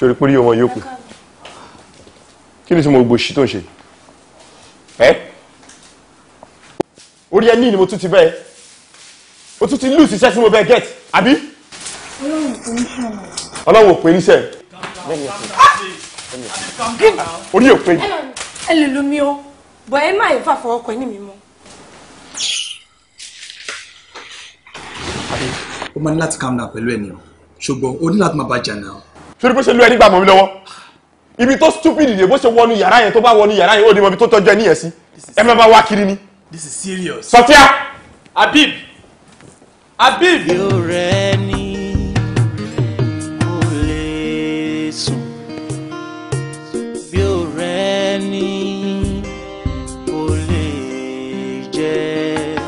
sórí pé rí ọmọ yóò pè kí ni tí mo gbogbo ṣí tó ń ṣe ẹ́ orí ẹ ní ni mo tún ti bẹ́ẹ̀ o tún ti lù sí iṣẹ́ tí mo bẹ́ẹ̀ get àbí. ọlọ́run ò pè níṣẹ́ orí ò pè ní. ẹ lè lu mi o bọ̀ ẹ má yẹ fà fọwọ́ ní mi mọ́. o máa ní láti calm down pẹ̀lú ẹ̀ o ṣùgbọ́n o ní láti máa bá jà náà sórí bó ṣe lú ẹni gbà mọ́ mi lọ́wọ́ ibi tó stupid dè bó ṣe wọnú yàrá yẹn tó bá wọnú yàrá yẹn ó ní mọ ibi tó tọ́jú ẹni yẹn sí ẹ má bá wá kiri ni. this is serious. sọfíà. Abib, Abib. yóò rẹ ni kò lè sùn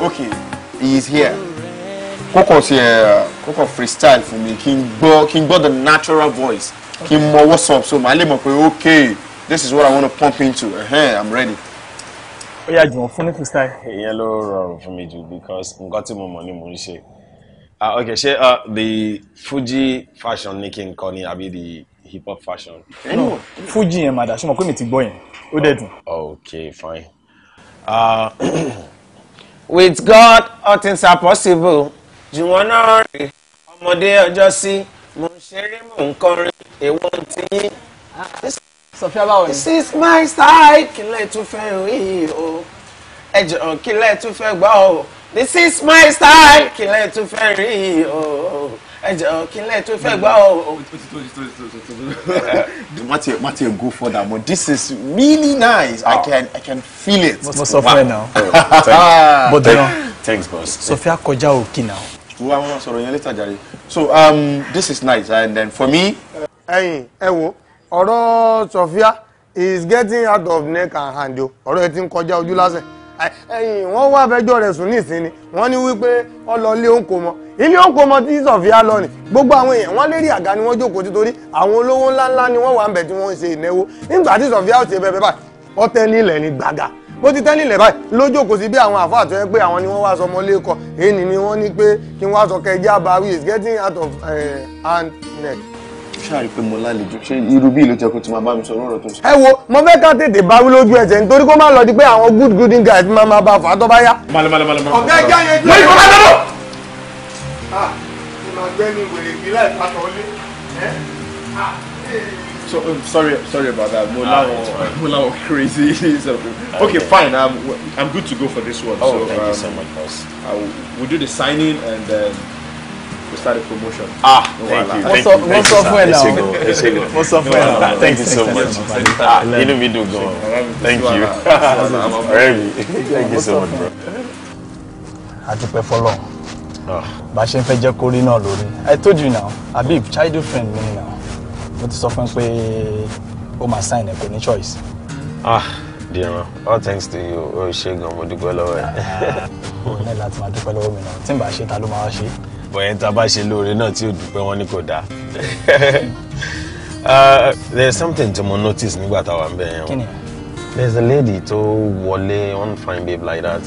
okay he is here kókò sí ẹ kókò freestyle fún mi kí n gbọ́ kí n gbọ́ the natural voice kí n mọ what's up so màá lè mọ̀ pé okay this is what i wanna pump into uh-huh, i'm ready. ó yà jùmọ̀ fún ní freestyle. ìyẹn ló rọrùn fún mi jù because nǹkan tí mo mọ̀ ni mò ń ṣe ah, ok ṣé ah, the fuji fashion ni kí n kọ ni àbí the hip hop fashion. no fuji yẹn màdà ṣé mo pé mi ti gbọ́ yẹn ó dẹ̀ dùn. okay fine. Uh, with God all things are possible jùwọ́n náà rè ọmọdé ọjọ́ sí mò ń ṣeré mò ń kọrin èwo ti yín. Ah, sọfíà báwo ni. this is my style kí lẹ́ẹ̀ tún fẹ́ rí o ẹ jọ̀ọ́ kí lẹ́ẹ̀ tún fẹ́ gbọ́ o this is my style kí lẹ́ẹ̀ tún fẹ́ rí o ẹ jọ̀ọ́ kí lẹ́ẹ̀ tún fẹ́ gbọ́ o. mati mati go further but this is really nice i ah. can i can feel it. mo sọ fún ẹ náà. but thanks boss. sọfíà kọjá òkì náà wọ́n wá sọ̀rọ̀ yẹn later jàre so um, this is nice and then for me. ẹyin ẹ wo ọ̀rọ̀ Sofia is getting out of neck and hand o ọ̀rọ̀ ẹ ti ń kọjá ojú lásẹ̀ ẹyin wọ́n wá fẹjọ́ rẹ̀ sùn nísìnyí wọ́n ní wípé ó lọ ilé òǹkó mọ́ ilé òǹkó mọ́ tí Sofia lọ ni gbogbo àwọn èèyàn wọ́n lérí àga ni wọ́n jókòó títorí àwọn olówó ńláńlá ni wọ́n wà ń bẹ̀ tí wọ́n ń ṣe ìnáwó nígbà tí Sofia ó ṣe bẹ́ẹ̀ báyìí ọtẹ nílẹ̀ ni gbàgà bó ti tẹ́lẹ̀ ilẹ̀ báyìí lójókòó sí bí àwọn àfáà tó yẹ pé àwọn ni wọ́n wá sọ ọmọ lẹ́kọ̀ọ́ èyí ni wọ́n ní pé kí wọ́n sọ kẹjẹ́ àbáwí is getting out of eh, hand neck. ṣáàrí pé mo lálejò ṣé irú bí ìlú jẹ́kọ̀ọ́ tí máa bá mi sọ lọ́rọ̀ tó ṣe. ẹ wo mo fẹ́ ká tètè báwí lójú ẹsẹ̀ nítorí kó má lọ di pé àwọn good good guys máa máa bá fàá tó bá yá. ọ̀gá ẹja yẹn jẹ́ ah, ìwé so um, sorry sorry about that mo ah, láwọn mo láwọn crazy something okay, okay fine i'm i'm good to go for this one. oh so, thank um, you so much boss. we'll do the signing and then we start the promotion. ah no thank you thank you thank you sir esego esego esego thank you so much ah inú mi dùn gan thank you ọ̀rẹ́ thank you so much bro. I dúpẹ́ fọlọ́ ah. bá a ṣe ń fẹ́ jẹ́ kórí náà lórí i told you now abib childhood friend me now mo ti sọ fún pé ó máa sign ẹ̀ kò ní choice. ah dìran all thanks to you o ṣe gan mo dúpẹ́ lọ́wọ́ ẹ. o ní láti máa dúpẹ́ lọ́wọ́ mi náà tí n bá ṣe ta ló máa ṣe. bọ̀yẹn tá a bá ṣe lóore náà tí ò dúpẹ́ wọn ni kò dáa. Ah, there is something tí mo notice nígbà táwa ń bẹ̀ yẹn. there is a lady tó wọlé one fine babe like that.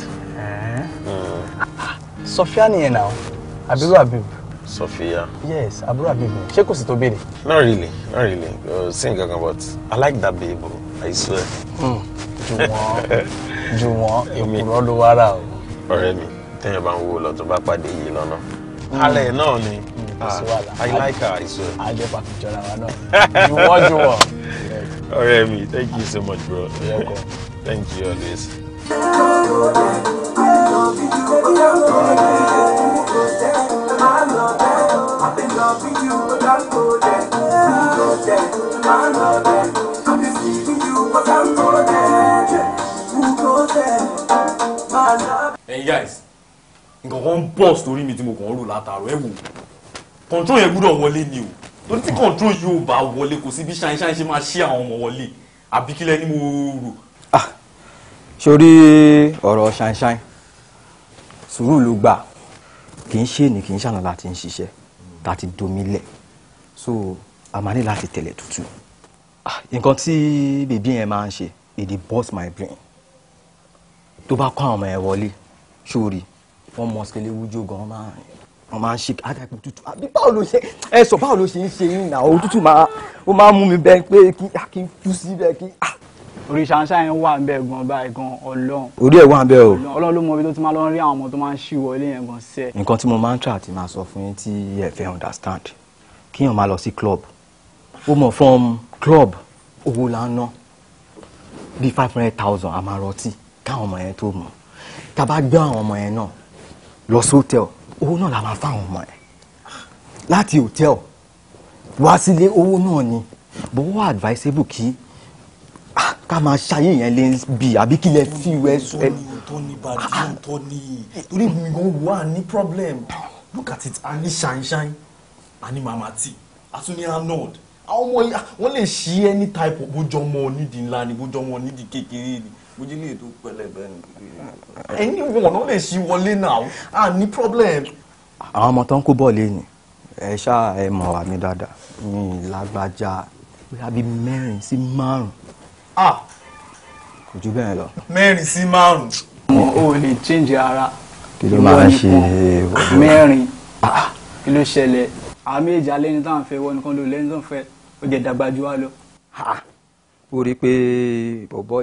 Hmm. Ah, Sofia nìyẹn náà abiru abiru. Sophia. Yes, àbúrò Habib ni. Ṣé kò sì tó béèrè? Not really, not really. Uh, Say nǹkan but I like that baby, o, I swear. Hmm, Juwan, Juwan, èkùrọ́ ló do rà o. Ọ̀rẹ́ mi, téèyàn bá ń wo lọ tó bá pàdé yìí lọ́nà. Hmm. Alẹ́ náà ni. Hmm, ah, I like her, I swear. Àjẹ́ pàtó jọra wa náà. Jùwọ́n Juwan, Ọ̀rẹ́ mi, thank you so much bro. Thank you always ẹ̀yin guys nǹkan kan ń bọ̀ sórí mi tí mo kàn ń rò látàrọ ẹ wò control yẹn gbúdọ̀ wọlé ni o torí tí control yóò bá wọlé kò sí bí ṣáínṣáín ṣe máa ṣí àwọn ọmọ wọlé àbí kílẹ̀ ni mo rò. Ah, sórí ọ̀rọ̀ ṣáínṣáín sùúrù ló gbà kì í ṣe ni kì í ṣàna láti ń ṣiṣẹ́ láti domi so a máa ní láti tẹ̀lẹ̀ tútù ah, nǹkan tí bèbí yẹn máa ń ṣe it dey burst my brain tó bá kọ́ àwọn ọmọ yẹn wọlé sórí wọ́n mọ sikele wújó gan wọ́n máa wọ́n máa ń ṣe àdàpọ̀ tútù àbí báwo ló ṣe ẹ sọ báwo ló ṣe ń ṣe yín òtútù máa ó máa mú mi bẹ́ẹ̀ pé kí n tú sí bẹ́ẹ̀ kí ah, òrìṣà ṣáà ń wà bẹ́ẹ̀ gan báyìí gan ọlọ́run. orí ẹ̀ wà bẹ́ẹ̀ o. ọlọ́run ló mọ ibi tó ti máa lọ rí àwọn ọmọ tó máa ń ṣì wọlé yẹn gan sẹ́ẹ̀. nǹkan tí mo máa ń try àti máa sọ fún yín tí ẹ fẹ́ understand kíyàn máa lọ sí club ó mọ̀ from club owó là ń ná bíi five hundred thousand a máa rọtí káwọn ọmọ yẹn tó mọ̀ tá a bá gbé àwọn ọmọ yẹn náà lọ sí hotel owó náà la máa fáwọn ọmọ yẹn láti hotel wá sílé owó náà ni bó wá advisable kí ká máa ṣayé yẹn lè bì àbí kí lè fi wẹ́ ẹ. tó ní bàdí tó ní torí mi gan wà ní problem look at it a ní ṣàìṣàì a ní màmá tí a tún ní anod àwọn ọmọ yìí lè ṣí any type of bójú ọmọ onídìí ńlá ni bójú ọmọ onídìí kékeré ni bójú ilé ètò pẹlẹbẹ ni. ẹni wọn ló lè ṣí wọlé náà a ní problem. àwọn ọmọ tó ń kó bọ́ọ̀lù yìí ni ẹ ṣáà ẹ mọ̀ wá mi dáadáa mi lágbájá bóyá bíi mẹ́rin sí márùn-ún Ah. kò jù bẹ́ẹ̀ lọ. mẹ́rin sí márùn. o lè change ara. kí ló máa ń ṣe ìwọ́dọ̀ mẹ́rin ah. kí ló ṣẹlẹ̀ àwọn méjì alẹ́ ní táwọn fẹ́ wọ nìkan ló lẹ́ni tó ń fẹ́ ó jẹ́ dàgbà ju wa lọ. ó ah. rí i pé bọ̀bọ̀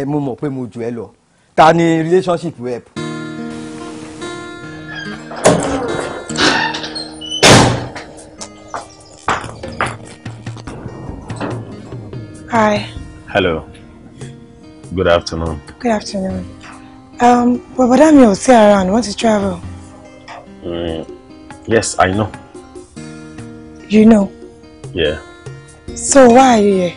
ẹ mú mọ̀ pé mo jù ẹ lọ ta ni relationship rep. Hi. Hello. Good afternoon. Good afternoon. Um, but Madam, you're stay around. Want to travel? Mm, yes, I know. You know? Yeah. So why are you here?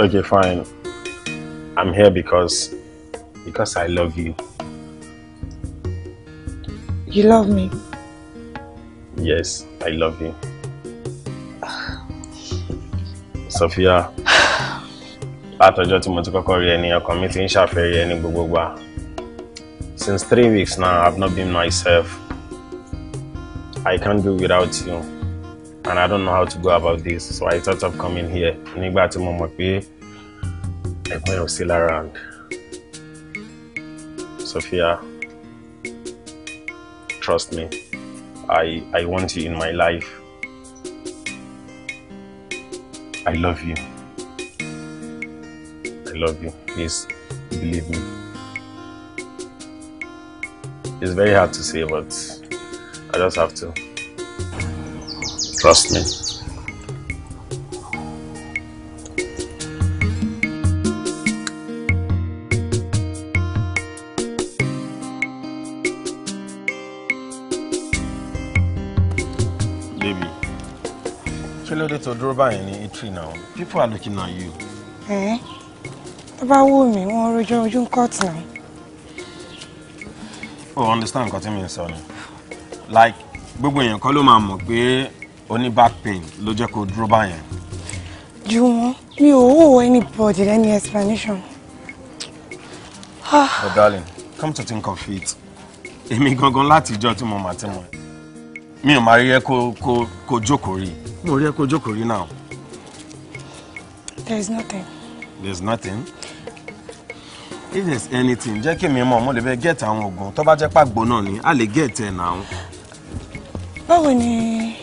Okay, fine. I'm here because because I love you. You love me? Yes, I love you. Sofia látọjọ́ tí mo ti kọ́kọ́ rí ẹni ọkàn mi ti ń ṣàfẹ́rí ẹni gbogbogbà since three weeks now I've not been myself I can't do without you and I don't know how to go about this so I thought of coming here nígbà tí mo mọ̀ pé ẹ̀gbọ́n ẹ̀ still around, lára Sofia trust me I I want you in my life. I love you. I love you. Please believe me. It's very hard to say, but I just have to. Trust me. lórí tó dúró báyìí ní itri now people are looking at you. ẹ tó bá wù mí wọn rojọ́ ojú ń court now. o oh, understand nǹkan tí mi ń sọ ni like gbogbo èèyàn kọ́ ló máa mọ̀ pé o ní back pain ló jẹ́ kó dúró báyẹn. ju wọn mi ò wò anybody any explanation. but ah. oh, darling come to think of it èmi gangan láti ìjọ tí mo mà ti mọ̀ mi ò máa rí ẹ kó kó kó jókòó rí i mo rí ẹ kó rí náà. there is nothing. there is nothing. if there is anything jẹ́ kí mi mọ̀ mo lè fẹ́ gẹ̀ẹ́tì àwọn oògùn tó bá jẹ́ pàgbọ́ náà ni a lè gẹ̀ẹ́tì ẹ̀ náà. báwo ni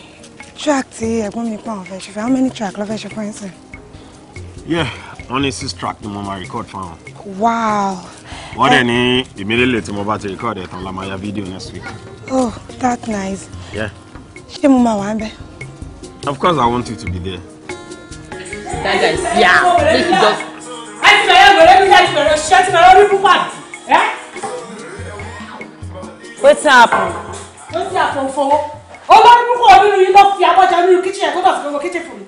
track tí ẹ̀gbọ́n mi pa àwọn fẹ́ ṣe fẹ́ how many track ló fẹ́ ṣe fún ẹ̀ yeah only ní six track ni mo máa record fún wọn. wow. wọ́n dẹ̀ eh. ní ìmílẹ̀lẹ̀ tí mo bá ti record ẹ̀ tán la máa ya fídíò next week. oh that's nice. yeah. ṣé mo máa wà á bẹ́ẹ̀. Of course, I want you to be there. That guy yeah. Make it just. Láti bẹ̀rẹ̀ bẹ̀rẹ̀ bí láti bẹ̀rẹ̀ ṣiṣẹ́ ti bẹ̀rẹ̀ orí púpà dì. Wetin happen? Wetin happen for? Olórí púpọ̀ nínú yìí ló I want nínú kíchìn ẹ̀ tó dọ̀ sí gbogbo kíchìn fún mi.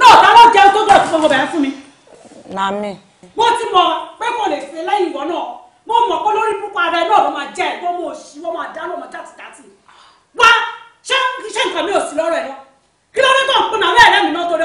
Náà táwọn jẹun tó dọ̀ sí gbogbo bẹ̀rẹ̀ fún mi. Na mi. Mo ti mọ pé kò lè ṣe lẹ́yìn ìwọ náà. Mo mọ̀ pé lórí púpọ̀ ara ẹ náà ló máa jẹ́ ẹ̀ tó mọ̀ òṣì, wọ́n máa dáná, wọ́n máa jàtìjàtì. Wá ṣé nǹkan mi ò sí lọ́rọ̀ ẹ̀ náà?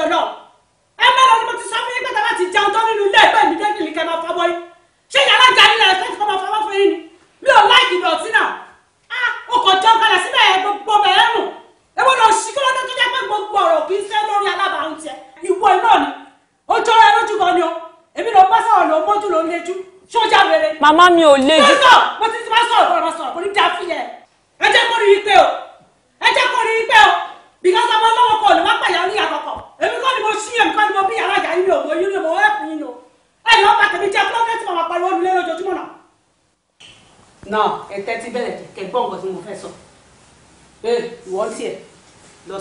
Mama, náà ẹ mi débìlì kẹ́ ṣé o sọ mo ti ti máa sọ̀rọ̀ kó lọ sọ̀rọ̀ kó ní dáa fún yẹn ẹ jẹ́ kó rí i pé o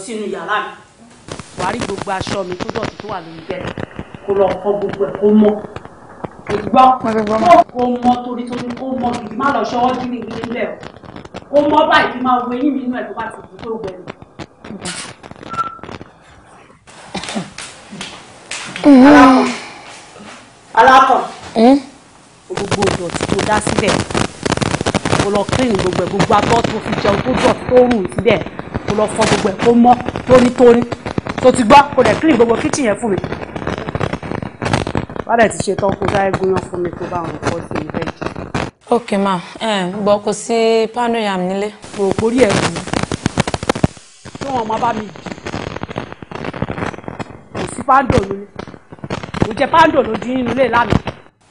sínú yàrá mi wàá gbogbo aṣọ mi tó dọ̀tí tó wà lórí bẹ́ẹ̀ kó lọ fọ gbogbo ẹ̀ kó mọ́ ìgbọ́ kó mọ́ torí torí kó mọ́ gidi má lọ ṣọwọ́ gírí gírí ńlẹ̀ o kó mọ́ báyìí kí máa wo eyín mi inú ẹ̀ tó bá ti kú tó gbẹ mi. alákọ̀ alákọ̀ gbogbo ìdọ̀tí tó dá síbẹ̀ kó lọ kírìn gbogbo ẹ̀ gbogbo abọ́ tó fi jẹun tó dọ̀tí tó rùn síbẹ̀ kó lọ fọ gbogbo ẹ̀ kó mọ́ tónítóní tó ti gbọ́ kó dẹ̀ clean gbogbo kitchen yẹn fún mi wàá dẹ̀ ti ṣe tán kó sáré gúnyán fún mi tó bá àwọn ọkọ tí mi jẹ. ok ma gbọ́ kò sí pano yam nílé. mo ò kórìí ẹ̀ wù ú tí wọn máa bá mi jù kò sí pando nílé kò jẹ pando ló dín nílé lánàá.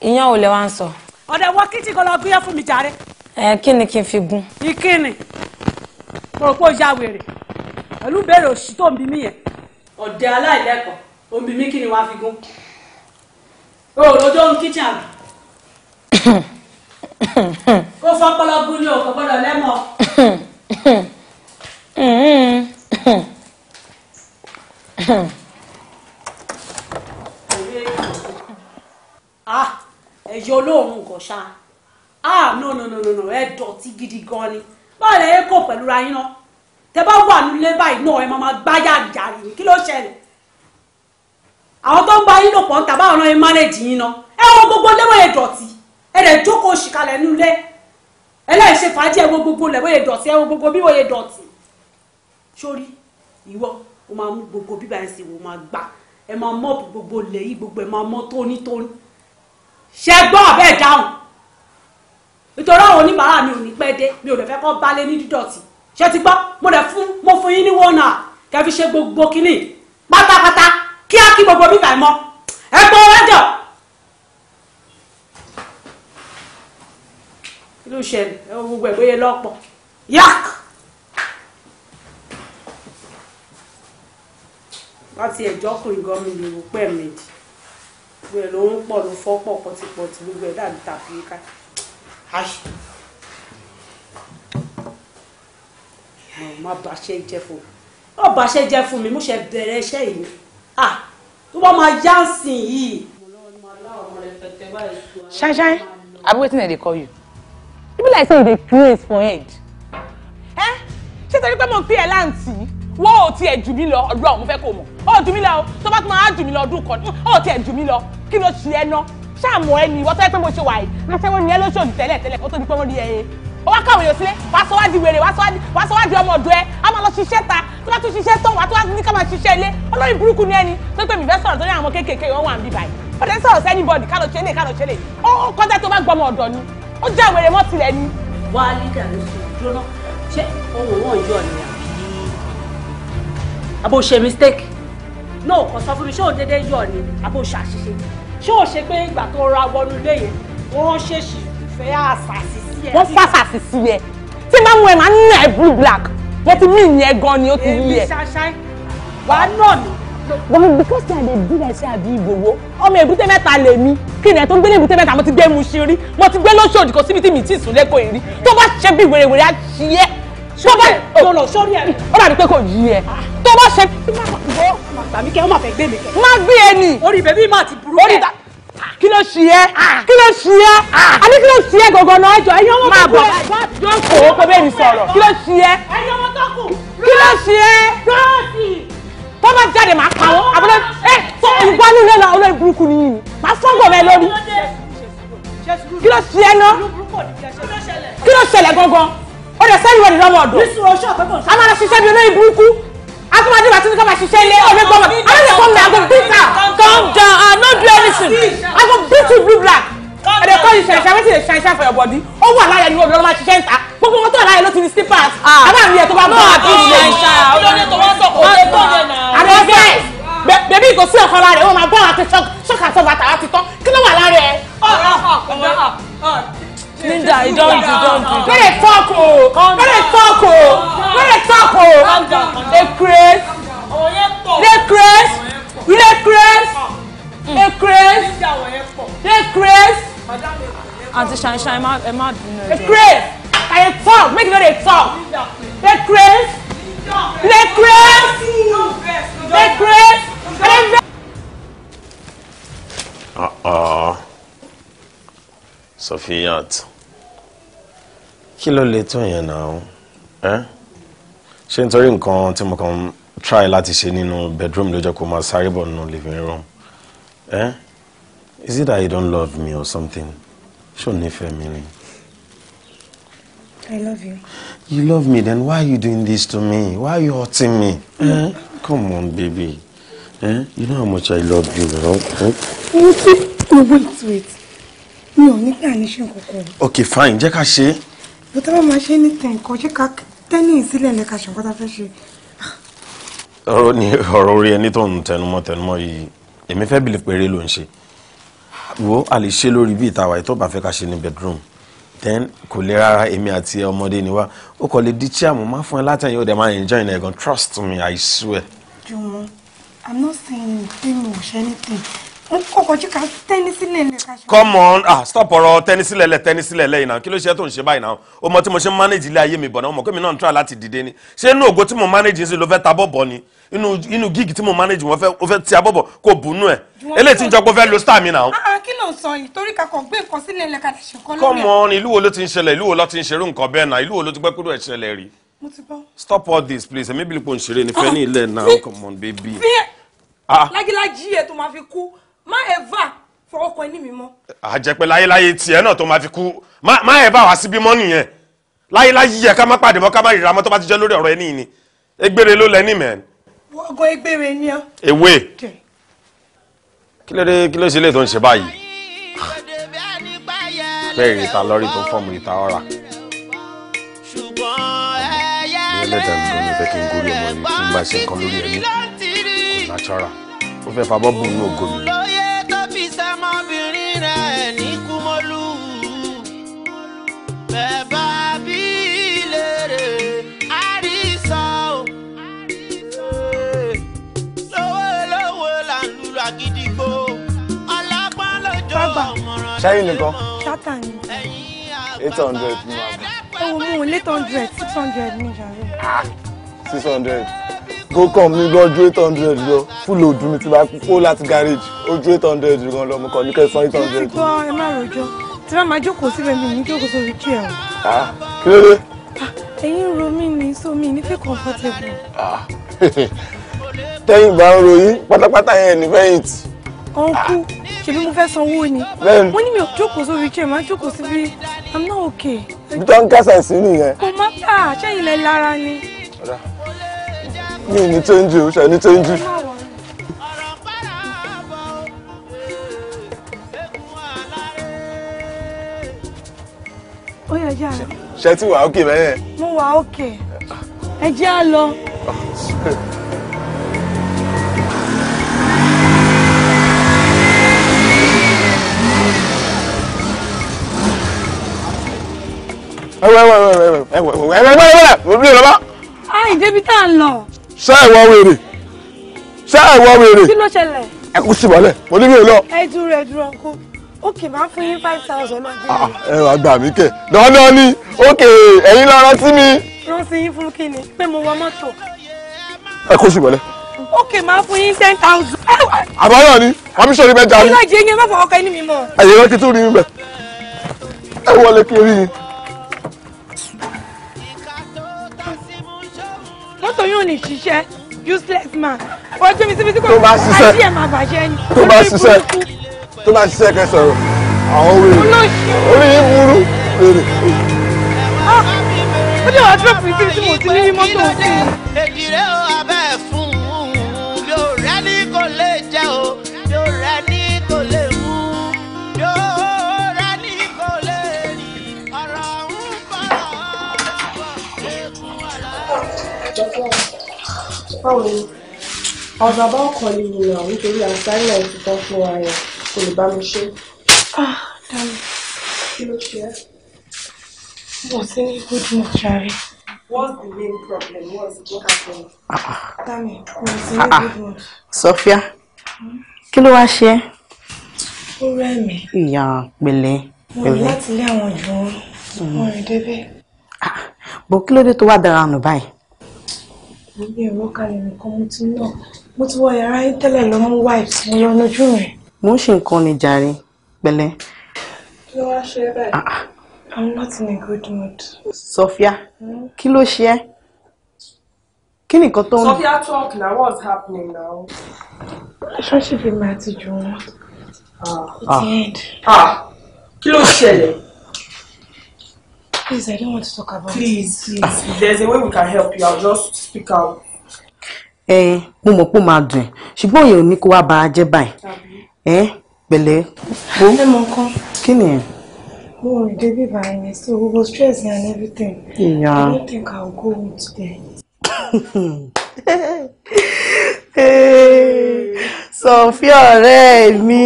ìyẹn ò lè wá ń sọ. ọ̀dẹ̀ wọ kitchen kó lọ gúnyán fún mi jàre. ẹ kí ni kí n fi gun. ìkíni mo rò pé ó ya wèrè pẹ̀lú béèrè òṣì tó ń bi mí yẹn. ọ̀dẹ̀ aláìlẹ́kọ̀ọ́ ó ń bi mí kí ni wàá fi gún. o ò lójó ń kíchìn àbí. kó fọ́pọ́lọ́ gún ní òkò gbọ́dọ̀ lẹ́mọ̀. Ah, ẹ̀yọ́ olóòórùn kò ṣá ah no no no no ẹ̀ dọ̀tí gidi gan ni báwo lè kó pẹ̀lú ra yín náà tẹ bá wà nílé báyìí náà ẹ máa máa gbá yàrá kí ló ṣẹlẹ̀ àwọn tó ń gba yín lòpọ̀ tàbá ọ̀nà ẹ mánéjì yín náà ẹ wọ gbogbo lẹ́wọ̀ yẹn dọ̀tí ẹ lè jókòó ṣìkalẹ̀ nílé ẹ lè ṣe fàájì ẹ wọ gbogbo lẹ́wọ̀ yẹn dọ̀tí ẹ wọ gbogbo bí wọ́n yẹn dọ̀tí sórí ìwọ o máa mú gbogbo bíbá ẹ sì wò máa gbà ẹ máa mọ́ọ̀pù gbogbo lẹ́yìn gbogbo ẹ máa mọ́ tónítóní ṣẹgbọ́n àbẹ́ẹ̀ nítorí àwọn oníbàárà mi ò ní pẹ́ dé mi ò lè fẹ́ kọ́ balẹ̀ ní dídọ̀tí ṣé ti gbọ́ mo dẹ̀ fún mo fún yín ní wọ́nà kẹfí ṣe gbogbo kínní pátápátá kíá kí gbogbo mi bàá mọ́ ẹ gbọ́ ẹjọ́. kí ló ṣẹlẹ̀ ẹ wo gbogbo ẹ̀gbẹ́yẹ lọ́pọ̀ yak. láti ẹ̀jọ́ kùnrin gan mi lè wò pẹ́ méjì gbogbo ẹ̀ ló ń pọ̀ ló fọ́ pọ̀ pọ̀tipọ̀ti gbogbo ẹ̀ dàbí tàbí ká aṣọ má bàṣẹ jẹ fún mi má bàṣẹ jẹ fún mi mo ṣe bẹ̀rẹ̀ iṣẹ́ yìí ah tó bá máa já sìn yìí. shine shine abi wetin dem dey call you e be like say you dey craze for head. ẹ ṣé torí pé mo ń pè ẹ́ láǹtì wọ́n ò tiẹ̀ jù mí lọ ọdún àwọn mo fẹ́ kó mọ̀ ọ̀ jù mí lọ tó bá tún máa jù mí lọ ọdún kan ọ̀ tiẹ̀ jù mí lọ kí ló ṣe ẹ́ náà ṣàmù ẹni wọ́n tẹ́lẹ̀ tó mo ṣe wà yìí aṣẹ́wó ni ẹ lóṣòdì tẹ́lẹ̀ tẹ́lẹ̀ ó tó di pé wọ́n rí ẹyẹ ó wá káwọn èèyàn sílẹ̀ wá sọ wádìí wèrè wá sọ wádìí ọmọ ọ̀dọ̀ ẹ á máa lọ ṣiṣẹ́ ta tó bá tún ṣiṣẹ́ tán wá tó wá ní ká máa ṣiṣẹ́ ilé olórí burúkú ni ẹni tó pè mí fẹ́ sọ̀rọ̀ torí àwọn kéékèèké wọn wà ń bí báyìí ó dẹ́ sọ̀rọ̀ sẹ́ni bọ́ọ̀dì ká lọ ṣe lè ká lọ ṣe lè ó kọjá tó bá gbọmọ ọ̀dọ̀ ni ó já wèrè mọ́ tilẹ̀ ni. wá lídà ló sọ jóná ṣé ohun wọn yọ ni àbí àbò ṣe mistake náà kò sọ fún mi ṣé òun déédéé yọ ni àbò ṣàṣìṣe ṣé o ṣe pé ìgbà tó ra wọnú ilé yẹn wọ́n ṣèṣì fẹ́ àṣàṣì sí ẹ. wọ́n fàṣàṣì sí ẹ tí máa ń ẹ máa ń nà ẹ blue black wọ́n ti mí ìyẹn gan ni ó ti yí ẹ. èmi ṣaṣáì wàá náà ni. Bọ̀mí because tí a lè bí ẹsẹ̀ àbí ìgbòho ọmọ èbúté mẹ́ta lè mi kí ni ẹ̀ tó ń gbé ní èbúté mẹ́ta mo ti gbé mu ṣe rí mo ti gbé lóṣòdì kò síbi tí mi ti sùn lẹ́kọ̀ọ́ yìí rí tó bá ṣe bí wèrèwèrè á ṣiyẹ́ ṣọ́ báyìí mo lọ sórí ẹ̀. ó dàbí pé kò yí ẹ tó bá ṣe. má gbà mí kẹ́ ọ́ máa fẹ́ gbé mi kẹ́. má gbé ẹ nì. orí bèbí mà ti burú kẹ́ kí ló ṣe ẹ kí ló ṣe ẹ a ní kí ló ṣe ẹ gọgọ náà ẹjọ ẹyin ọmọ tó kù ẹ yóò kó o pé bẹ́ẹ̀ ni sọ̀rọ̀ kí ló ṣe ẹ ẹyin ọmọ tó kù kí ló ṣe ẹ tó bá jáde máa pa wọn àbúrò ẹ tó olùkọ́ nílé lọ olórí burúkú nìyí máa fọ́ngọ̀ mẹ́ lórí kí ló ṣe ẹ náà kí ló ṣẹlẹ̀ gangan ó dẹ̀ sẹ́yìn wẹ̀ ní lọ́mọ ọ̀dọ̀. bísú ọṣọ pé kò ń ṣe. a máa lọ ṣiṣẹ́ bí olóyìn burúkú akọ́mọdé bàtí nígbà ṣiṣẹ́ ilé ọ̀rẹ́ gbọ́mọ̀ àwọn ọ̀dẹ̀ kọ́mọ̀ àgọ́ bíta calm down and no do anything I go beat blue black. ẹ̀dẹ̀ kọ́ ni ṣàìṣà wetin dey ṣàìṣà for your body ó wà láyà ni obìnrin máa ṣiṣẹ́ ta gbogbo wọn tó láyà ló ti ní slippers ah. àbámi ẹ̀ tó bá bọ́ àbí ṣàìṣà olóyè tó wọ́n sọ̀kò ó lè tó yẹn náà bẹ̀bí kò sí ọ̀kan lára ẹ̀ wọ́n máa bọ́ àti ṣọ́kà tó bàtà láti tán kí ló wà lára ẹ̀. Ah, ah, Linda, you don't do, don't do. Where they oh? talk, oh! Where they talk, oh! Where they talk, oh! They craze. They craze. We mm. they craze. They craze. They craze. Auntie Shine Shine, ẹ má bínú ẹjọ́. They craze. I talk, make you no talk. They craze. They craze. They craze. Ah uh-uh. ah. Sofiyat kí ló lè tó yẹn náà ẹ ṣé nítorí nǹkan tí mo kàn ń try láti ṣe nínú bedroom ló jẹ́ kó máa sáré bọ̀ nínú living room ẹ is it that you don't love me or something ṣó nífẹ̀ẹ́ mi ni. I love you. You love me, then why are you doing this to me? Why are you hurting me? Eh? Come on, baby. Eh? You know how much I love you, you know? Eh? Wait, wait, wait mi ò ní plan iṣẹ́ kankan. ok fine jẹ́ ká ṣe é. bó tá bá máa ṣe ní tẹ̀ nǹkan ká tẹ́lẹ̀ sílẹ̀ lẹ́ka ṣe nǹkan fẹ́ ṣe. ọ̀rọ̀ ni ọ̀rọ̀ orí ẹni tó ń tẹnumọ́ tẹnumọ́ yìí èmi fẹ́ bìlì péré ló ń ṣe wo a lè ṣe lórí bí ìta wa ètò bá fẹ́ ká ṣe ní bedroom then kò lè rárá èmi àti ọmọdé ni wá ó kọ lè di chairman máa fún ẹ látẹ̀yìn ó dẹ̀ máa enjoy ẹ̀ gan trust me i swear. jùmọ̀ i'm not saying anything. mo ṣe anything mo kọ́kọ́ jí ká tẹ́ni sílẹ̀ lẹ́ come on ah stop ọ̀rọ̀ tẹnisílẹ̀ lẹ tẹnisílẹ̀ lẹ́yìn náà kí ló ṣe tó ń ṣe báyìí náà o mọ tí mo ṣe ń manage ilé ayé mi bọ̀ náà o mọ̀ pé mi náà ń try láti dìde ni ṣé inú ògo tí mo manage ṣe ló fẹ́ ta bọ̀bọ̀ ni inú inú gig tí mo manage wọ́n fẹ́ o fẹ́ ti abọ́bọ̀ kó bunú ẹ̀ eléyìí tí ń jọ pé o fẹ́ lo star mi náà. ah, ah kí ló ń sọ yìí torí kakọ gbé nǹkan sílẹ̀ lẹ ṣe kọ́ lórí ẹ̀. come on ìlú wo ló ti ń ṣẹlẹ̀ ìlú wo ló ti ń ṣerú nǹkan stop all this please èmi bìlì pò ń ṣeré nífẹ̀ẹ́ ní ilẹ̀ náà ah, come on baby. fi ah. lágílájí ẹ̀ tó máa fi kú má ẹ̀ va fọwọ́ kan ẹni mi mọ́. àjẹpẹ́ láyéláyé tiẹ̀ náà tó máa fi kú má ẹ̀ bá wá síbí mọ́ nìyẹn láyéláyé yẹ ká má pàdé mọ́ ká má rírà mọ́ tó bá ti jẹ́ lórí ọ̀rọ̀ ẹni ni egbére ló lẹ́ ní mẹ́rin. wọ́gọ́ egbére ni ọ́. ewé kí ló dé kí ló ṣe lè tó ń ṣe báyìí. bẹ́ẹ̀ ìta lọ́rí tó fọ́ọ̀mù ìta ọ̀rà. ẹlẹ́dàá mi ló ní ṣẹ́yìn nìkan. ṣáta ni. eight hundred ni màá bọ̀. ẹ wo mú un eight hundred six hundred ní Ah, six hundred Go come, mi gan ju eight hundred lọ fúlò òdùn mi ti bá kó láti garage ó ju eight hundred gan lọ mo kàn ní kẹsàn eight hundred. èyí ti gbọ́ ẹ má rojọ́ tí wọ́n máa jókòó síbẹ̀ mi ní jókòó sórí kí ẹ̀ o. Ah, kí ló dé. Ah, ẹ̀yin ń ro mí ni so mi ní fẹ́ comfortable. Ah, tẹ́yìn bá ń ro yín pátápátá yẹn ní fẹ́yìntì ọ̀nkú ṣèbí mo fẹ́ sanwó ni wọ́n ní mi ò jókòó sórí chair máa jókòó síbi i'm not okay. bí ń kásẹ̀ sí nìyẹn. kò má tà ṣé ilẹ̀ lára ni. mi ní change o ṣe ní change. ṣe tí wàá òkè bẹ́ẹ̀. mo wà òkè ẹ jẹ́ à ẹwẹ ẹwẹ ẹwẹ ẹwẹ ẹwẹ ẹwẹ ẹwẹ ẹwẹ ẹwẹ ẹwẹ ẹwẹ ayi débi tá à ń lọ. ṣé ẹ̀wọ̀ wèrè ṣé ẹ̀wọ̀ wèrè. kí ló ṣẹlẹ̀. ẹ kú sí wọlé mo ní mi ò lọ. ẹ dúró ẹ dúró kó òkè máa fún yín five thousand náà. ẹ wàá gbà mí kẹ dandan ni òkè ẹ̀yin lọ rántí mi. rántí yín fún kí ni pé mo wọ mọ́tò. ẹ kú sí wọlé. òkè máa fún yín ten thousand. àbáyọ ni kọmíṣọ́ọ̀nù bẹ́ẹ̀ jà mí. kí ló jẹ́ yín ẹ má fọwọ́ kẹ́ ní mi mọ́. ẹ̀yẹ́ rántí tún rí mi bẹ́ẹ̀ mọ́tò yóò ní ṣiṣẹ́ useless man ọjọ́ mi síbi tí kò àti ẹ̀ máa bàjẹ́ ni. tó bá ṣiṣẹ́ tó bá ṣiṣẹ́ kẹ́ sọ̀rọ̀ àwọn wèrè orí yìí burú wèrè. Ah! ó lè wá tó fi síbi tí mo ti ní mọ́tò òfin. báwo ni ọ̀dọ̀ àbá ọkàn lè yìnyín àwọn nítorí assignment tó fún wa yẹn kò lè bá mi ṣe. Ah, dami kí ló ṣe é. mo ti ní good mood jàre. what's the main problem what's what happened. Ah, ah. dami mo ti ní good mood. Sofia hmm? kí ló wá ṣe é. ó rẹ́ mi. ìyá pẹ̀lẹ́ pẹ̀lẹ́. mo ní láti lé àwọn jù ú wọn rí débẹ̀. bó kí ló dé tó wá dára nù báyìí ilé ẹ̀rọ kalẹ̀ nìkan mo ti náà mo ti wọ yàrá yín tẹ́lẹ̀ lọ mú wipes mo lọ lójú rẹ̀. mo ń ṣe nǹkan ni jàre pẹ̀lẹ́. kí ló wá ṣe bẹ́ẹ̀. Ah, ah. i'm not in a good mood. Sophia, hmm? kí ló ṣe ẹ́ kí nìkan tó ń. sofia talk na what's happening now. relationship mi àti jù wọn. ah ah. ah kí ló ṣẹlẹ̀. Please, I don't want to talk about please, it. Please, please. there's a way we can help you, I'll just speak out. Eh, mo mọ̀ pé ó máa dùn ẹ̀ ṣùgbọ́n èèyàn ò ní kó wá ba ajẹ́ báyìí. Ẹ pẹ̀lẹ́. Ẹ mọ nǹkan. Kí ni Mo ò dé bí ni so gbogbo stress and everything. Yeah. I don't think I'll go home today. Sọ̀fí ọ̀rẹ́ mi.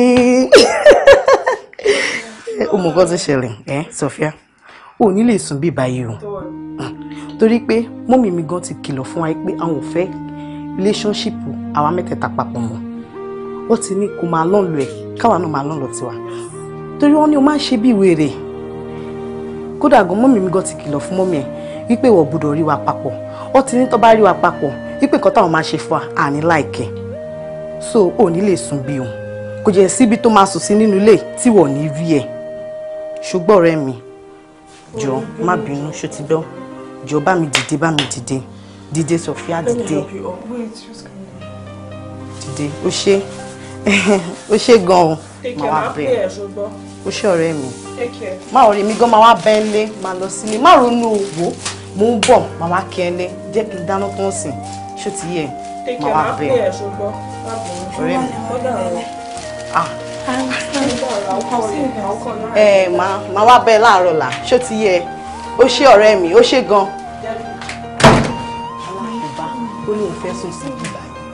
Ó mọ̀ kó ti ṣẹlẹ̀ ẹ́ ò ní lè sùn bí báyìí o hmm. torí pé mọ́mì mi gan ti kìlọ̀ fún wa pé àwọn ò fẹ́ relationship àwa mẹ́tẹ̀ẹ̀ta papọ̀ mọ́ ó ti ní kó máa lọ́nlọ́ ẹ̀ káwa náà máa lọ́nlọ́ tiwa torí wọ́n ní o máa ń ṣe bí wèrè kódà gan mọ́mì mi gan ti kìlọ̀ fún mọ́mì ẹ̀ wípé wọ́n gbọ́dọ̀ rí wa papọ̀ ó ti ní tó bá rí wa papọ̀ wípé nǹkan táwọn máa ṣe fún wa àní láìkẹ́ so ò ní lè sùn bí òun kò jẹ́ síbi tó máa sùn sí nínú ilé tí wọ́n ní rí ẹ̀ ṣùgbọ́n ọ̀rẹ́ mi jọ má bínú ṣó ti gbọ́ jọ bá mi dìde bá mi dìde dìde Sofia dìde dìde ó ṣe ó ṣe gan-an máa wá bẹ̀ ó ṣe ọ̀rẹ́ mi máa ọ̀rẹ́ mi gan máa wá bẹ́ẹ̀ lé máa lọ sílé má ronú owó mo ń bọ̀ máa wá kẹ́ ẹ lé kí n dáná tán sìn ṣó ti yẹ máa wá bẹ́ẹ̀ ọ̀rẹ́ mi ah ẹ máa máa wá bẹ́ẹ̀ láàárọ̀ là ṣó ti yẹ ó ṣe ọ̀rẹ́ mi ó ṣe gan.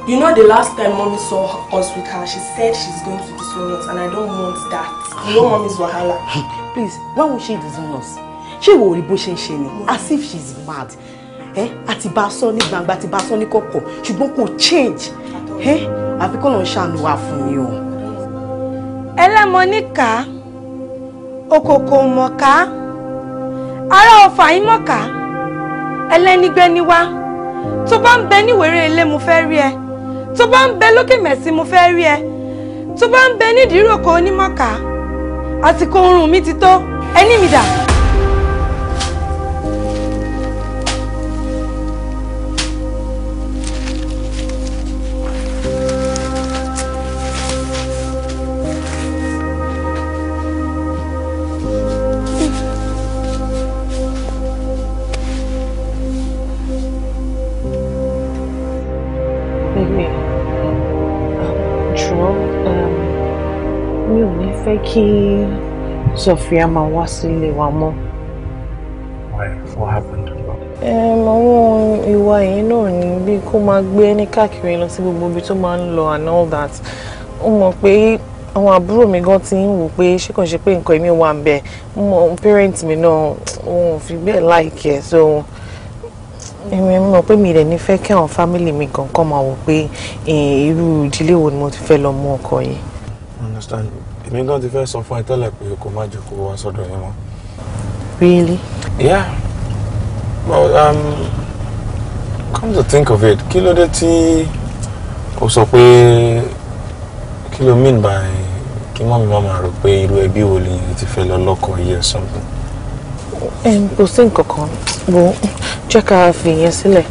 You know the last time mommy saw us with her she said she's going to disown us and I don't want that. You know mommy's wahala. Please why won't she disown us? ṣé ìwọ orí bó ṣe ń ṣe ni as if she's mad àti bá a sọ ní gbangba àti bá a sọ ní kọ̀kọ̀ ṣùgbọ́n kò change àfikún ló ń ṣàánú wa fún mi o ẹlẹ́mọ níkà òkòkò mọ̀ká ará ọ̀fà yín mọ̀ká ẹlẹ́nigbẹ́ ni wá tó bá ń bẹ níwèrè ilé mo fẹ́ rí ẹ tó bá ń bẹ lókè mẹ̀sí mo fẹ́ rí ẹ tó bá ń bẹ nídìíròkò onímọ̀ká àsìkò oorun mi ti tó ẹni mi dà. kí Sofia máa wá sílé wa mọ́. Why? What happened? àwọn ìwà yìí náà ni bí kó máa gbé ní káàkiri lọ sí gbogbo ibi tó máa ń lọ and all that ó mọ̀ pé àwọn àbúrò mi gan ti ń wò pé ṣé kò ṣe pé nǹkan èmi wà ń bẹ mọ parents mi náà wọn ò fi bẹ́ẹ̀ láìkẹ́ so èmi mọ̀ pé mi rẹ̀ nífẹ̀ẹ́ kí àwọn family mi gan kàn máa wò pé eh, irú ìdílé wo ni mo ti fẹ́ lọ mú ọkọ yìí. understand èmi gan ti fẹ́ sọ fún ẹ tẹ́lẹ̀ pé kò má jẹ́ kó wá sọ́dọ̀ yín mọ́. really. yeah Well, um, come to think of it kí ló dé tí o sọ pé kí ló mean by kí mọ́mi má máa rò pé irú ẹbí wo lè ti fẹ́ lọ lọ́kọ̀ yìí or something. kò sí nǹkan kan bó jẹ́ ká fi ìyẹn sílẹ̀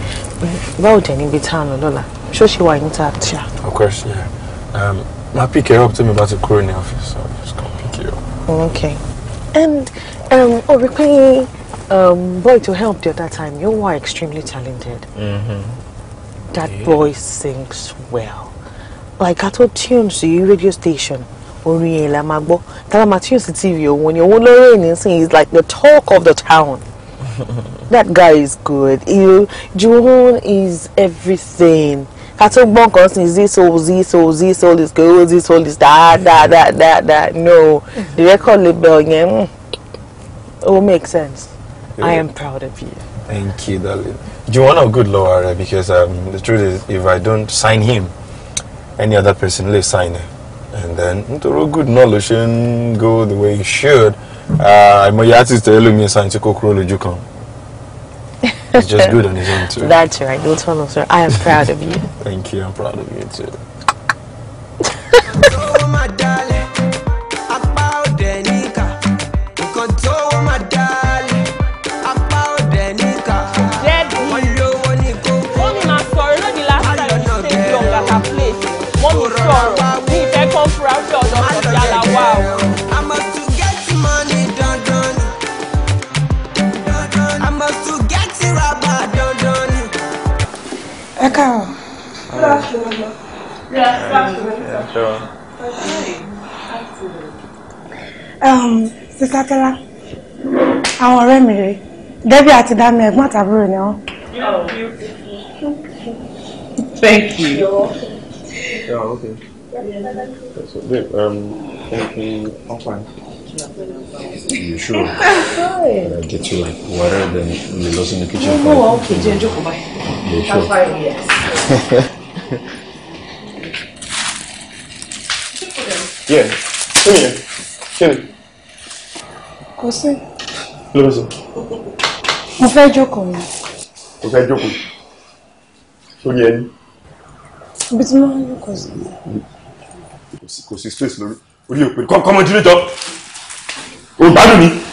báwo dẹ̀ níbi tá à ń lọ lọ́la ṣó ṣe wà intact ṣá. of course yeah. Um, I'll pick her up tí me about the coroner ní office. I'll just come pick you up. Okay. And um, Orikwe, um, boy to help you at that time, you are extremely talented. Mm-hmm. That yeah. boy sings well. Like at all tunes to your radio station, orin yẹn la máa gbọ́ tala máa tv òun ni òun lórí ẹni like the talk of the town that guy is good he Juwon is everything ká tó gbọ́ nǹkan sí this hole this hole this hole is kò this hole is da da da da da no the record label yẹn mm, it will make sense yeah. I am proud of you. Thank you, darling. You want a good lawyer because um, the truth is, if I don't sign him, any other person will sign him. And then, nítorí good knowledge ṣe go the way he should, ah, àìmọye artist tell me, sign tí kò kúrò lójú kan. He's just good on his own too. That's right. Don't tell us, sir. I am proud of you. Thank you. I'm proud of you too. ẹ káàárọ̀. Um, sísá tẹ́lá àwọn ọ̀rẹ́ mi rèé Debbie àti Dami ẹ̀gbọ́n àtàbúrò ni wọ́n. Thank you. Yeah, okay. So, babe, um, I'm fine. You sure? I get you like water, then we lost in the kitchen. No, no, oh, okay, Jenjo, come by. Yeah, sure. That's why we asked. yeah. Come here. Come here. Kò sí. Kí ló fẹ́ Mo fẹ́ jókòó mi. Mo fẹ́ jókòó. Sórí ẹni. Ibi tí mo ń jókòó sí. Kò sí space lórí. Orí òpin. Kọ́mọ dúró jọ. Ògbádùn mi.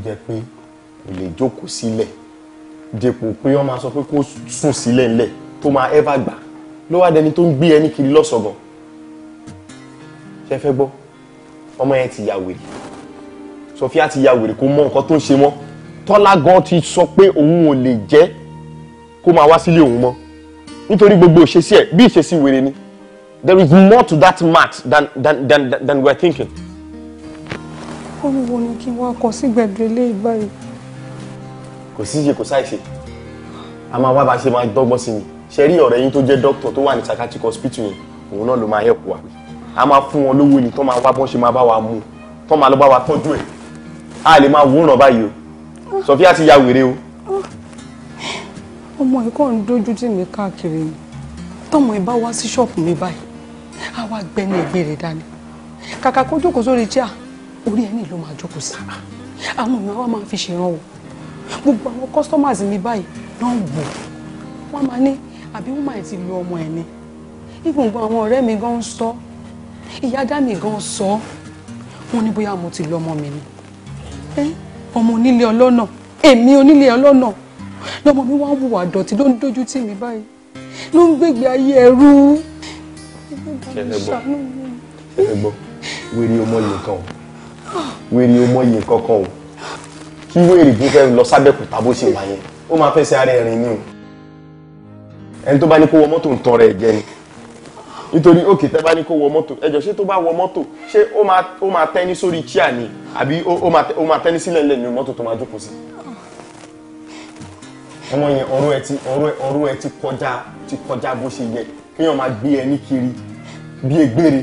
tó jẹ́ pé kò lè jókòó sílẹ̀ dépò pé wọ́n máa sọ pé kó sùn sílẹ̀ ńlẹ̀ tó máa ẹ́ bá gbà ló wá dẹni tó ń gbé ẹni kiri lọ́sọ̀gàn ṣe fẹ́ gbọ́ ọmọ yẹn ti ya wèrè Sofia ti ya wèrè kó mọ nǹkan tó ń ṣe mọ́ Tọ́lá gan ti sọ pé òun ò lè jẹ́ kó máa wá sílé òun mọ́ nítorí gbogbo òṣèṣì ẹ̀ bí ìṣesí wèrè ni there is more to that match than than than than we are thinking orí wo ni kí n wá kọ sí gbẹ̀dẹ̀ ilé ìgbà yìí. kò sí iye kò sáìsì a máa wá bá a ṣe máa dọ́gbọ́n sí ni ṣe rí ọ̀rẹ́ yín tó jẹ́ dókítà tó wà ní psychiatric hospital yẹn òun náà ló máa help wa a máa fún wọn lówó ni tó máa wá bọ́n ṣe máa bá wa mú tó máa lọ bá wa tọ́jú ẹ̀ a lè máa wòran báyìí o Sofia ti ya wèrè o. ọmọ ẹ̀kọ́ ń dójú tì mí káàkiri ni tọmọ ẹ bá wá sí ṣọ́ọ̀fù mi báyìí àwa gbẹ́ni ẹ̀gbẹ́ rẹ̀ dání kàkà kó jókòó sórí chair orí ẹni ló máa jókòó sí àwọn èèyàn wa máa fi ṣèrànwọ́ gbogbo àwọn customers mi báyìí náà wò wọ́n máa ní àbí wọ́n máa ti lu ọmọ ẹ̀ ni ìgbòǹgbò àwọn ọ̀rẹ́ mi gan sọ ìyá dá mi gan sọ wọ́n ní bóyá mo ti lu ọmọ mi ni ọmọ onílé ọlọ́nà èmi onílé ọlọ́nà lọmọ mi wá ń dọ̀tí ló ń dojú tì mí báyìí ló ń gbègbè ayé ẹrú. ṣẹlẹ gbọ́ ṣẹlẹ gbọ́ wíri ọmọ yìí kan o wèrè o mọyì kankan o kí wèrè kí fẹ́ lọ sábẹ́kúta bó ṣe wà yẹn ó máa fẹ́ ṣe ara ẹ̀rìn ni o ẹni tó bá ní kó wọ mọ́tò ń tọrọ ẹ̀ jẹ ni nítorí òkè tẹ́ bá ní kó wọ mọ́tò ẹjọ́ ṣé tó bá wọ mọ́tò ṣé ó máa tẹ́ni sórí chair ni àbí ó máa tẹ́ni sílẹ̀ lẹ́nu mọ́tò tó máa jókòó sí ọmọ yẹn ọ̀rọ̀ ẹ ti ọ̀rọ̀ ẹ ti kọjá ti kọjá bó ṣe yẹ kéèyàn máa gbé ẹni kiri bí egbére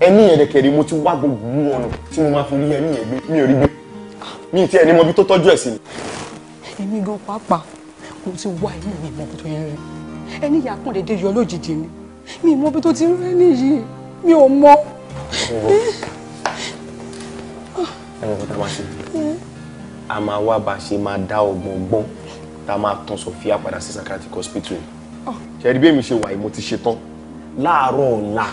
ẹni yẹn dẹ̀kẹ̀rẹ̀ mo ti wá gbogbo ọ̀nà tí mo máa fi rí ẹni yẹn gbé mi ò rí gbé mi ti ẹni mọ bí tó tọ́jú ẹ̀ sí ni. èmi gan pàápàá mo ti wá ẹni mi mọ tó yẹn rí ẹni yà kàn déédéé yọ lójijì ni mi mọ bí tó ti rẹ nìyí mi ò mọ. ẹ mọ̀ kọ́ta máa ṣe a máa wá bá a ṣe máa dá ọgbọ̀n gbọ́n tá a máa tán Sofia padà sí psychiatric hospital ah. ṣe é rí bí èmi ṣe wà yìí mo ti ṣetán láàárọ̀ ọ̀la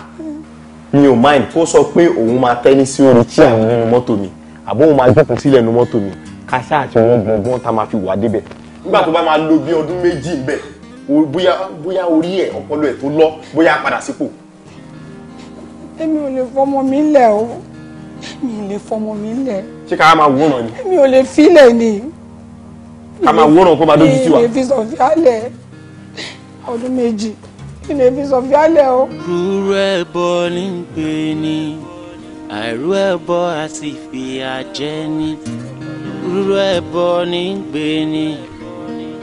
mi ò mind kó sọ pé òun máa tẹ́ni sí orí tí àwọn nínú mọ́tò mi àbó òun máa jókòó sílẹ̀ nínú mọ́tò mi ká ṣáà ti wọ́n gbọ̀ngbọ́n tá a máa fi wà débẹ̀ nígbà tó bá máa lo bí ọdún méjì ń bẹ̀ bóyá bóyá orí ẹ̀ ọpọlọ ẹ̀ tó lọ bóyá padà sípò. èmi ò lè fọmọ mi lẹ̀ o mi ò lè fọmọ mi lẹ̀. ṣé ká máa wòran ni. èmi ò lè filẹ̀ ni. ká máa wòran kó máa dójú tì wá. mi ò lè fi sọ̀fíà lẹ̀ ọdún méjì kí ni ebi sọ fiálẹ̀ o. rúrú ẹbọ ní ń pè ní àìrú ẹbọ àti ìfìyà jẹ ní. rúrú ẹbọ ní ń pè ní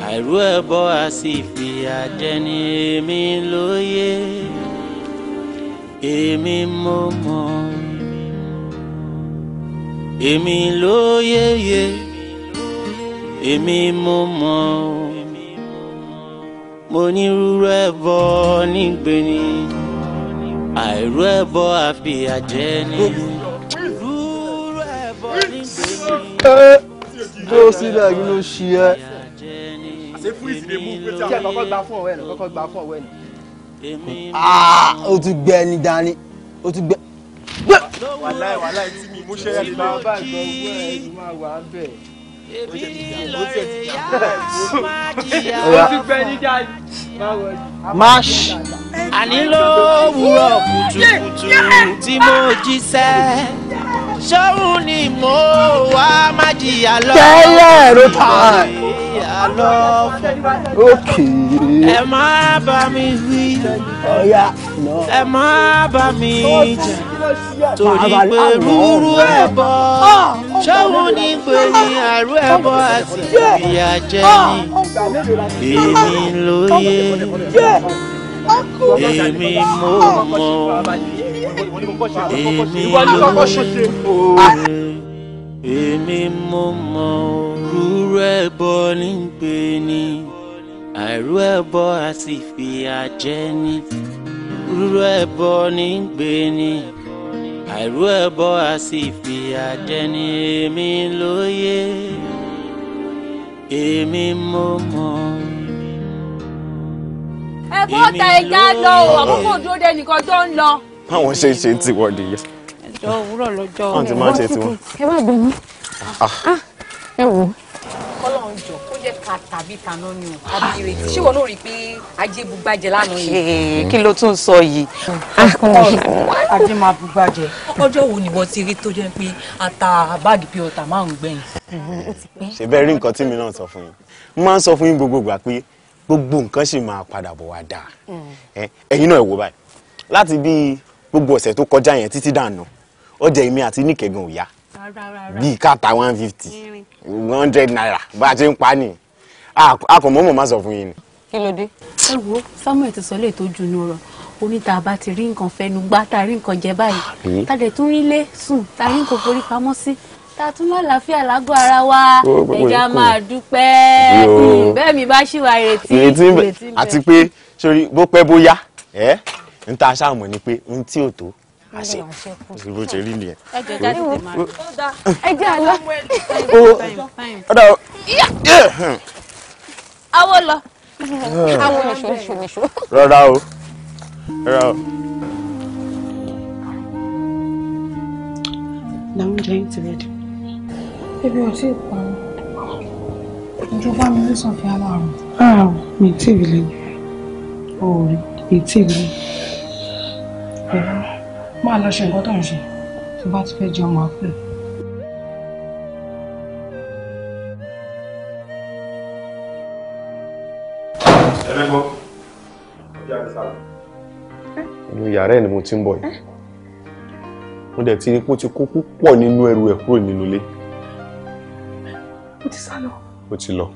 àìrú ẹbọ àti ìfìyà jẹ ní èmi lóye èmi mo mọ̀ èmi lóye èmi mo mọ̀ mo ní rúrú ẹbọ nígbè ni àìrú ẹbọ àfìyà jẹ ni rúrú ẹbọ nígbè ni bó sílẹ̀ yìí ló ṣe ẹ́. ṣé fún ìsinmi mú pé tí a kọ́kọ́ gbà fún ọ̀wẹ́ nù kọ́kọ́ gbà fún ọ̀wẹ́ nù. o tún gbẹ ẹni dání o tún gbẹ. wàláì wàláì tí mi mú ṣẹ́yà lè máa bá ìgbà owó ẹ̀ máa wà á bẹ̀ èmi lọ́rẹ̀ yá máa jìyà máṣ àní ló wúrọ̀ kùtùkùtù tí mo jíṣẹ́ sóhun ni mo wá máa jìyà lọ. tẹ́lẹ̀ ló ta ẹ má bá mi wí ẹ má bá mi jẹ torí pé rúurú ẹbọ ṣáwọn ní pé ní àrú ẹbọ àti ìyà jẹ ni èmi lóye èmi mo mọ èmi lóye èmi mo mọ rúurú ẹbọ ní pé ní àrú ẹbọ àti ìfìyà jẹ ni rúurú ẹbọ ní gbé ni àìrú ẹbọ àsìfìyà jẹni èmi lóye èmi mo mọ̀. ẹ̀gbọ́n ta ẹja lọ o àkókò dúró dé nìkan tó ń lọ. báwọn ṣe ń ṣe tiwọn nìyẹn. ẹjọ òwúrọ̀ lọ́jọ́ ẹ wá bẹ mí ah. ah, ẹ wò. kọlọ ń jọ ta tàbí taná ni o abiyire ṣé wọn náà rí i pé ajé bugbájẹ lánàá yìí. kí ló tún sọ yìí. ajé máa bugbájẹ. ọjọ́ wo ni wọ́n ti rí tó jẹ́ pé ata báàgì pé ọ̀tà máa ń gbẹ̀yìn. ṣe bẹ́ẹ̀ rí nǹkan tí mi náà sọ fún yín mo máa ń sọ fún yín gbogbogbà pé gbogbo nǹkan sì máa padà bọ̀ wá dáa ẹ̀yin náà ẹ̀ wò báyìí láti bíi gbogbo ọ̀sẹ̀ tó kọjá yẹn títí dànù ọjà èmi àti níkẹ̀gàn ò yá bíi káàtà one fifty one hundred naira bá a ṣe ń pa ni a kò mọ̀ọ́mọ̀ má sọ fún yín ni. kí ló dé. ẹ wo Samuel ti sọ lè tó ju inú rọ oníta bá ti rí nǹkan fẹnu gbá tá a rí nǹkan jẹ báyìí tá a tún rí sùn tá rí nǹkan forí pamọ́ sí tá tún lọ àlàáfíà lágọ̀ ara wa ẹja máa dúpẹ́ bẹ́ẹ̀ mi bá ṣì wá ìrètí ìrètí bẹ́ẹ̀. àti pé sori bó pẹ́ bóyá ẹ n ta ṣàmọ̀ ni pé n tí ò tó àṣẹ ìṣòro ṣe rí nìyẹn. ẹ jẹ́ àlọ́ awo lọ ah. awo lọ ṣoṣo nìṣó. rọra o rọra o. na oúnjẹ yín ti rẹ̀dí. ebi ò tí ì pa ọ́ ìjọba mi ló sàn fi ara rùn. ara ah, rùn mi tí ì rí oòrùn mi tí ì rí. máa lọ ṣe nǹkan tó ń ṣe tó bá ti fẹ́ jẹun máa yàrá ẹ̀ ni mo ti ń bọ̀ yìí mo dẹ̀ ti rí pé ó ti kó púpọ̀ nínú ẹrù ẹ̀ kúrò nínú ilé. ó ti sá lọ. ó ti lọ.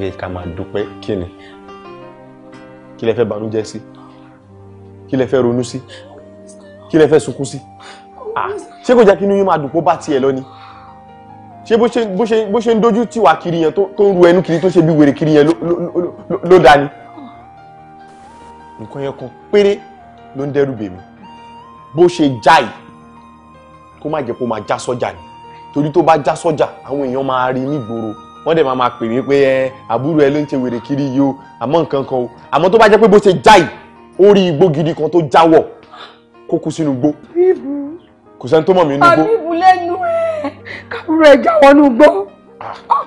ẹ ká máa dúpẹ́ kí ni kí lẹ fẹ́ banújẹ́ sí kí lẹ fẹ́ ronú sí kí lẹ fẹ́ sunkún sí ṣé kò jẹ́ kí inú yín máa dùn kó bá tiẹ̀ lọ ni ṣé bó ṣe ń dojú tiwa kiri yẹn tó ń ru ẹnu kiri tó ṣe bí wèrè kiri yẹn ló dá ni nǹkan yẹn kan péré ló ń dẹ́rù bèmí bó ṣe já yìí kó má jẹ́ kó máa já sọ́jà ni torí tó bá já sọ́jà àwọn èèyàn máa rí nígboro wọ́n dẹ̀ máa pè mí pé ẹ àbúrò ẹ ló ń ṣe wèrè kiri yìí o àmọ́ nǹkan kan o àmọ́ tó bá jẹ́ pé bó ṣe já yìí ó rí igbó gidi kan tó jáwọ́ kó kú sínú igbó kò sẹ́ni tó mọ̀ mí nínú igbó. àbíbu lẹ́nu ẹ̀ kábúrò ẹ̀ jáwọ́ nínú igbó. Ah. Ah.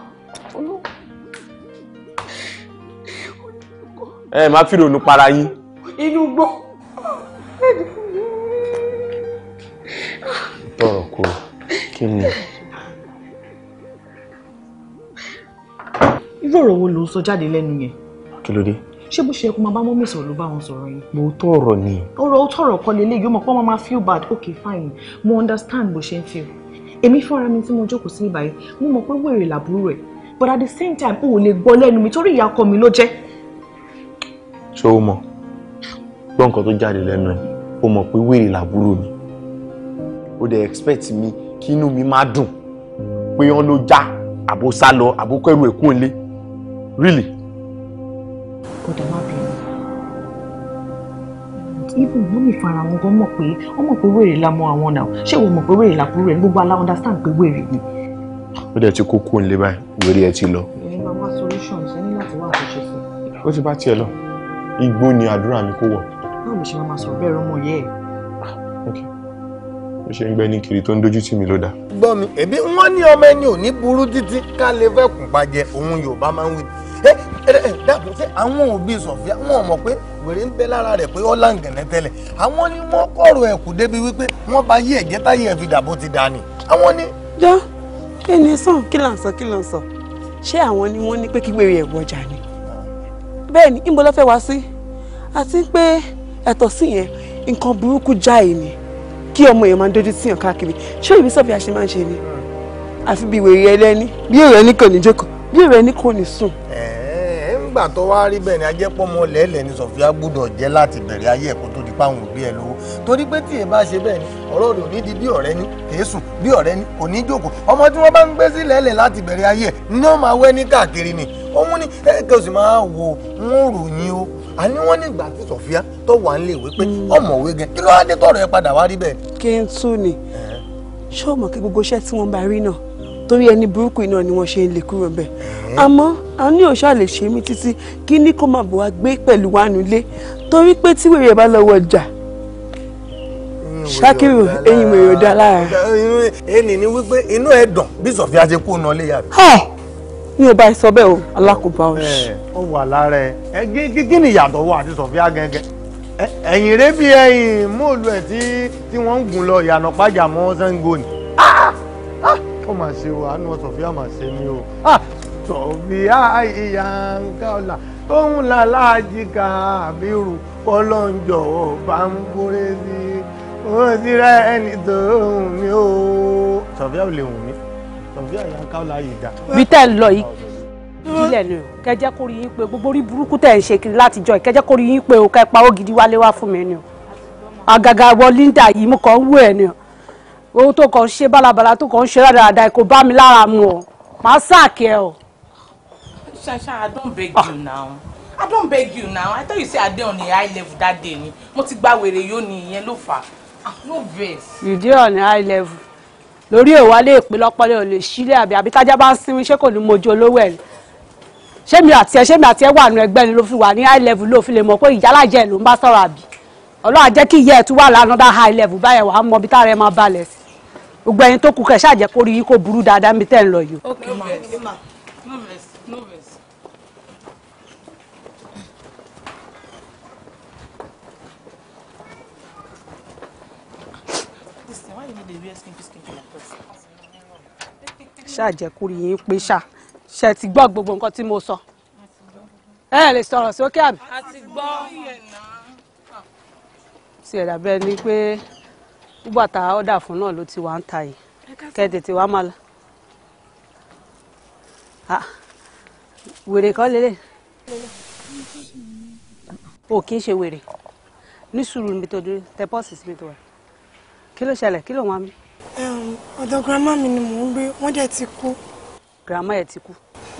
ẹ má fi para yín. inú igbó. tọrọ kúrò kí ni. irú ọ̀rọ̀ wo ló ń sọ jáde lẹ́nu yẹn. kí ló dé. ṣé bó ṣe yẹ kó máa bá mọ́mí sọ̀rọ̀ ló bá wọn sọ̀rọ̀ yẹn. mo tọrọ ni. ọ̀rọ̀ ó tọrọ kọ lélẹ̀ yóò mọ pé wọn máa feel bad Ok, fine mo understand bó ṣe ń feel. èmi fúnra mi tí mo jókòó sí ìbàyẹn mo mọ pé wèrè làbúrò ẹ but at the same time o ò lè gbọ́ lẹ́nu mi torí ìyá ọkọ mi ló jẹ́. ṣé o mọ gbọ́ nǹkan tó jáde lẹ́nu ẹ̀ o mọ̀ pé wèrè làbúrò mi o dẹ̀ expect mi kí inú mi má dùn pé wọ́n ló já àbó sá lọ àbó kẹ́rù ẹ̀kú ńlẹ̀ really. kò dẹ̀ má bínú even wọ́n mi fara wọn gan mọ̀ pé wọ́n mọ̀ pé wèrè la mọ àwọn náà ṣé ìwọ mọ̀ pé wèrè la kúrò rẹ̀ gbogbo ala understand pé wèrè ni. ó dẹ̀ ti kó kú ńlẹ̀ báyìí wèrè ẹ ti lọ. ẹ̀yin máa wá solutions ẹni láti wá àtúnṣe sí. ó ti bá tiẹ̀ lọ igbó ni àdúrà mi kó wọ̀. báwo ló ṣe máa sọ bẹ́ẹ̀ rọ́mọ yẹ́ ẹ̀. Ah, okay bó ṣe ń gbẹ́ ní kiri tó ń dojú tì mí ló dà. gbọ́ mi ẹ̀bí wọ́n ní ọmọ ẹni ò ní burú títí ká lè fẹ́ kùn bàjẹ́ òun Yorùbá máa ń wí. ẹ ẹ dàbọ̀ ṣé àwọn òbí Sofia wọn ò mọ̀ pé wèrè ń bẹ lára rẹ̀ pé ó láǹgẹ̀nẹ́ tẹ́lẹ̀ àwọn ni wọ́n kọ̀rọ̀ ẹ̀kú débi wípé wọ́n bá yí ẹ̀jẹ̀ táyé ẹ̀ fi dàbò ti dà ní. àwọn ni. jọ ẹni sàn kí là ń sọ kí là ń sọ ṣé àwọn ni wọ́n ní pé kí wèrè ẹ̀wọ̀ ọjà ni bẹ́ẹ̀ ni ìmọ̀lọ́fẹ́ wá sí àti pé ẹ̀tọ́ sí yẹn nǹkan burúkú jáì ni kí ọmọ èèyàn máa ń dojú síyàn káàkiri ṣé ìbí sọ́fì àṣẹ máa ń ṣe ni àfi bí wèrè ẹlẹ́ni bí èrè ẹni kò ní jókòó bí èrè ẹni kò ní sùn. ẹ ẹ ńgbà tó wá rí bẹ́ẹ̀ ni ajẹ́pọ̀mọ lẹ́lẹ̀ ni sọ̀fíà gbọ́dọ̀ jẹ́ láti bẹ̀rẹ̀ ayé ẹ̀kọ́ tó di páwọn òbí ẹ lówó torí pé tí èèyàn bá ṣe bẹ́ẹ̀ ni ọ̀rọ̀ rẹ̀ ò ní di bí ọ̀rẹ́ ni kìí sùn bí ọ̀rẹ́ ni kò ní jókòó ọmọ tí wọ́n bá ni wọ́n máa wẹ́ ní káàkiri ni òun ni ẹ a ní wọ́n nígbà tí sọ̀fíà tó wà ń lè wé pé hmm. ọmọwé gan kí ló wá dé tọ̀rọ̀ ẹ padà wá rí bẹ́ẹ̀. kí n tún ni ṣé o mọ̀ kí gbogbo iṣẹ́ tí wọ́n bá rí náà torí ẹni burúkú iná ni wọ́n ṣe ń lè kúrò bẹ́ẹ̀ àmọ́ a ní òṣà lè ṣe mí títí kí ní kó máa bọ̀ wá gbé pẹ̀lú wa nílé torí pé tí wèrè bá lọ́wọ́ ọjà ṣákìrù eyín wèrè dá lára. ẹni ni wípé inú ẹ dùn bí sọ̀fíà ṣe kú mi ò bá ẹ sọ bẹ́ẹ̀ o alákòóbá o eh, ṣe. ó wà lára ẹ ẹ gígí ni ìyàtọ̀ wà àti sọ̀fíà gẹ́gẹ́ ẹ̀yìn rẹ bí ẹ̀yìn móòlù ẹ̀ tí wọ́n ń gùn lọ ìyànà pàjà mọ́ sango ni ó mà ṣe o àánú sọ̀fíà mà ṣe mi o sọ̀fíà ìyá nǹkan ọ̀la tóun là láàjìká àbírù kọ́lọ́njọ́ bá ń kórè sí i sì rẹ́ ẹni tó hùn mí o sọ̀fíà ò lè hùn mí bí tẹ́ lọ yìí ìpínlẹ̀ ni o kẹjẹ́ kó rí yín pé gbogbo orí burúkú tẹ̀ ń ṣe kiri látijọ́ kẹjẹ́ kó rí yín pé o kẹ́ pawó gidi wálé wá fún mi ni o àgàgà wọ Linda yìí mo kàn ń wú ẹ̀ ni o ohun tó kàn ń ṣe bálabàla tó kàn ń ṣe rádaràda kò bá mi lára mu o màá sáàkì ẹ o. ṣaṣa I don beg you now I don beg you now I thought you say I dey on a high level that day ni mo ti gba wèrè yóò ní ìyẹn ló fà á ah, no vex. you dey on a high level lórí òwà lè pín lọ́pọ́lẹ́ ò lè sílẹ̀ àbí àbí tájá bá ń sinmi ṣé kò ní mojú olówó ẹ̀ ṣé mi àti ẹ ṣé mi àti ẹ wà nù ẹgbẹ́ ni ló fi wà ní high level ló fi lè mọ̀ pé ìyálàjẹ́ ló ń bá sọ̀rọ̀ àbí ọlọ́wà jẹ́ kí ìyá ẹ̀ tún wà lánàá high level báyẹn wà á mọ ibi tára ẹ máa balẹ̀ sí gbogbo ẹyin tó kù kẹ ṣáà jẹ́ kó rí yí kó burú dáadáa mi tẹ́ ń lọ yìí. okay ṣàjẹkùrì yín pé ṣá ṣe ti gbọ́ gbogbo nǹkan tí mo sọ ẹ lè sọ̀rọ̀ sókè àbí. a ti gbọ́ sí ẹ̀dà bẹ́ẹ̀ ni pé nígbà tá a ọ̀dà fún náà ló ti wá ń ta yìí kẹ́ tètè wá máa lọ. wèrè kọ́ lélẹ̀ o kì í ṣe wèrè ní sùúrù mi tó dúró tẹ pọ́ọ̀sì sí mi tó wà kí ló ṣẹlẹ̀ kí ló wọ́n mi ọ̀dọ̀ grandma mi ni mò ń gbé wọ́n dẹ̀ ti kú. grandma ẹ̀ ti kú.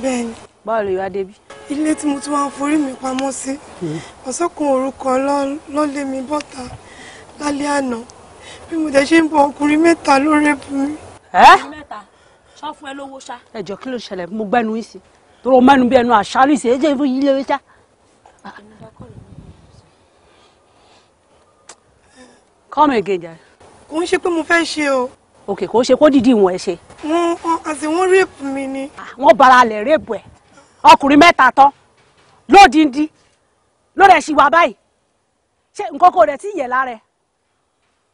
bẹ́ẹ̀ni. báwo lè wá débi. ilé tí mo ti wá ń forí mi pamọ́ sí hmm. ọ̀sọ́kùn orúkọ lọ́lé mi bọ́ta lálẹ́ àná bí mo dẹ̀ ṣe ń bọ ọkùnrin mẹ́ta ló rẹ́bù mi. ẹ́ mẹ́ta ṣá fún ẹ lówó ṣá. ẹ jọ kí ló ṣẹlẹ̀ mo gbẹ́nu yín sí tóró mẹ́nu bí ẹnu àṣà ní ìṣèjì fún yín lè ṣá. come again jare kò ń ṣe pé mo fẹ́ ṣe o. òkè kò ń ṣe kó dìdí ìwọ̀n ẹ ṣe. wọn wọn àti wọn rèpù mi ni. Ah, wọn bara alẹ rèpù ẹ ọkùnrin mẹ́ta tán lódìndín lórí ẹṣin wa báyìí ṣé nǹkan kò rẹ ti yẹ lára ẹ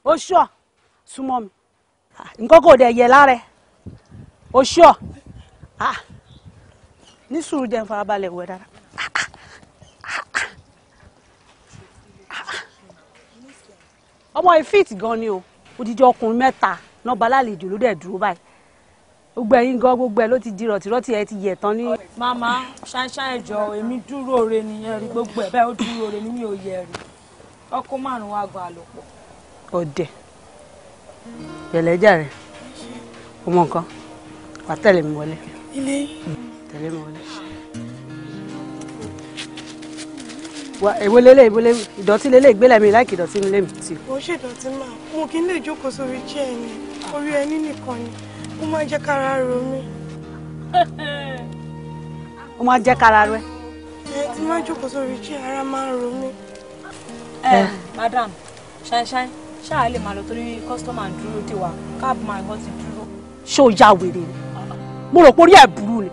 ó ṣọ súnmọ́ mi ah, nǹkan kò dẹ yẹ lára ẹ ó ṣọ ah, ní sùúrù jẹ́ ń farabalẹ̀ dára. ọmọ yìí fit gan ni o odidi ọkùnrin mẹ́ta náà balálejò ló dẹ̀ dúró báyìí gbogbo ẹ̀yin gan gbogbo ẹ ló ti di rọtìrọtì ẹ ti yẹ tán ní. màmá ṣáṣáì jọ èmi dúró re ni ẹrí gbogbo ẹ bẹ́ẹ̀ ó dúró re ni mi ò yẹ rí ọkọ márùn wa gan àlòpọ̀. ọ̀dẹ̀ pẹ̀lẹ́jà rẹ̀ ọmọ nǹkan wàá tẹ̀lé mi wọlé. ilé tẹ̀lé mi wọlé. wa èwo lélẹ̀ èwo lélẹ̀ ìdọ̀tí lélẹ̀ ìgbélẹ̀ mi láìkì ìdọ̀tí mi lémi tì. mo ṣe ìdọ̀tí máa mo kì í lè jókòó sórí iṣẹ́ ẹni orí ẹni nìkan ni ó máa jẹ́ kára ro mi. ó máa jẹ́ kára rẹ. ẹ ti máa jókòó sórí iṣẹ́ ara máa ń ro mi. ẹ eh, madam ṣáínṣáín ṣáà lè máa lọ torí kọ́sítọ́mà ń dúró dè wá káàbù máa gbọ́ ti dúró. ṣé o ya wèrè ni mo rò pé orí ẹ̀ burú ni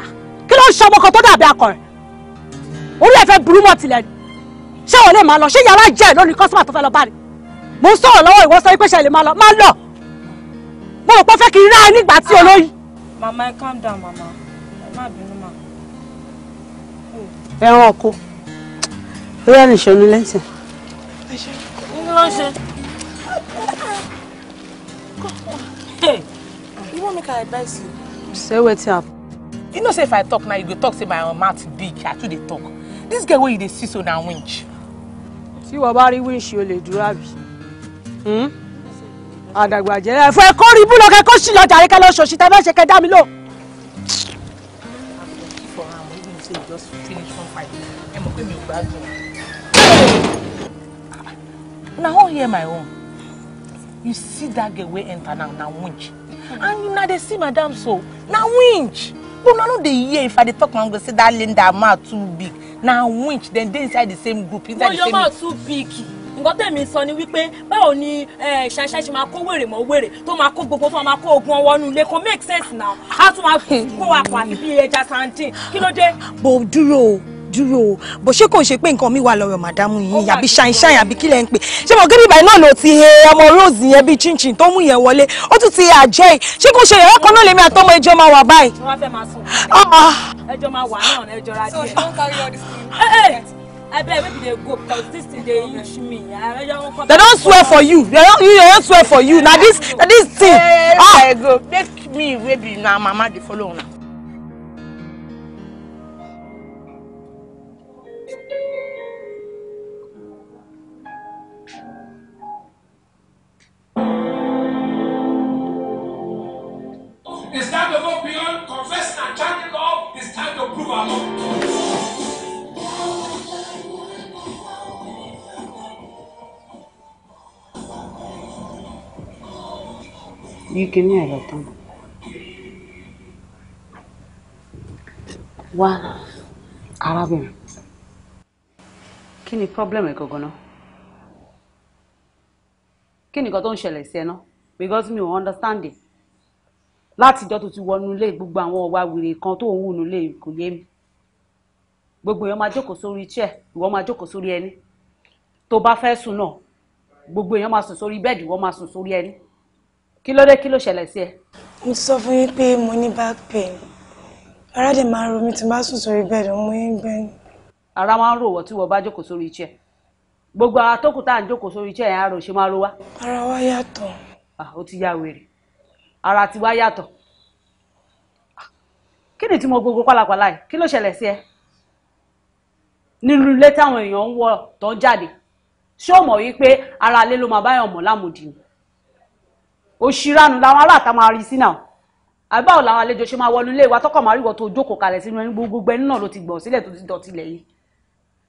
ah, kí ló ń ṣe ọmọkàn tó dàbí akọrin orí ẹ fẹ́ burú mọ́ tilẹ̀ ni ṣé wọn lè máa lọ ṣé yàrá jẹ́ lórí kọ́sọ́mà tó fẹ́ lọ bá rẹ̀ mo ń sọ̀rọ̀ lọ́wọ́ ìwọ sọ pé ṣe lè máa lọ máa lọ mo rò pé fẹ́ kí n rá nígbà tí ah, olóyè. mama ẹ calm down mama ẹ má bínú ma. ẹran ọkọ lórí ẹni ní lẹ́sìn. nínú you wan make i advise you. say wetin happen. you know say if i talk now you go talk say my mouth big i too dey talk this girl wey you dey see so na winch. tí wọ́n bá rí winch o lè dúró àbí. Hmm? àdàgbà jẹ́ ẹ̀fọ́ ẹ̀kọ́ rí ibùdó kẹ́kọ́ sí lọ́jà àríkẹ́ lọ́sọ̀ sí tẹ́ fẹ́ ṣe kẹ́ dá mi lò. na all hear my own you see that girl wey enter now na winch and una dey see madam so na winch But una no dey hear if i dey talk na i go say that linda mouth too big na winch dem dey inside the same group inside the same. group. wọ́n yọ mouth too big nǹkan tẹ̀mí sọ ni wípé báwo ni ṣàṣà ṣe máa kó wèrè mọ́ wèrè tó máa kó gbogbo tó máa kó ogun ọwọ́ nulẹ̀ kò make sense now How to máa kó wa pàdé bí ẹja santin kí ló dé. bò dúró o dúró o bó ṣé kò ṣe pé nǹkan mi wà lọ́rọ̀ màdámù yìí àbí ṣàìṣàì àbí kílẹ̀ ń pè ṣé mo gé bíbáyìí náà ló ti he ọmọ rose yẹn bíi chinchin tó mú yẹn wọlé ó tún ti àjẹ́ yìí ṣé kò ṣe ìyàwó náà lèmi àtọmọ ẹjọ́ máa wà báyìí. Ah. ẹjọ́ máa wà náà ẹjọ́ ra díẹ̀ abeg eh, eh. make you dey go because this thing dey use me. they don swear for you they don you they don swear for you na this na this thing. Eh, ah oh, make me wey be na mama dey follow una. turn it off, it's time to prove our love. You give me a lot of Wá arábìnrin. Kí ni pọ́blẹ́mù ẹ̀ gangan náà? Kí ni nǹkan tó ń ṣẹlẹ̀ sí ẹ náà? Because mi ò understand it látijọ́ tó ti wọnú ilé gbogbo àwọn ọ̀wà wèrè kan tó ń wùnú ilé kò yé mi gbogbo èèyàn máa jókòó sórí chair ìwọ máa jókòó sórí ẹni tó bá fẹ́ sùn náà gbogbo èèyàn máa sùn sórí bẹ́ẹ̀dì ìwọ máa sùn sórí ẹni kí ló dé kí ló ṣẹlẹ̀ sí ẹ. mo sọ fún yín pé mo ní back pain ara dẹ̀ máa ń ro mi tí n bá sùn sórí bẹ́ẹ̀dì mo ń gbẹ́. ara máa ń rò wọ́n tí wọ́n bá jókòó sórí chair gbogbo àtọ́kùtà ń jókòó sórí chair yẹn á rò ṣe máa ro wá. ara wa yàtọ̀. Ah, ó ti ya wèrè ara ti wá yàtọ̀ kí ni tí mo gbogbo pálapàla yìí kí ló ṣẹlẹ̀ sí ẹ nínú ilé táwọn èèyàn ń wọ tó ń jáde ṣé o mọ̀ wípé ara ilé ló máa báyọ̀ mọ̀ lámòdì ni òṣìrànù làwọn aláàtà máa rí sí náà àbáwò làwọn àlejò ṣe máa wọnú ilé wa tọkọ máa ríwọ tó jókòó kalẹ̀ sínú ẹni gbogbo ẹni náà ló ti gbọ̀n sílẹ̀ tó ti dọ̀tí ilẹ̀ yìí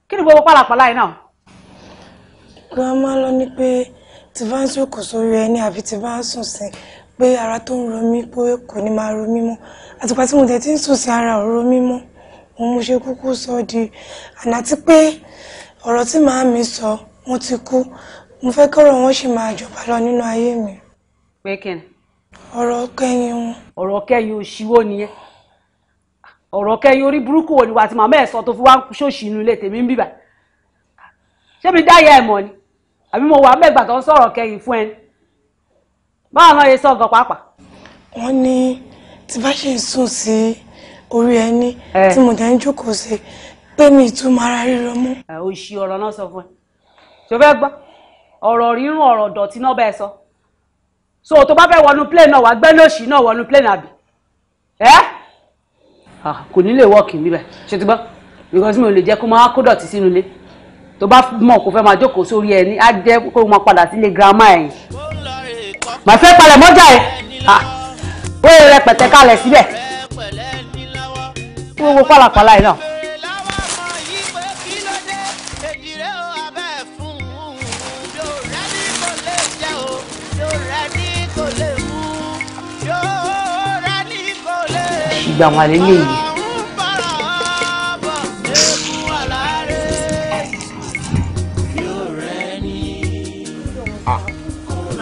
kí ni gbogbo pálapàla yìí náà. grandma ló ní pé tí bá ń jókòó sórí ẹni àbí tí bá ń sùn sí pé ara tó ń ro mí pé kò ní máa ro mí mọ́ àtìpá tí mo dẹ̀ ti ń sùn sí ara ò mí mọ́ òun mo ṣe kúkú sọ di àná àti pé ọ̀rọ̀ tí màá mi sọ wọ́n ti kú mo fẹ́ kọ́rọ̀ wọn ṣì máa jọba lọ nínú ayé mi. pé kẹ́ni. ọ̀rọ̀ kẹ́yìn wọn. ọ̀rọ̀ kẹ́yìn òṣìwò nìyẹn ọ̀rọ̀ kẹ́yìn orí burúkú wo ni wàá ti màmá ẹ̀ sọ tó fi wá ṣòṣì inú ilé tèmi ń bíbà ṣé mi dáyà ẹ̀ mọ̀ ni àbí mo wà mẹ́gbà tó ń sọ̀rọ̀ kẹ́yìn fún ẹni báwo náà yẹ sọ ọgàn pàápàá. wọ́n ní tí bá ṣe ń sùn sí orí ẹni tí mo dẹ̀ ń jókòó sí pé mi ìtumọ̀ ara ríro mú. o ṣì ọ̀rọ̀ náà sọ fún ẹ ṣe fẹ́ gbọ́ ọ̀rọ̀ rírùn ọ̀rọ̀ dọ̀tí náà bẹ́ẹ̀ sọ so tó bá fẹ́ wọnú plane náà wàá gbẹ́ lóṣì náà wọnú plane àbí ẹ́ kò ní lè wọ́ọ̀kì níbẹ̀ ṣe ti gbọ́ because mi ò lè jẹ́ kó máa kó dọ̀tí sínú ilé tó bá mọ̀ kó fẹ́ máa jókòó sórí ẹni á jẹ́ kó máa padà sílé girama ẹ̀yìn mà fẹ́ palẹ̀ mọ́jà ẹ̀ ó yẹ rẹpẹtẹ kalẹ̀ síbẹ̀ kí gbogbo pàlàpàlà yìí náà. ṣùgbọ́n àwọn àlejò yìí.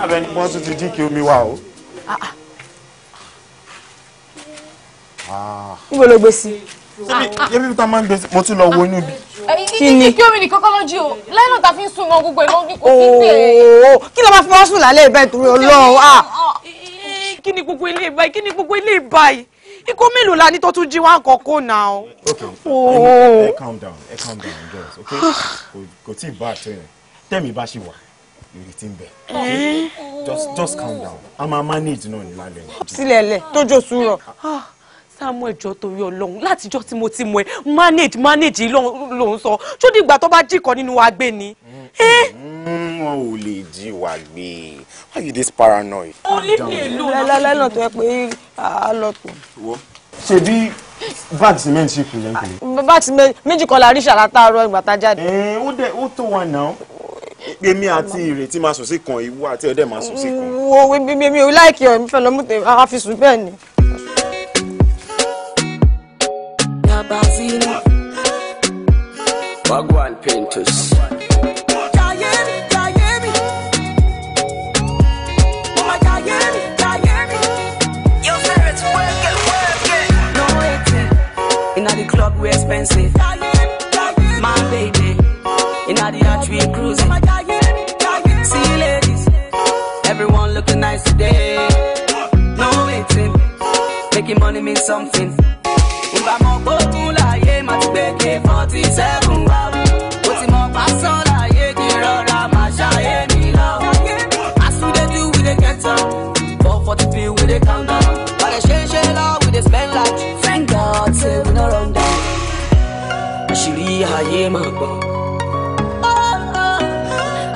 abẹ ni. wọ́n tún ti dín kí omi wá o. níbo ló gbé sí. yẹ́bí tá a máa ń gbé sí mo tún lọ wo inú ibi. Eh, eh, kí ni kí omi nìkan kọ́ lójú o lẹ́yìn tá a fi ń sùn mọ́ gbogbo ẹ̀ lọ́wọ́ kò sí bẹ́ẹ̀. kí ló máa fi wọ́n sùn lálẹ́ ìbẹ́ ìtòrí ọlọ́run. Ah. Ah, ah. kí ni gbogbo ilé ìbáyìí kí ni gbogbo ilé ìbáyìí ikú mélòó la ní tó tún jí wá kọ̀ọ̀kọ̀ náà. okay ẹ calm down ẹ calm down girls okay kò tí ì bá àtẹ̀yìn tẹ́mi bá ṣì wà ìrètí bẹ. Eh? just just calm down a máa manage náà ní lálẹ́ yìí. sílẹ̀ lẹ̀ tójó sùúrọ̀. Ah, Samuel jọ torí Ọlọ́run látijọ́ tí mo ti mọ̀ ẹ́ manage manage yìí lòun sọ ṣódì ìgbà tó bá jí kan nínú wa gbé ni. Eh? Mm, wọn ò lè jí wa gbé why you this paranoid. mo ní èlò náà. lẹ́lẹ́nà tó yẹ pé a lọ tó. ṣe bí bag cement ṣì kù lẹ́ńkùlé. bag cement méjì kan la rí ṣàlàtà àárọ̀ ìgbà tá a jáde. Eh, ó dẹ̀ ó tó wa náà èmi àti ìrètí máa sùn sí kan ìwọ àti ọdẹ máa sùn sí kan. Mm, mi ò láìkí ọ̀rẹ́ mi fẹ́ lọ mú tèmi ara fi sùn bẹ́ẹ̀ ni. Wagwan painters. expensive, my baby. Inna the arch Everyone looking nice today. No waiting, making money means something. Ìgbà mọ̀ pé òun oh, láàyè máa ti gbé forty seven wá. Mo ti mọ̀ pásán láàyè kí rọra máa ṣàyè mi As we dey do, we dey get up. we dey Thank God say we no run down. Àṣírí ayé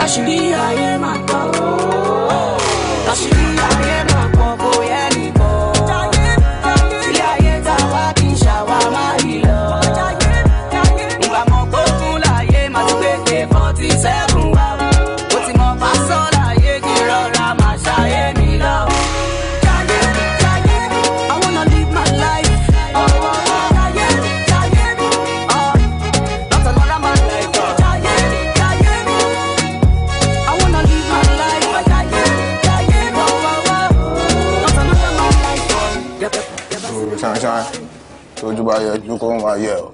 Àṣírí ayé Cause you yẹ ju come máa yẹ o.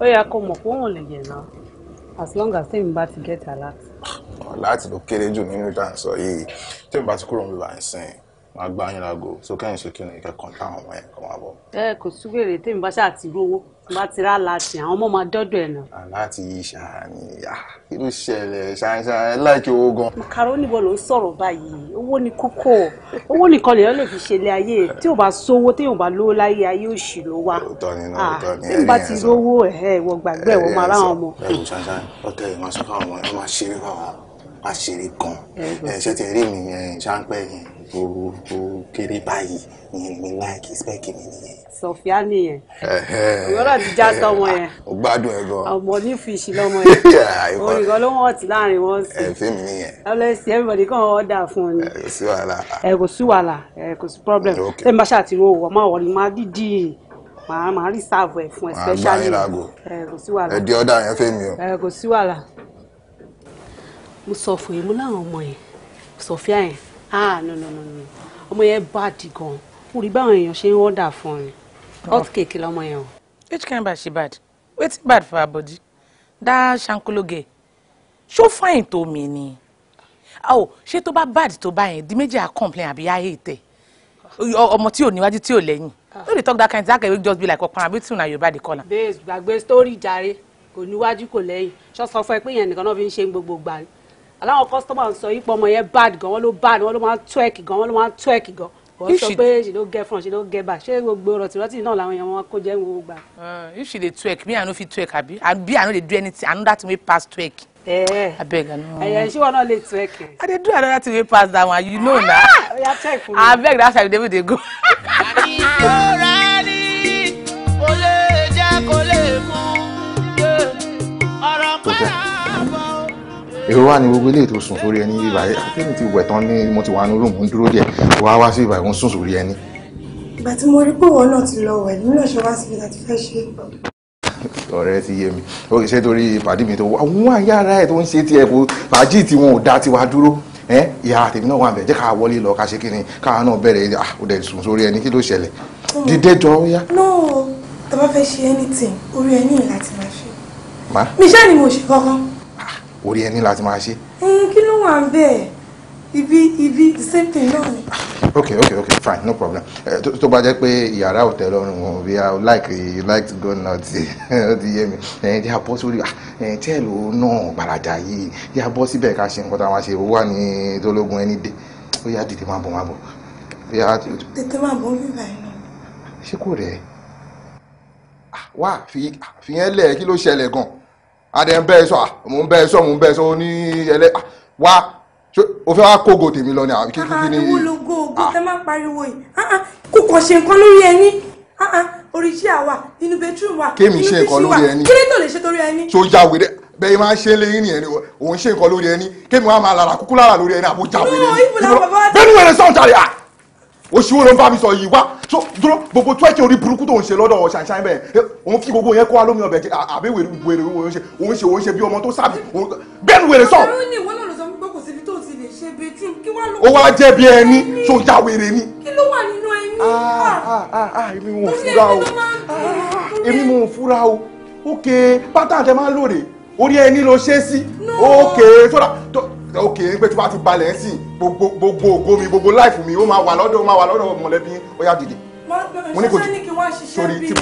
ó yẹ kó mọ̀ pé òun lè as long as tèmi bá ti get alert. láti ló kéré jù nínú ìta sọ yìí tèmi bá ti kúrò níbi àìsàn máa gbá yín lágo so kẹ́yìn ṣe kí ni ìkẹ́kọ̀ọ́ táwọn ọmọ yẹn kọ́ máa bọ̀. ẹ kò sí wèrè tèmi bá ṣáà ti rówó tí wọ́n ti rá láti àwọn ọmọ máa dọ́dọ̀ ẹ̀ náà. aláàtì ah, ṣàní kí ló ṣẹlẹ̀ ṣàṣàṣà ẹ láìkí owó gan. makaroni bọ́ọ̀lù ń sọ̀rọ̀ báyìí owó ni kókó owó nìkan lèèyàn lè fi ṣe ilé ayé tí ò bá sówó tí ò bá lówó láyé ayé òṣì ló wá. òótọ́ ni náà ah, òótọ́ ni ẹ̀rí yẹn sọ. bá ti rówó ẹ̀ wọ gbàgbé ẹ̀ wọ́n máa ráwọn ọmọ. ẹ̀rù ṣàṣàṣà ọ̀tẹ̀ ìmọ̀ sọ́kà ọmọ ẹ̀ máa ṣeré báwa máa ṣeré gan-an ẹ̀ ṣẹ́ ti rí mi yẹn ṣáńpẹ́ yẹn tó tó kéré báyìí ìyẹn mi láìkí spẹ́ẹ̀kì mi nìyẹn. sọfíà nìyẹn ìrọ́lá ti já sọmọ yẹn ó gbádùn ẹ gan ọmọ ní fìṣì lọmọ yẹn orin kan ló wọ́n ti láàrin wọn sí ẹ fi mi nìyẹn ọlọ́sì everybody kàn wọ́n dà fún un ni ẹ kò sí wàhálà ẹ kò sí wàhálà ẹ kò sí problem ẹ má ṣàtìrò owó ọmọ àwọn ọ̀rìn má dídì màá màá rìsáàbù ẹ fún ẹ specially ẹ kò sí wàhálà ẹ di kò sí wàhálà mo sọ fún yín ah no no no no ọmọ yẹn báàdì gan o rí báwọn èèyàn ṣe ń order fún un hot cake lọmọ yẹn o. which kind bad she bad wetin bad for her body that ṣankologe ṣó fine tó mi ni ah, oh ṣé tó bá bad tó bá yẹn di méjì à complain àbí á hate ọmọ tí ò níwájú tí ò lẹ́yìn no ah. dey talk that kind thing that kind wey just be like ọ̀pọ̀nrán àbí tìrùnà yorùbá dey call am. bẹ́ẹ̀ gbàgbé sítórì jàre kò níwájú kò lẹ́yìn ṣọ́sọ fún ẹ pé yẹn nìkan náà fi ń ṣe gbogbo gbà aláwọn customer sọ yípo ọmọ yẹn bad gan wọn ló bad wọn ló máa ń twerk gan wọn ló máa ń twerk gan wọ́n sọ pé ṣe ló gẹ fún ṣe ló gẹ bá ṣé gbogbo rọtìrọtì náà làwọn èèyàn wọn kó jẹ́ ìwọ̀n gbà. Uh, if she dey twerk me i no fit twerk abi abi i no dey do anything another thing wey pass twerk. Eh. abeg i no. ẹyẹ eh, ṣé wọn náà lè twerk. i dey do another thing wey pass that one you know na. oya ah! twerk abeg that time david dey go. Eh, àdìrẹ́ èrò wà ní gbogbo ilé tó sùn sórí ẹni bíbá yẹn akéwì ti wẹ̀ tán ní mo ti wà nínú rúùmù ń dúró díẹ̀ wá wá sí ibà ìwọ̀n sùn sórí ẹni. ìgbà tí mo rí pé òun náà ti lọ wẹ̀ nínú ọ̀ṣọ́ wá síbi láti fẹ́ ṣe é ọ̀rẹ́ ti yé mi ó ṣe torí pàdé mi tó àwọn àyàrá ẹ̀ tó ń ṣe tiẹ̀ kó fàájì tí wọn ò dá tiwa dúró ìyá tèmi náà wà bẹ̀ jẹ́ ká wọlé lọ ká ṣe kí ni káwa náà bẹ̀rẹ̀ ah, ó dẹ̀ sùn sórí ẹni kí ló ṣẹlẹ̀ oh. dídé jọ ó yá. no tá a bá fẹ́ ṣe anything orí ẹni láti máa ṣe. mi ṣáà ni mo ṣe kankan orí ẹni láti máa ṣe. kí ló wà bẹ́ẹ̀ ibi ibi the same thing náà ni. ok ok ok fine no problem tó bá jẹ́ pé yàrá òtẹ́ lọ́rùn wọn bí i like you like to go now ti ó ti yé mi ẹ̀yin tí a bọ́ sórí ẹ̀yin tí ẹ̀ ló náà gbàràjà yìí tí a bọ́ síbẹ̀ ká ṣe nǹkan táwọn ṣe wà ní tológun ẹni dé ó yá dìde máa bọ̀ máa bọ̀. tètè máa bọ̀ bí báyìí náà. ṣé kò rẹ̀ ah, wá fi yẹn lẹ̀ kí ló ṣẹlẹ̀ gan-an adẹ ń bẹ́ẹ̀ sọ mò ń bẹ́ẹ̀ sọ mò ń bẹ́ẹ̀ sọ ó ní ẹlẹ́ wá o fẹ́ wá kógo tèmi lọ ni àbí kíkí ah, ni. àwọn ológo ògo ah. tẹ máa pariwo yìí ah, kò kàn ṣe nǹkan lórí ẹni oríṣi àwa inú bedroom wa inú kíṣì wa kí ló tó lè ṣe torí ẹni. tó já wèrè bẹ́ẹ̀ máa ń ṣe léyìn ní ẹni òun ṣe nǹkan lórí ẹni kémi wá máa lára kúkú lára lórí ẹni àbójà wèrè ni. bẹ́ẹ̀ ni wẹ̀rẹ̀ sọ̀tàrí à oṣù wo ló ń bá mi sọ yìí wá so dúró gbogbo twerk orí burúkú tó ń ṣe lọ́dọ̀ ṣàṣà bẹ́ẹ̀ òun fi gbogbo yẹn kó wa lómi ọbẹ̀ jẹ àbí wèrè wèrè òun ṣe òun ṣe òun ṣe bí ọmọ tó sábì bẹ́ẹ̀ni wèrè sọ. ọ̀run ni ìwọ náà lọ sọ fún gbogbo síbi tó ti lè ṣe bẹ́tún kí wá ló. ó wá jẹ́ bí ẹni tó ya wèrè ni. kí ló wà nínú ẹni. Ah, ah. Ah, èmi mo fura o èmi mo fura o ok pátá àtẹ máa lóore orí ẹni ló ṣe é sí ok sọ́dà Okay, ok pé tí wàá ti balẹ̀ ẹ́ sìn gbogbo gbogbo ògo mi gbogbo láìfù mi ó máa wà lọ́dọ̀ ó máa wà lọ́dọ̀ mọ̀lẹ́bí ó yá dìde. mo ní kò jù sórí tí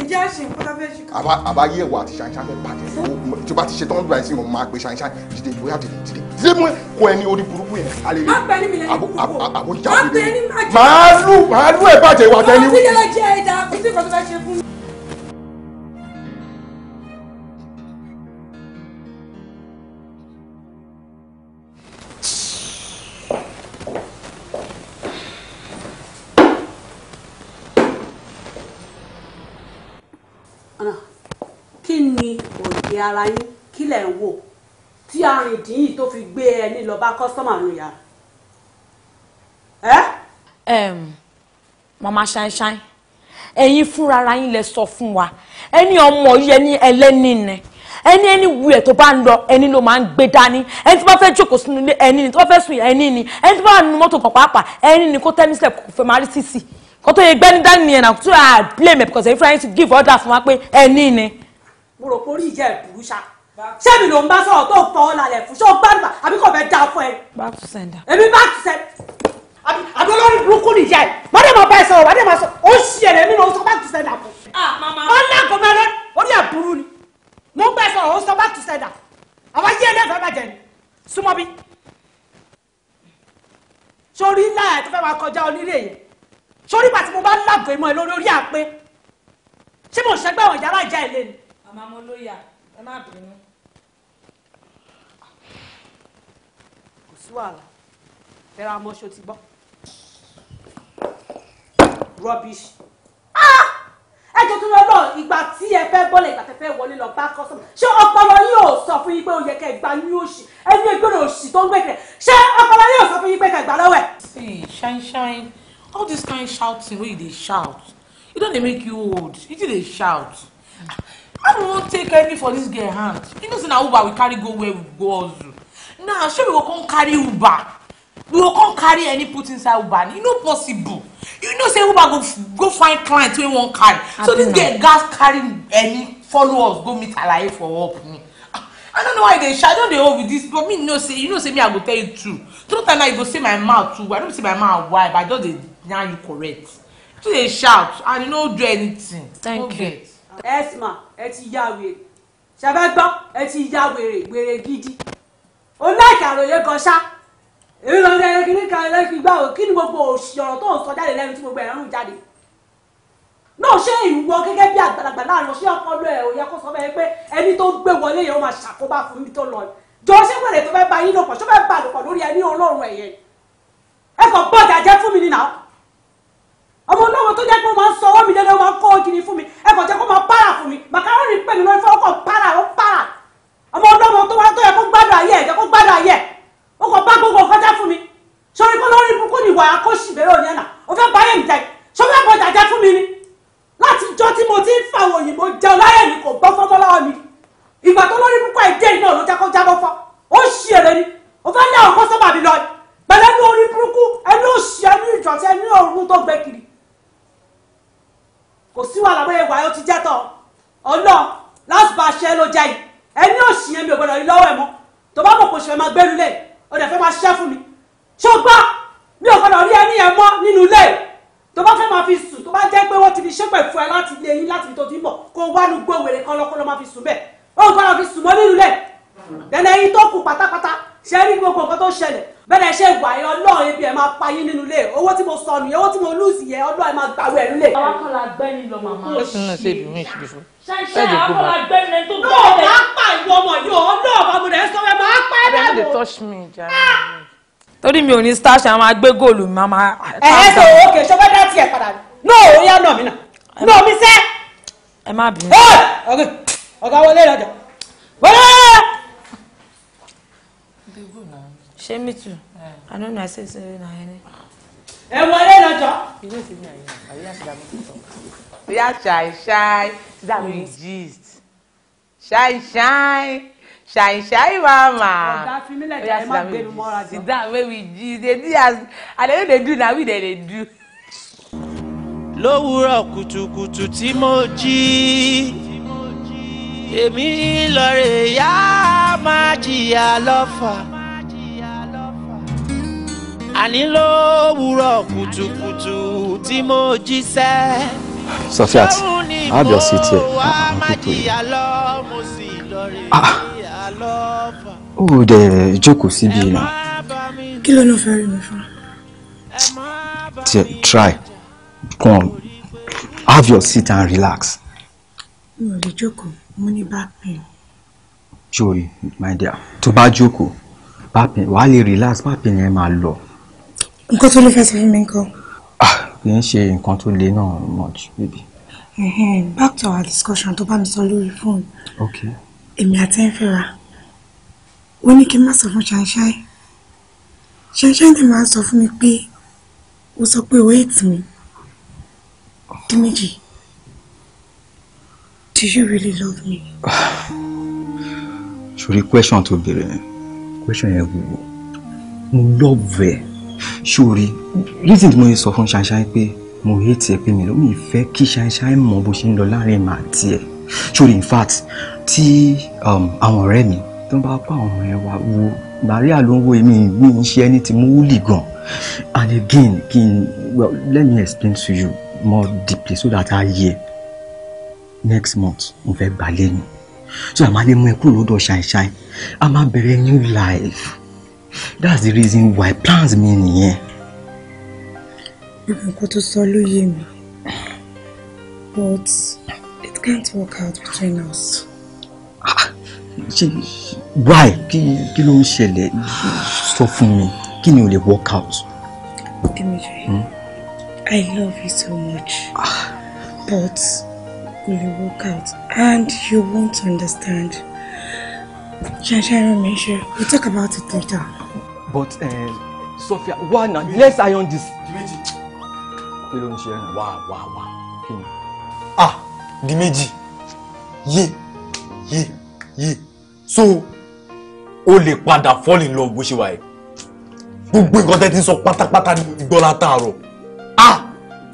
àbáyé ẹ̀wọ̀ àti ṣàǹṣàǹ fẹ́ bàjẹ́ tí o bá ti ṣe tán báyìí sí wọn máa pe ṣàǹṣàǹ dìde ó yá dìde dìde dìde mú kọ ẹni orí burúkú yẹn alẹ́ rẹ̀ àbójáde máa lù máa lù ẹ̀ bàjẹ́ ìwà tẹ́ni. ààyè ara yín kí lẹ̀ ń wò tí arìndín yìí tó fi gbé ẹni lọ bá kọ́sọ́mà nù yàrá. mama ṣáínṣáín ẹ̀yin fúnra ara yín lẹ sọ fún wa ẹni ọmọ yìí ẹni ẹlẹ́ni nẹ ẹni ẹni wúyẹ tó bá ń lọ ẹni ló máa ń gbé dání ẹni tó bá fẹ́ jókòó sínú ilé ẹni ni tó bá fẹ́ sùn ẹni ni ẹni tó bá nu mọ́tò kan pàápàá ẹni ni kó tẹ́ni sílẹ̀ kò fẹ́ máa rí sísì kó tó yẹ gbẹ́ni dání yẹn náà tó yà á blame ẹ̀ because ẹ̀yin fúnra yín ti give order fún wa pé ẹni ni mo rò pórí ìyá ẹ̀ burú ṣá ṣé mi ló ń bá sọ̀rọ̀ tó fọ́ lálẹ́ fún ṣé ó gbàgbà àbí kò fẹ́ da fún ẹ. back to sender. èmi back to sender àbí olórí burúkú nìyá ẹ̀ wọ́n dẹ̀ máa bá ẹ sọ̀rọ̀ wọ́n dẹ̀ máa sọ ó ṣì ẹ̀ lẹ́mí ló ń sọ back to sender fún. Ah, ọ̀nà àgọ́mẹ́rẹ́ orí ẹ̀ burú ni mo ń bá ẹ sọ̀rọ̀ ó sọ back to sender àwa yé ẹ lẹ́fẹ̀ẹ́ bàjẹ́ ni súnmọ́ bí sórí láyà tó fẹ́ máa kọjá onílé yẹn sórí pàtí mo bá lágbo ẹ lórí orí àpé ṣé mo ṣẹgbẹ́ àwọn ìyára ìjà ẹ̀ lé ni màmá mo lóyà ẹ má bínú. kò sí wàhálà ẹ ra mọ́ṣọ́ ti gbọ́ rubbish ah! ẹjọ́ tó lọ́dọ̀ ìgbà tí ẹ fẹ́ bọ́lẹ̀ ìgbà tẹ́ fẹ́ wọlé lọ bá kọ́sọ́mù ṣé ọpọlọ yóò sọ fún yín pé ó yẹ kẹ́ gbà ní òṣì ẹni ẹgbẹ́rún òṣì tó ń gbẹ̀kẹ̀ ṣé ọpọlọ yóò sọ fún yín pé kẹ́ gbà lọ́wẹ̀. see shine shine all this kind shouting wey you dey shout e don dey make you old you too dey shout i no wan take any for this girl hand you know in na uber we carry go where we go hustle now shey we go come carry uber we will come carry any put inside uber You know, possible you know say uber go go find clients we won't carry so this girl guys carry any follow us go meet alaye for help ah, me i don't know why they dey shout i don dey with this but me no say you know say me i go tell you true true time now go say my mouth too i don't say my mouth why, but i don't. dey yarn you correct So they shout and you no do anything thank no you get ẹ̀sìmà ẹ ti ya wèrè ṣẹ̀fẹ̀ gbọ́ ẹ ti ya wèrè wèrè gidi onáìkà àròyé gan ṣá èmi lọ sí ẹyẹ kìnnìkan ẹlẹ́kìn gbà wò kí ni gbogbo òṣì ọ̀rọ̀ tó ń sọ jáde lẹ́nu tí gbogbo ẹ̀ ń rùn jáde náà ṣé ìwọ gẹ́gẹ́ bí àgbàlagbà láàrin ṣé ọpọlọ ẹ̀ ò yẹ kó sọ bẹ́ẹ̀ pé ẹni tó gbé wọlé yẹn ó máa ṣàkóbá fún mi tó lọ jọ ṣé wẹ̀rẹ̀ tó fẹ́ bá yín lòpọ̀ ṣó fẹ́ bá lòpọ̀ lórí ẹni ọlọ́run ẹ̀yẹ ẹ kàn bọ́ọ̀dà jẹ́ fún mi nínà ọmọ olówó tó jẹ́ pé ó máa ń sọ ọwọ́ mi lẹ́nu ó máa ń kọ́ ògiri fún mi ẹ kò jẹ́ kó máa para fún mi màkàrọ́nì pẹ̀lú lórí fọwọ́kọ̀ para ó para ọmọ olówó tó wá tó yẹ kó gbádùn ayé ẹ̀ jẹ́ kó gbádùn ayé ẹ̀ ó kò bá gbogbo nǹkan jẹ́ fún mi sọrí kó lórí ibùkún ni ìwà àkóṣì bẹ̀rẹ̀ òní ẹ̀nà ó fẹ́ báyé mi jẹ sọ fẹ́ bọ̀ jàjẹ́ fún mi ni láti jọ tí mo ti ń fa òyìnbó jẹun láyé mi kò gbọ́ fọ́mọ́ lọ́wọ́ mi ìgbà tó lórí ibùkún àìdé iná ló jẹ́ kó jábọ́ fọ́ ó ṣì èrè ni ó fẹ́ lé àwọn kọ́sọ́mà mi lọ pẹ̀lú ẹni orí burúkú ẹni òṣì ẹni ìjọ̀tí ẹni òru tó gbẹ kiri kò sí wàhálà bóyá ìwà yóò ti jẹ́ tọ̀ ọlọ́ láti bá aṣẹ́ ló jẹ́ yìí ẹni ò sì yẹn mi ò gbọdọ̀ rí lọ́wọ́ ẹ̀ mọ́ tó bá mọ̀ kò ṣe máa gbẹ́rù lẹ̀ ó dẹ̀ fẹ́ máa ṣẹ́ fún mi ṣùgbọ́n mi ò gbọdọ̀ rí ẹni yẹn mọ́ nínú ilé tó bá fẹ́ máa fi sùn tó bá jẹ́ pé wọ́n ti fi ṣépè fún ẹ láti ilé yín láti ibi tó ti ń bọ̀ kó wá nu gbówèrè kọ́lọ́kọ́lọ́ máa fi sùn bẹ́ẹ̀ ó gbọdọ̀ fi sùn mọ́ nínú ilé dẹ̀nẹ̀yìn tó kù pátápátá ṣe rí gbogbo nǹkan tó ṣẹlẹ̀ bẹ́ẹ̀ ṣe wà yẹn ọlọ́run ibi ẹ̀ máa pa yín nínú ilé owó tí mo sọnù yẹn owó tí mo lùsì yẹn ọlọ́run ẹ̀ máa gbàwé ẹ̀ nílé. àwọn kan la gbẹ́ ni lọ màmá. ó sì ń ṣe ibi mí ṣe fún. ṣe àwọn kan la gbẹ́ ni tó gbọ́ ẹ̀. o máa pa ìwọ ọmọ yìí ọlọ́run ọmọ rẹ̀ sọ ẹ máa pa ẹ bẹ́ẹ̀ mọ́. Ah! torí mi ò ní starch àwọn agbé góòlù mi máa. ẹ ẹ ṣe òwò kè ṣọfẹ́ dá tiẹ̀ padà náà ó yá náà mi náà náà mi sẹ́. ẹ má bínú. ọ̀gá wọlé ìrajà wọlé ṣé mi tù àná ní àṣẹ ìṣẹ̀lẹ̀ náà ẹni. ẹ wọlé lọ́jọ́. ilé ìsìn ní àyè àyè àṣìdá mi tó. bóyá ṣàì ṣàì ṣàì we gist ṣàì ṣàì ṣàì ṣàì mama. ọ̀gá fi mílẹ̀ jẹ́ ẹ má gbé we gist dey do as àlẹ́ yóò dey do na we dey dey do. lówùúrọ̀ kùtùkùtù tí mo jí èmi lọ́ọ̀rẹ́ yá máa jìyà lọ́fà àní ló wúrọ̀ kùtùkùtù tí mo jíṣẹ́. Sofiat have your seat here i'm happy to. ó dẹ̀ jókòó síbí náà. kí ló ló fẹ́ rí mi fún. try come have your seat and relax. mi ò lè jókòó mo ní back pain. joy my dear tó bá jókòó back pain wàá lè relax back pain yẹn máa lọ. nǹkan tó lè fẹ́ sọ fún mi nǹkan. ah kì í ṣe nǹkan tó le náà much baby. back to our discussion tó bá mi sọ lórí fóònù. ok. èmi àti ẹ̀ ń fẹ́ra wọ́n ní kí n má sọ fún ṣanṣáì ṣanṣáì dẹ̀ máa sọ fún mi pé ó sọ pé ó ètì mi kí méjì. Do you really love me? Ṣorí question to be. Question yẹn wúwo. Mo love ẹ. Ṣorí reason tí mo yẹ sọ fún ṣanṣan pé mo hate ẹ Pe, mi ló mi fẹ́ kí ṣanṣan mọ bó ṣe ń lọ láàrin màá tiẹ̀. Ṣorí in fact tí um, àwọn ọ̀rẹ́ mi tó bá pa àwọn ọmọ ẹ wá wo Maria ló ń wo èmi ìwé iṣẹ́ ẹni tí mo wúlì gan and again kin. well let me explain to you more deeply so that I hear next month mo fẹ́ gbalé ni so àmà lè mú ẹ kúrò lọ́dọ̀ ṣàìṣàì a máa bẹ̀rẹ̀ new life that's the reason why plans mi nìyẹn. àwọn nǹkan tó sọ ló yé mi but it can't work out between us. Ah, ṣe why kí ló ń ṣẹlẹ̀ sọ fún mi kí ni o lè work out. Dimitri, hmm? I love you so much. Ah. but kò work out and you won't understand. Shanshara Meshe, we'll talk about it later. But uh, Sophia, why not? Let's iron this. Dimeji. Kí ló ń ṣe ẹ̀rìn? Wá wá Ah! Dimeji. ye, ye, ye. So o lè fall in love with ṣe wà yìí. Gbogbo that tẹ́ so ń sọ Dollar taro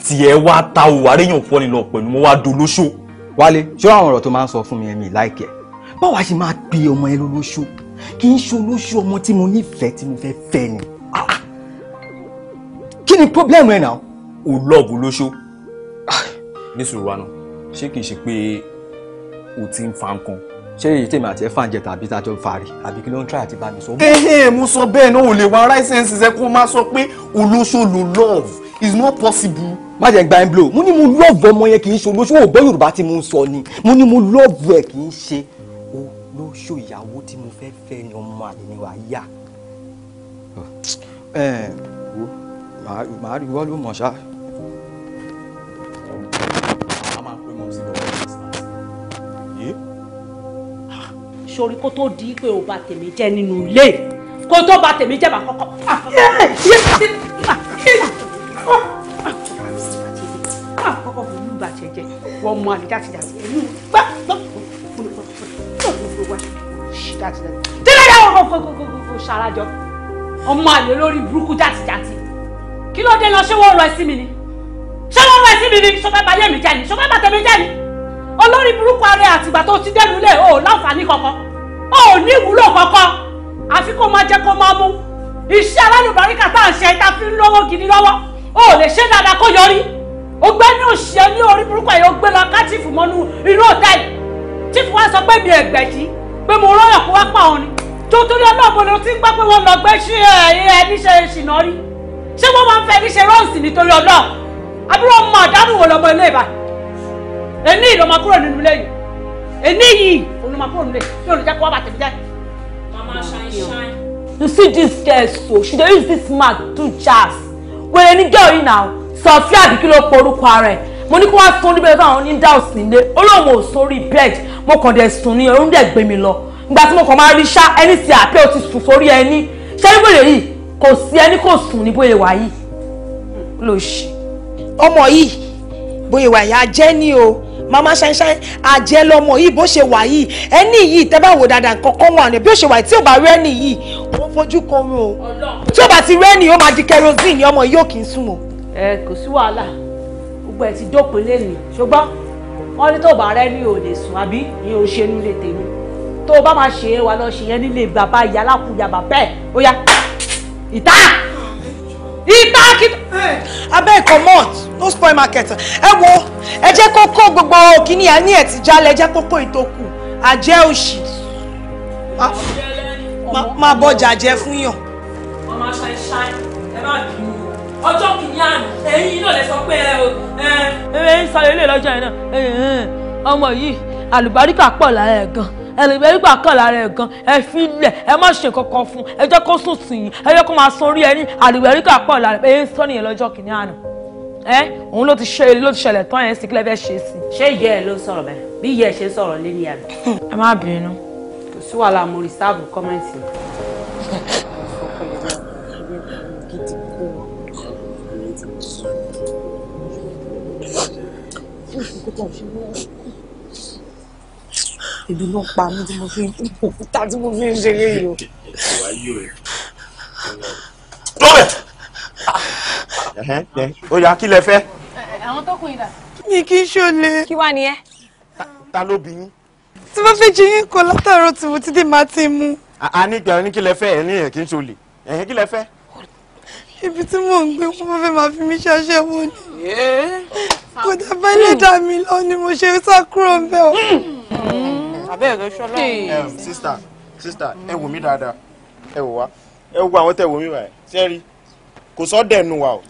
tiẹ̀ wá ta o àríyàn fọ́ ni lọ pẹ̀lú mo wá dolóṣó. wálé ṣé àwọn ọ̀rọ̀ tó máa ń sọ fún mi ẹ̀mí láìkẹ́ báwo a ṣe máa pe ọmọ ẹ lólóṣó kì í ṣe olóṣó ọmọ tí mo nífẹ̀ẹ́ tí mo fẹ́ fẹ́ ni. Ah! kí ni pọ́blẹ́mù ẹ̀ náà. o lọ́ọ̀gù lóṣó ah! nísòro wa náà ṣé kìí ṣe pé o ti ń fa nǹkan ṣé èyí tèmi àti ẹ fàǹjẹ tàbí tá a jọ fàárì àbí kí ló ń try àti bá mi sọ. ẹhẹn mo sọ bẹ́ẹ̀ náà ò lè wá ráìsẹǹsì ṣe kó má sọ pé olóṣòlò love is not possible. má jẹ́ gba ẹ̀ ń blow mo ní mo love ọmọ yẹn kì í ṣe olóṣòwò bọ́ yorùbá tí mo ń sọ ni mo ní mo love ẹ̀ kì í ṣe olóṣò ìyàwó tí mo fẹ́ fẹ́ ni ọmọ àdìníwá yá. ẹ ẹ wo màá rí wọ́n ló mọ̀ ṣá. a máa pè mọ́ sí bọ́ọ̀ sori kó tó di pé o bà tèmi jẹ́ nínú ilé kó tó bà tèmi jẹ́ bá kọ́kọ́. kọ́kọ́ fún mi bàjẹ́ jẹ́ wọ́n mú àmì jáde jáde ẹ̀yìn gbá gbá tẹ́lẹ̀ yà wọ́n kókókókó ṣarajọ ọmọ àlè lórí burúkú jàtìjàtì kí ló dé lọ ṣé wọ́n rọ ẹ sí mi ni ṣé wọ́n rọ ẹ sí mi ni ṣọfẹ́ bá yé mi jẹ́ ni ṣọfẹ́ bá tẹ̀mí jẹ́ ni olórí burúkú arẹ àtìgbà tó ti dẹ́nu lé o láǹfààní kankan ó ní ìwúlò kankan àfi kó máa jẹ́ kó máa mú iṣẹ́ alálùbáríkà tá à ń ṣe tá a fi ń lówó gidi lọ́wọ́ ó lè ṣe dáadáa kó yọrí ó gbé ní òṣìṣẹ́ ní orí burúkú ẹ̀yọ́ gbé lọ kátìfù mọ́nú irú ọ̀tá yìí tífù wá sọ pé mi ẹ̀gbẹ̀jì pé mo rọ́yàn kó wá pa òun ni tó torí ọlọ́ọ̀bọ ló ti ń gbọ́ pé wọ́n lọ gbé sí ẹni ṣe ṣìnà rí ṣé wọ́n máa ń fẹ́ ní ṣe rọ́ọ̀sì nítorí ọlọ́ọ̀ àbúrò ọmọ àdánù wò lọmọ ilé ìbá èmi ìlọmọkúrò nínú ilé yìí èmi yìí máa kúrò nílé mi ò lè jẹ́ kó wá mama shine shine. you see this girl so she dey use this mouth to jazz Where any girl yìí náà sọ̀fíà àbí kí ló porúkọ ara ẹ̀ mo ní kí wọ́n á sún níbẹ̀ táwọn ní dáùs nílé olóhùn ò sórí bed mo kàn dẹ̀ sùn ní orún dẹ̀ gbé mi lọ ìgbà tí mo kàn máa rí ṣá Any sì àpẹ́ ò ti sùn sórí ẹni ṣé ní bòlè yìí kò sí ẹni kò sùn ní bóyè wá yìí ló ṣe. ọmọ yìí bóyè wá yìí ajẹ́ ni o mama ṣanṣan àjẹ́ lọmọ yìí bó ṣe wà yìí ẹni yìí tẹ́ bá wò dáadáa nǹkan kan wà ní bí ó ṣe wà yìí tí ò bá rí ẹni yìí wọ́n fojú kan rò ó tí ò bá ti rí ẹni yìí ó máa di kerosene ọmọ yìí ò kì í sùn o. ẹ kò sí wàhálà gbogbo ẹ ti dópin lẹ́nu ṣùgbọ́n wọ́n ní tó bá rẹ́ ní òde sùn àbí ìyẹn ò ṣe nílé tèmi tó o bá máa ṣe é wa lọ ṣe yẹn nílé bàbá ìyá alákùnrin bàbá bẹ́ẹ̀ ó yá ìta ìta kìtà abẹ́ ẹ̀kọ́ malt no spoil market ẹ wo ẹ jẹ́ kó kó gbogbo kìíní àní ẹ̀ ti jálẹ̀ ẹ jẹ́ kó kó ìtòkù àjẹ́ òṣì máa bọ́jà jẹ́ fún yàn. ọmọ aṣọ ẹ ṣáì ẹ má bínú ọjọ́ kìíní àná ẹ̀yin náà lè sọ pé ẹ o. ẹ ẹ ń sáré ilé lọ́jọ́ yẹn náà ọmọ yìí àlùbáríkà pọ̀ lára ẹ̀ gan-an ẹlẹ́gbẹ́ nígbà kan lára ẹ̀ gan ẹ fi lẹ̀ ẹ má ṣe kankan fún ẹ jẹ́ kó sùn sí yín ẹ jẹ́ kó máa san orí ẹni àlùbẹ̀ nígbà kan lára ẹ̀ sọ nìyẹn lọ́jọ́ kìíní àná ẹ òun ló ti ṣe ló ti ṣẹlẹ̀ tán ẹ̀ sí kílẹ̀ fẹ́ ṣe sí. ṣé ìyá ẹ ló sọ̀rọ̀ bẹ́ẹ̀ bí ìyá ẹ ṣe sọ̀rọ̀ lé ní àná. ẹ má bínú. kò sí wàhálà mo rìsáàbù kọ́mẹ́ǹtì. Thank you ebi ló ń pa mí tí mo fi òkúta tí mo fi ń ṣeré yìí o. lọ́bẹ̀. ó yá kí lẹ fẹ́. àwọn tó kùn yìí dà. mi kì í ṣọlẹ. kí wàá nìyẹn. ta ló bí yín. tí wọ́n fẹ́ jí yín kọ látàárọ̀ tí mo ti dé máa ti mú. a ní ìgbà ní kí lẹ fẹ́ ẹ̀ ní ẹ̀ kí n ṣọlẹ ẹ̀ kí lẹ fẹ́. ibi tí mò ń gbé wọn fẹ́ máa fi mí ṣàṣẹ́wó ni kò dé bá dà mí lọ ni mo ṣe sá kúrò ń bẹ̀ ọ́ abẹ́ẹ̀ rẹ ṣọlá. sista um, sista ẹ wò mí dáadáa ẹ wò wá ẹ wo àwọn tẹ wò mí báyìí sẹ́rí kò sọ dẹ̀nu wa o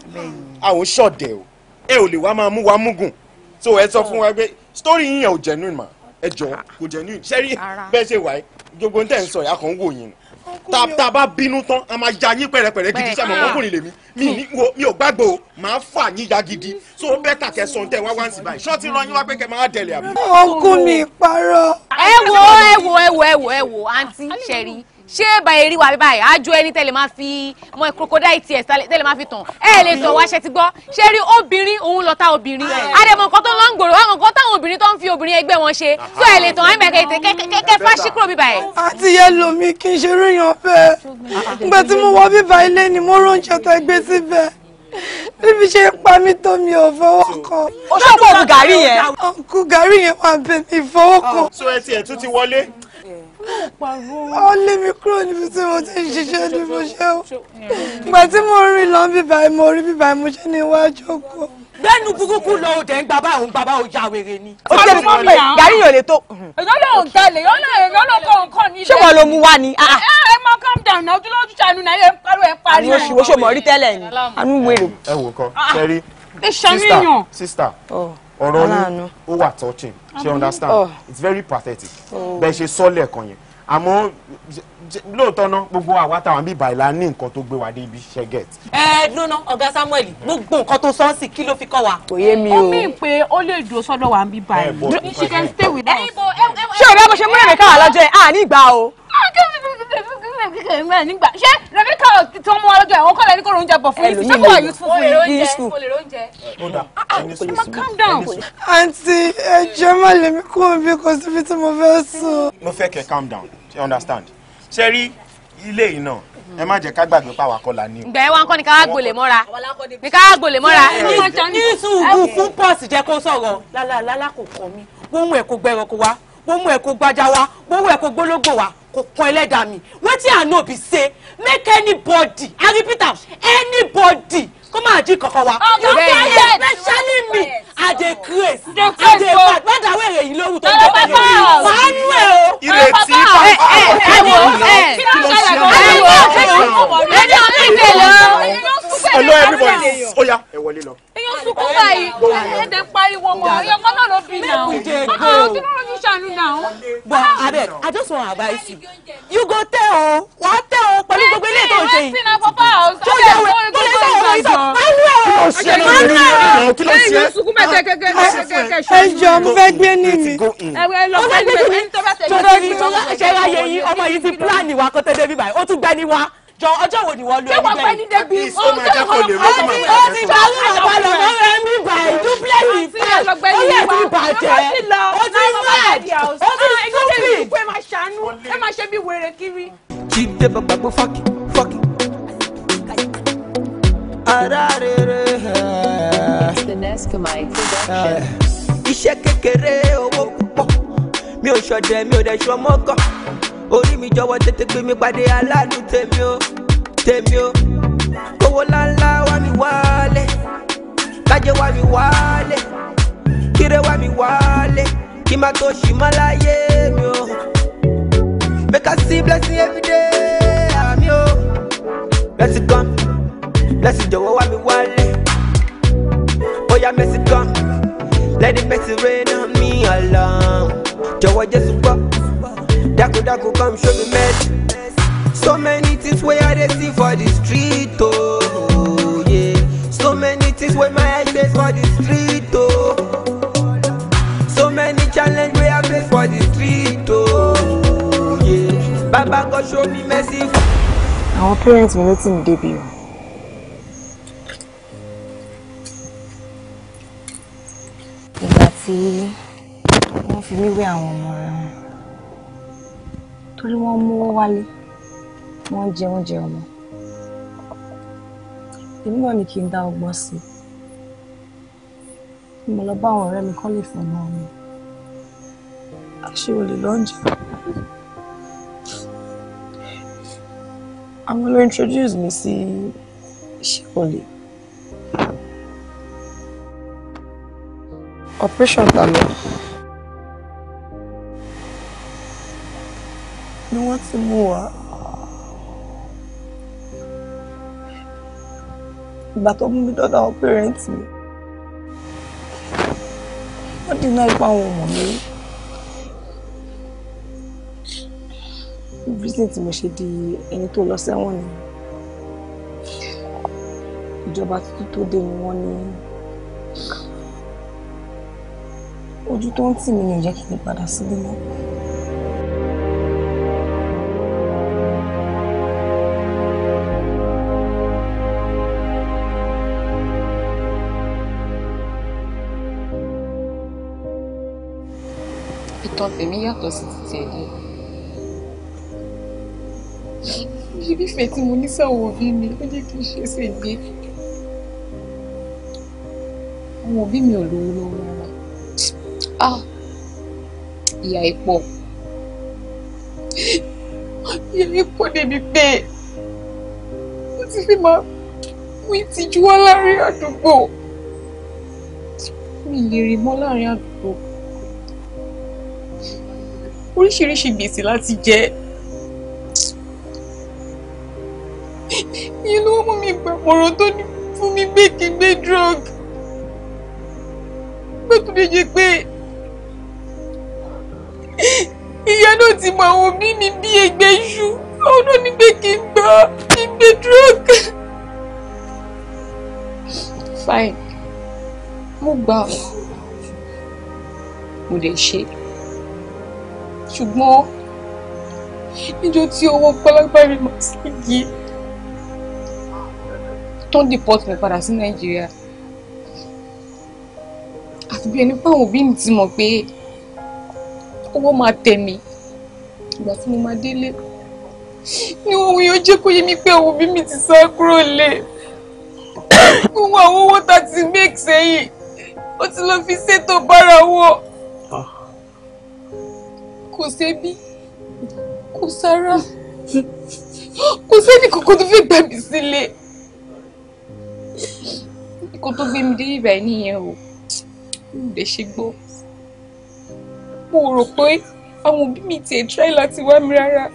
àwọn ṣọ̀dẹ̀ o ẹ ò lè wá máa mú wa múgùn so ẹ sọ fún wa pé sítórì yìnyẹn ò genuine mà ẹ jọ kò genuine sẹ́rí bẹ́ẹ̀ ṣe wáyé gbogbo tẹ̀ ń sọ yà kàn ń wò yín tá a bá bínú tán a máa ya yín pẹ̀rẹ̀pẹ̀rẹ̀ gidi sẹ́mi ọkùnrin lèmi ah. mi ò gbàgbọ́ o máa fà yín ya gidi so bẹ́tà kẹsàn-án tẹ wá wá ń sì báyìí rán yín wá pé kẹ máa dẹ̀lẹ̀ àbí. ọkùnrin mi parọ́. wo ẹ wo ẹ wo ẹ wo ẹ wo àǹtí ṣẹ̀rí ṣé báyìí rí wa báyìí àjọ ẹni tẹ́lẹ̀ máa fi mọ crocodile tears tẹ́lẹ̀ máa fi tàn ẹ lè sọ wá ṣe ti gbọ́ ṣé rí obìnrin òun lọ́ta obìnrin àdèmọ̀ nǹkan tó ń lọ ń gbòòrò àwọn nǹkan táwọn obìnrin tó ń fi obìnrin ẹgbẹ́ wọn ṣe tó ẹ lè tàn á mẹ́kẹ́ kẹ́kẹ́ fásikúrò bíbá ẹ̀. àti yẹn lomi kì í ṣe ríyan fẹ́ nígbà tí mo wọ bíbá ilé ni mo róúnjẹ tó gbé síbẹ̀ bíbi ṣe ń pa mí tó mi ò fọwọ́ kan. ó ṣàpọ̀ òkú gàrí yẹn. òkú gàrí yẹn wà bẹ̀ mi fọwọ́ kan. so ẹ tiẹ̀ tún ti wọlé ó lé mi kúrò níbi tí mo ti ń ṣiṣẹ́ ní mo ṣe ó ìgbà tí mo rìn lọ bíbá ẹ mo rí bíbá ẹ mo ṣe ní iwájú ọkọ. gbẹ́nu kúkúkú lọ òde ń bàbá òun bàbá òun ya wèrè ni. ó ti tẹ́lẹ̀ fún mi gàrí yóò lè tó. ìyọ́lẹ̀ òun tẹ̀lé ìyọ́lẹ̀ kò ń kọ́ ní ilé. ṣé wọ́n ló mú wá ni. ẹ mọ calm down náà ojú lójú ṣàánú náà ẹ parí ẹ parí. àwọn oṣù wo ṣòmọ̀ rí tẹ́lẹ̀ ni. àánú wèrè. ẹ wò kọ sẹ́rí sísítà sísítà ọ̀rọ̀ yín ó wà touching She understand oh. it's very pathetic oh. bẹ́ẹ̀ ṣe sọ́ọ̀lẹ̀ kan yẹn àmọ́ lóòótọ́ ná gbogbo àwa táwọn bíi bàìlà ní nǹkan tó gbé wa dé ibi ṣẹ́gẹ̀t. ẹ lónà ọ̀gá Samuel gbogbo nǹkan tó sọ sí kí ló fi kọ́ wa. kò yé mi o. omi ìpè ó lè dúró sọ́dọ̀ wa bíi bàìlà she can stay with us. ṣé o dábò ṣe mú rẹ̀ káwá lọ́jọ́ ẹ̀ à ní ìgbà o. Ah, ṣé rẹ̀mí káwá tó mú ọlọ́jọ́ ẹ̀ wọ́n kọ́ lẹ́ni kó lóúnjẹ bọ̀ fún yìí sọ́kọ̀ yìí fún yìí. Ah, ah, àǹtí ẹ jẹ́ má lèmi kúrò bí kò síbi tí mo fẹ́ sùn. mo fẹ́ kẹ́ calm down you understand ṣe rí ilé yìí náà ẹ má jẹ́ ká gbàgbé pàwọ́ akọ́là ni. ìgbà ẹ wá ń kọ́ ni ká gbòlè mọ́ra ni ká gbòlè mọ́ra. ní sùúrù fún pọ́ọ̀sì jẹ́ kó sọ̀rọ̀ lálá lálá kò kọ́ mi gbóhùn ẹ̀ kó gbẹ̀rọ̀ kó wá gbóhùn ẹ̀ kó gbajà wá gbóhùn ẹ̀ kó gbólógbò wá kò kan ẹlẹ́dàá mi wetin i know be say make anybody i repeat am anybody come and drink kankan wa you can especially me i dey craze i dey mad whether wey èyí lóru tó ń bọ̀ tẹ̀lé mi màá nú ẹ̀ o. ìrètí pàápàá ọ̀tọ̀ ẹ̀ ẹ̀ kí ló ṣe é. now but abeg i just wan advise you you go tell o wa tell o pẹ̀lú gbogbo ilé tó ń ṣe yìí tó ṣe wẹ tó ṣe wẹ wọ́n sọ awúrẹ́ o kí ló ṣe é lórí rẹ̀ kí ló ṣe é ẹ jọ mo fẹ́ gbé ní mi mo fẹ́ gbé ní mi tọ́lá ní tọ́lá ṣe é láyé yìí ọmọ yìí ti pílánì wa kó tẹ́ débi báyìí ó tún gbẹ́ ní wa jọ ọjọ́ wo ni wọ́n lu ẹni bẹ́ẹ̀ ni ẹni ọdún balùwẹ̀ ọ̀rẹ́ mi bàjẹ́ dúpẹ́ yìí bẹ́ẹ̀ ó yẹ ti bàjẹ́ ó ti ń Ah, stupid ó sì stupid pé máa ṣàánú ẹ máa ṣe bí wèrè kiri. jíde bàbá gbọ́ fọ́ọ̀kì fọ́ọ̀kì ara ah, iṣẹ́ kékeré owó púpọ̀ mi ò ṣọdẹ mi ò dẹ̀ ṣọmọ́gọ́ orí mi jọ̀wọ́ tètè gbé mi pàdé aláàánú tèmi o tèmi o owó ńláńlá wá mi wálé lájẹ wá mi wálé kíré wá mi wálé kí má tó ṣì má láyé mi o make I see blessing every day àmì ah, o blessing come blessing jọ̀wọ́ wá mi wálé ó yá mercy come let the blessing rain on me alone jọ̀wọ́ Jésù gbọ́ dákúdákú come show me mercy so many things wey I dey see for the street o oh, yeah so many things wey my eyes dey for the street challenge wey I face for the street oh yeah. Baba God show me mercy. Àwọn parents mi ló tì mí débi o. Ìgbà tí wọ́n fi mí wé àwọn ọmọ rẹ̀ hàn torí wọ́n mú wọ́n wálé wọ́n jẹ oúnjẹ ọmọ. Èmi náà ni kí n dá ọgbọ́n sí i. Mo lọ bá àwọn ọ̀rẹ́ mi kọ́ lè fọ̀nà mi àṣé olè lọ́njà àwọn ló introduce mi sí ṣé operation ta lọ ni wọ́n ti mú wa ìgbà tó mú mi dọ́dọ̀ àwọn parents mi wọ́n dínà ipa àwọn ọmọ mi reason tí mo ṣe di ẹni tó lọ sẹ́wọ̀n ni ìjọba tuntun tó dé ni wọ́n ní ojú tó ń tì mí ni ò jẹ́ kí n padà sílé mọ́. ìtàn tèmi yàtọ̀ sí ti tiẹ̀ díẹ̀ ṣebí ìfẹ́ tí mo ní sáwọn òbí mi ó jẹ́ kí n ṣe ṣe gbé àwọn òbí mi ò lówó lọ́wọ́ rárá ìyà ìpọ̀ ìyà ìpọ̀ débi pé ó ti fi máa mú ìtìjú wá láàrin àdúgbò mi lè rí mọ́ láàrin àdúgbò oríṣiríṣi gbèsè láti jẹ ọ̀rọ̀ tó ní fún mi pé kí n gbé drug pé tó lè jẹ pé ìyá náà ti mọ àwọn òbí mi bí ẹgbẹ́ iṣu àwọn náà ní pé kí n gbọ́ kí n gbé drug. fine mo gbà ọ́ mo lè ṣe ṣùgbọ́n níjọ́ tí owó pálágbá mi máa ṣe yìí tó deport mi padà sí nàìjíríà àti bí ẹni pé àwọn òbí mi ti mọ̀ pé owó máa tẹ̀ mí ìgbà tí mo máa délé ni òun yóò jẹ́ kó yé mi pé àwọn òbí mi ti sá kúrò lé gbogbo àwọn owó tá a ti make sẹ́yìn ó ti lọ fi ṣètò bára wọ kò sẹ́bí kò sára kò sẹ́ni kankan tó fẹ́ gbà mí sílé kó tó gbé mi dé ibà ẹ̀ nìyẹn o mo lè ṣe gbọ́ mo rò pé àwọn òbí mi tiẹ̀ try láti wá mi rárá.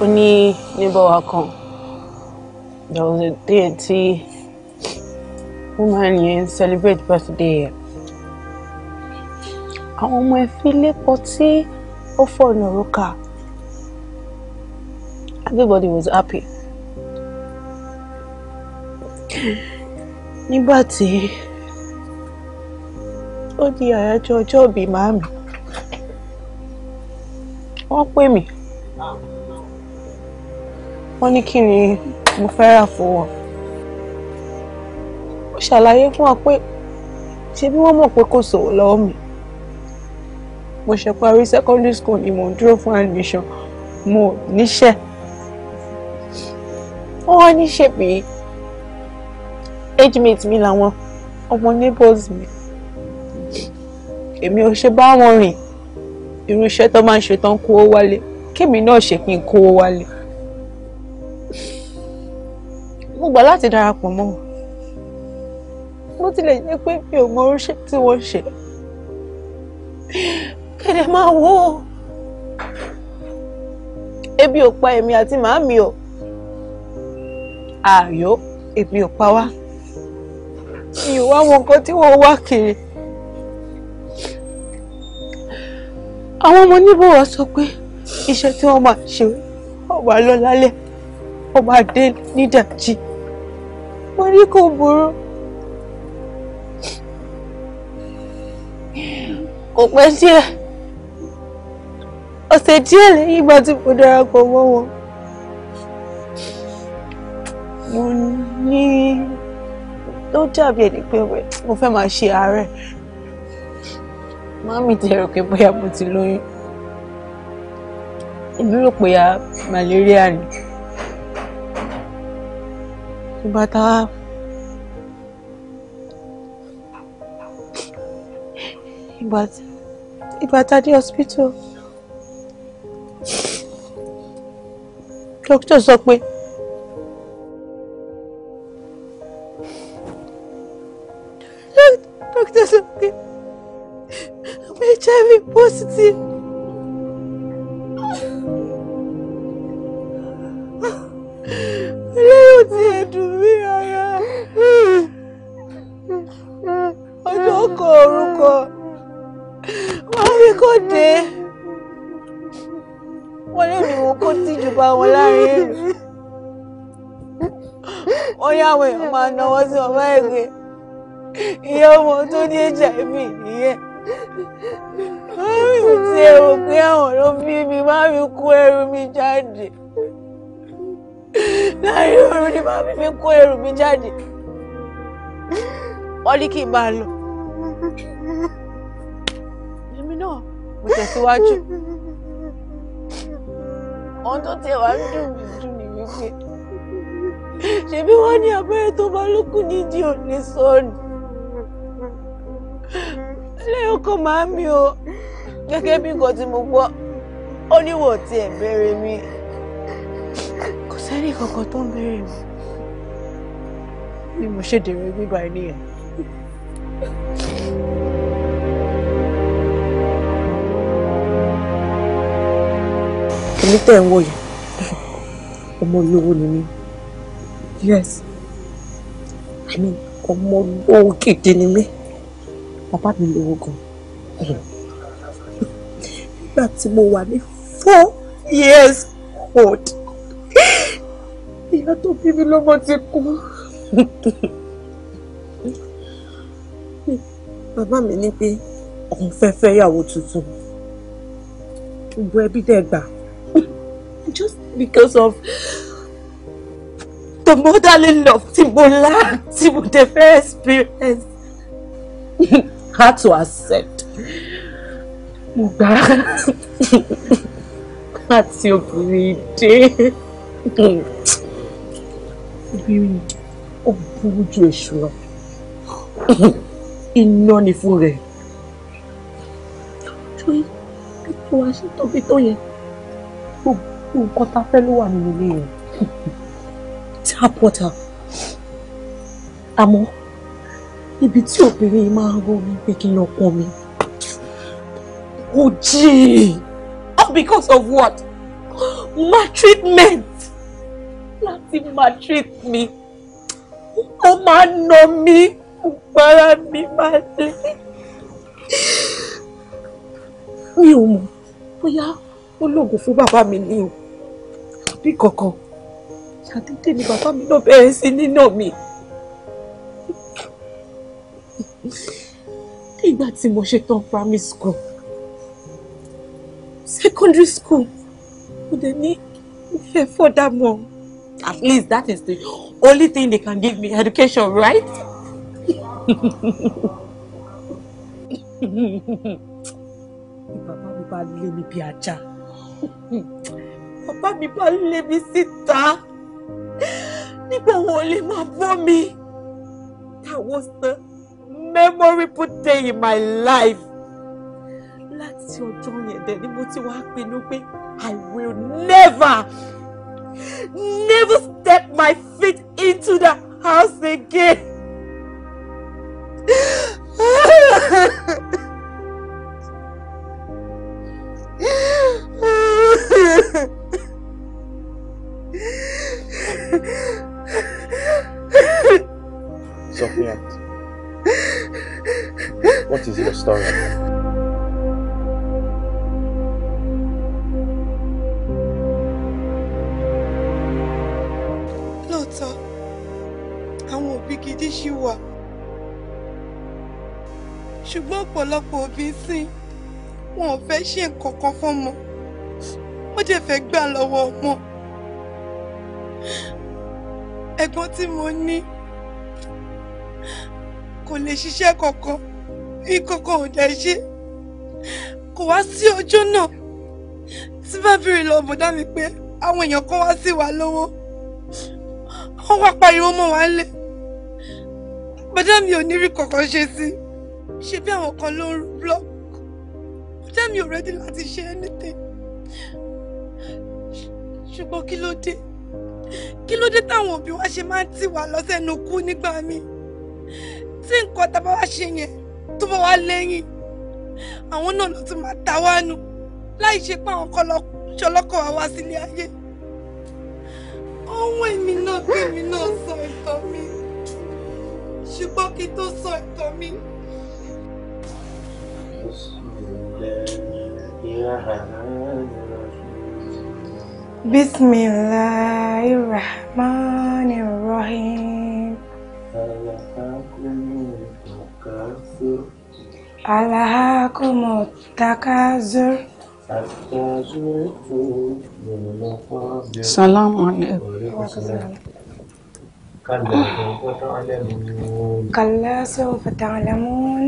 ó ní níbọ̀ wá kan there was a day tí woman yẹn celebrate birthday ẹ̀ àwọn ọmọ ẹ̀ fi lépo tí ó fọ̀nà òrùka everybody was happy nígbà tí ó di àyájọ́ ọjọ́ ìbí màmí wọ́n pè mí wọ́n ní kí ni mo fẹ́ rà fún wọn ṣàlàyé fún wa pé ṣé bí wọ́n mọ̀ pé kò sówó lọ́wọ́ mi mo ṣe parí secondary school ni mò ń dúró fún admission mo níṣẹ́ wọ́n wá ní ṣèbí age mate mi làwọn ọmọ neighbors mi èmi ò ṣe bá wọn rìn irú iṣẹ́ tó máa ń ṣe tán kówó wálé kémi náà ṣe kí n kówó wálé mo gbà láti darapọ̀ mọ́ wọn bó tilẹ̀ jẹ́ pé mi ò mọ oríṣi tí wọ́n ṣe kẹ̀dẹ̀ máa wò ó ebi ò pa èmi àti màámi o ààyò ebi ò pa wá mi ò wá wọn kan tí wọ́n wá kiri àwọn ọmọ oníbòwò sọ pé iṣẹ́ tí wọ́n máa ṣe wọ́n máa lọ lálẹ́ wọ́n dé nídàjí wọ́n ní kò burú. kò pẹ́ díẹ̀ ọ̀sẹ̀ díẹ̀ lẹ́yìn ìgbà tí mo darapọ̀ mọ́ wọn mo ní ó dàbí ẹni pé mo fẹ́ máa ṣe àárẹ̀ mami dẹ̀rọ pé bóyá mo ti lóyún èmi rò pé malaria ni But if ìgbà tá a hospital doctor sọ pé doctor sọ pé I'm HIV positive. máa bí mi kó ẹrù mi jáde wọ́n ní kí n máa lọ èmi náà mo tẹ̀síwájú ohun tó tiẹ̀ wá ń dùn mí dùn mí wípé ṣebí wọ́n ní abẹ́rẹ́ tó bá lókùn nídìí òní sọ́ọ̀nù lẹ́yọ̀kọ̀ máa mi o gẹ́gẹ́ bí nǹkan tí mo gbọ́ ó níwọ̀n tiẹ̀ bẹ̀rẹ̀ mi kò sẹ́ni kankan tó ń bẹ̀rẹ̀ mi bí mo ṣe dèrò bíbá ẹ nìyẹn. èmi tẹ̀ ń wò yìí ọmọ olówó ni mí yes i mean ọmọ olówó gidi ni mí bàbá mi lówó gan nígbà tí mo wà ní four years old ìyá tó bí mi lọ́mọ ti kú bàbá mi ní pé òun fẹ́ fẹ́ yàwó tuntun gbogbo ẹbí dẹ̀ gbà just because of the motherly love tí mo lá tí mo dẹ̀ fẹ́ experience hard to accept mo gbà àti obìnrin dé obìnrin dé ó burú ju èṣù lọ iná ni fún rẹ torí bí tó wá ṣe tóbi tó yẹ gbogbo nǹkan tá a fẹ́ ló wà nínú ilé yẹn tap water àmọ́ ibi tí obìnrin yìí máa ń rò mí pé kí n lọ pọn mi ó jí all because of what maltreatment láti maltreat me ó máa ń nà mí gbára mi máa dé. mi ò mọ̀ bóyá ó lògùn fún bàbá mi ni o bí kankan ṣàdédé ni bàbá mi náà bẹ̀rẹ̀ sí nínà mi. nígbà tí mo ṣe tán primary school secondary school mo dẹ̀ ní ìfẹ́ fọ́dà mọ́. At least that is the only thing they can give me education, right? Papa, mi bá lé mi bí ajá. Bàbá mi bá lé mi síta. Nígbà wọn ò mi. That was the memorable day in my life. Láti ọjọ́ yẹn dẹ̀ ni mo ti wá pinnu pé I will never. never step my feet into that house again. Sophia, what is your story? gidi ṣì wà ṣùgbọ́n ọ̀pọ̀lọpọ̀ òbí sìn wọn ò fẹ́ ṣe nǹkan kan fọ́mọ wọ́n fẹ́ gbà lọ́wọ́ ọmọ ẹ̀gbọ́n tí mo ní kò lè ṣiṣẹ́ kankan bí kankan ò dẹ̀ ṣe kò wá sí ọjọ́ náà tí bá bèrè lọ bọ̀dá mi pé àwọn èèyàn kan wá sí wa lọ́wọ́ wọ́n wá pariwo mọ́ wa lé bàdá mi ò ní rí kankan ṣe sí ṣe bí àwọn kan ló ń block bàdá mi ò rẹ́dí láti ṣe anything ṣùgbọ́n kí ló dé kí ló dé táwọn òbí wa ṣe máa ń tì wá lọ́sẹ̀nu kú nígbà míì tí nǹkan tá a bá wá ṣe yẹn tó bá wá lẹ́yìn àwọn náà ló tún máa ta wá nù láì ṣe pé àwọn kan lọ ṣọlọ́kọ̀ wá wá sílé ayé ohun èmi náà èmi náà sọ ìtàn mi ṣùgbọ́n kí n tó sọ ìtàn mi. Bismillahirrahmanirrahim. Alahakumut takazur. Salaam alaikum. كلا سوف تعلمون كلا سوف تعلمون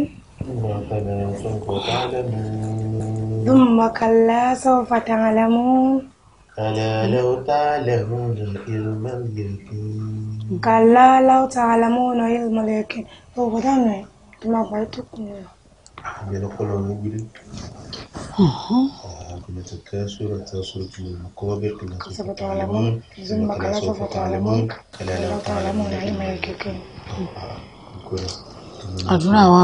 ثم كلا سوف تعلمون كلا لو تعلمون علم اليقين كلا لو تعلمون علم اليقين هو تعلمون ما بعتكم من كل سورة الكافر سورة المقابر كلا سوف تعلمون ثم كلا سوف تعلمون كلا لو تعلمون علم اليقين àdúrà wa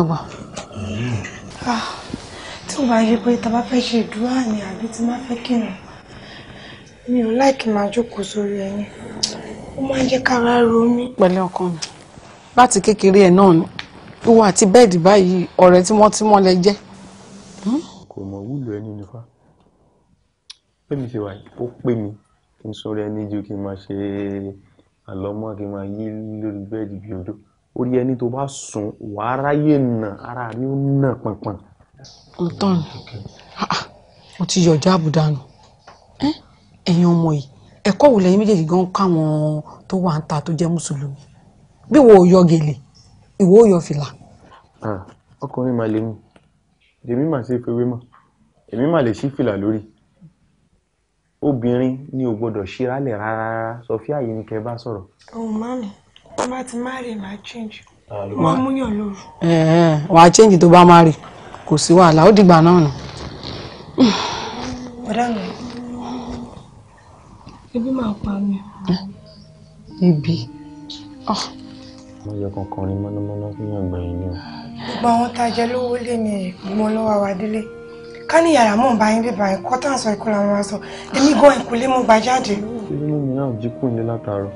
tí ó bá yẹ pé tá a bá fẹ́ ṣe ìdúrà ni àbí tí má fẹ́ kírun mi ò láìkí máa jókòó sórí ẹni ó máa ń jẹ́ kára ro mí. pẹ̀lú ọkàn mi láti kékeré ẹ̀ náà ni ìwọ àti bẹ́ẹ̀dì báyìí ọ̀rẹ́ tímọ́tímọ́ lẹ jẹ́. kò mọ̀ wúlò ẹni nípa bẹ́mi ṣe wà yìí ó pè mí kí n sọ̀rọ̀ ẹni ju kí n máa ṣe àlọ́ mọ́ kí n máa yí lórí bẹ́ẹ̀dì bí odò orí ẹni tó bá sùn wàá ráyè nà ara rí ó nà pọ̀npọ̀n. mo tán ah, mo ti yọjọ àbùdá nù ẹ̀yin ọmọ yìí ẹ̀kọ́ wo lẹ́yìn méjèèjì gan káwọn tó wà ń ta tó jẹ́ mùsùlùmí bí wo yọ gèlè ìwọ yọ fìlà. Ah, ọkùnrin màlẹ́ mi èmi mà ṣe fewé mọ́ èmi mà lè ṣí fìlà lórí obìnrin ni ò gbọdọ̀ ṣíralẹ̀ rárá Sofia yìí ni kẹ́ ẹ bá sọ̀rọ̀. òun máa mi wọn bá ti máa rè máa change wọn mú yàn lóru. wàá change tó bá máa rè kò sí wàhálà ó dìgbà náà nù. ọ̀dà mi ebi máa pa mi. ebi wọ́n ah. yẹ kankan ní mọ́nàmọ́ná fún yàgbẹ́ yìí ni. gbogbo àwọn tá a jẹ lówó lé ní ẹ̀gbọ́n lọ́wọ́ wa délé ká ní yàrá mọ̀ bá yín bí báyìí kọ́ tá à ń sọ ikú làwọn máa sọ èmi gan ìkúlé mú gba jáde. ilé mú mi náà jí kù ní látàárọ̀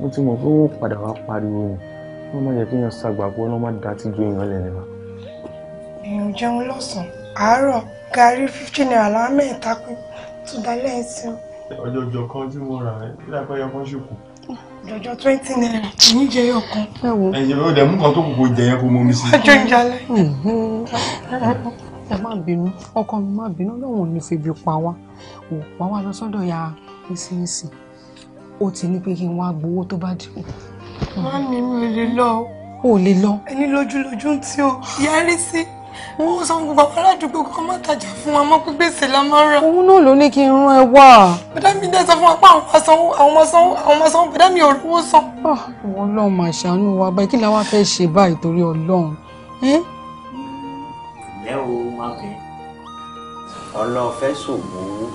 mo ti mọ̀ pé wọ́n padà wá pariwo ni wọ́n máa yẹ kí èèyàn ṣàgbàgbọ́ wọ́n máa dá tíjú èèyàn lẹ́nu wa. èèyàn jẹun lọ́sàn-án àárọ̀ gàrí fifty naira láwọn mẹ́ta pé tó dá lẹ́yìn sí o. ọjọ́jọ́ kan tí mo rà ẹ́ lápẹ́ yẹ kán ṣùkú. ọjọ́jọ́ twenty naira kì í jẹ yọ̀ kan. ẹ̀yìn ò dẹ̀ mú kan tó kù kó jẹ yẹn kó mọ́ mi sí. ọjọ́ ìjàlẹ̀ ẹ má bínú ọkọ mi má bínú lọ́wọ́n ò ní febi pa wá ò wá wá lọ sọ́dọ̀ ya nísinsì ó ti ní pé kí n wá gbowó tó bá dìbò. má mi mi ò lè lọ o. ò lè lọ. ẹni lójúlójú tí o yarí sí wọn ò san gbogbo àwọn aládùúgbò kan má tajà fún wa mọ pé gbèsè la máa ń ra. òun náà ló ní kí n rán ẹ wá. bàdá mi dẹ́ sọ fún wa pé àwọn máa sanwó àwọn máa sanwó àwọn máa sanwó bàdá mi ò rówó ah, ọlọ́run máa wa báyìí kí la wá fẹ́ ṣe báyìí torí ọlọ́run ǹlẹ́ o máa bẹ̀. ọlọ́fẹ́ ṣògbówó.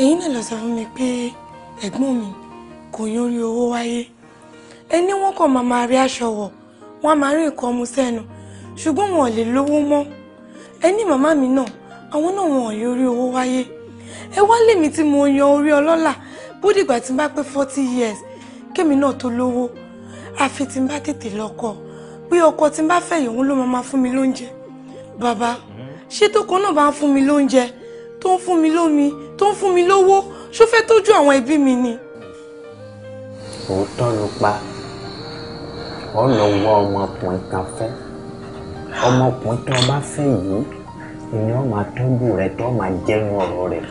ẹ̀yin náà lọ sọ fún mi pé ẹ̀gbọ́n mi kò yọrí owó wáyé ẹni wọn kàn máa máa rí aṣọ wọ̀ wọ́n máa rí nǹkan mu sẹ́nu ṣùgbọ́n wọn ò lè lówó mọ́ ẹni màmá mi náà àwọn náà wọn ò yọrí owó wáyé ẹ wá lèmi tí mo yan orí ọlọ́lá bó dìgbà tí n bá pé forty years kémi náà tó lówó àfi tí n bá tètè lọ́kọ pé ọkọ tí n bá fẹ́ yòówó ló máa máa fún mi lóúnjẹ Baba, ṣé tókun náà bá ń fún mi lóúnjẹ tó ń fún mi lómi tó ń fún mi lówó ṣó fẹ́ tọ́jú àwọn ẹbí mi ni. òótọ́ ló pa ọ lọ wọ ọmọkùnrin kan fẹ́ ọmọkùnrin tó o bá fẹ́ yìí ni wọ́n máa tọ́jú rẹ̀ tó máa jẹ́nu ọ̀rọ̀ rẹ̀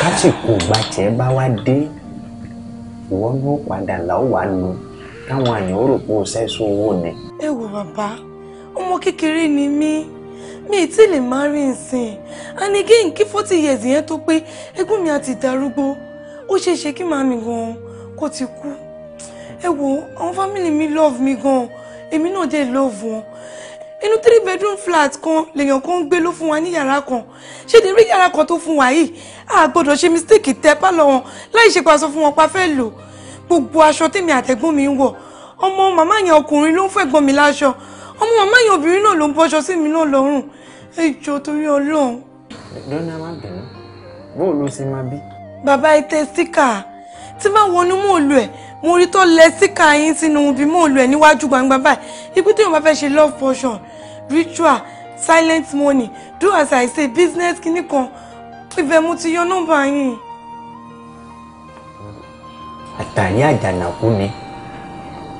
kásìkò gbàjẹ́ bá wá dé ìwọ ló padà láwàá nu táwọn àyàn ó rò pé o ṣẹ́ sọ owó ni. ẹ wo bàbá ọmọ kékeré ni mí mi ì tí lè má rí nsìn and again kí forty years yẹn tó pé ẹ̀gbọ́n mi àti ìdarúgbó ó ṣeé ṣe kí màmí gan kó ti kú ẹ wo àwọn fámìlì mi love mi gan èmi náà dé love wọn inú three bedroom flat kan lèèyàn kan ń gbé ló fún wa ní yàrá kan ṣé lè rí yàrá kan tó fún wa yìí a gbọ́dọ̀ ṣe mistake tẹ pálọ̀ wọn láì ṣe paṣọ fún wọn pa fẹ́ lò gbogbo aṣọ tèmi àtẹ̀gbọ́n mi ń wọ̀ ọmọ màmá yẹn ọkùnrin ló ń fún mi láṣọ ọmọ mama yẹn obìnrin náà ló ń bọ́ṣọ sí mi náà lọ́rùn ẹjọ torí Ọlọ́run. lọ́nà má bínú bóò ló ṣe máa bí. bàbá ètè síkà tí bá wọnú mò ń lo ẹ̀ mo rí tó lẹ síkà yín sínú bí mò ń lo ẹ̀ níwájú gbangba báyìí ipò tí yóò máa fẹ́ ṣe love potion ritual silent money do as i say business kinní kan ìfẹ́ mo ti yọ nọ́mbà yín. àtàrí àjànàkú ni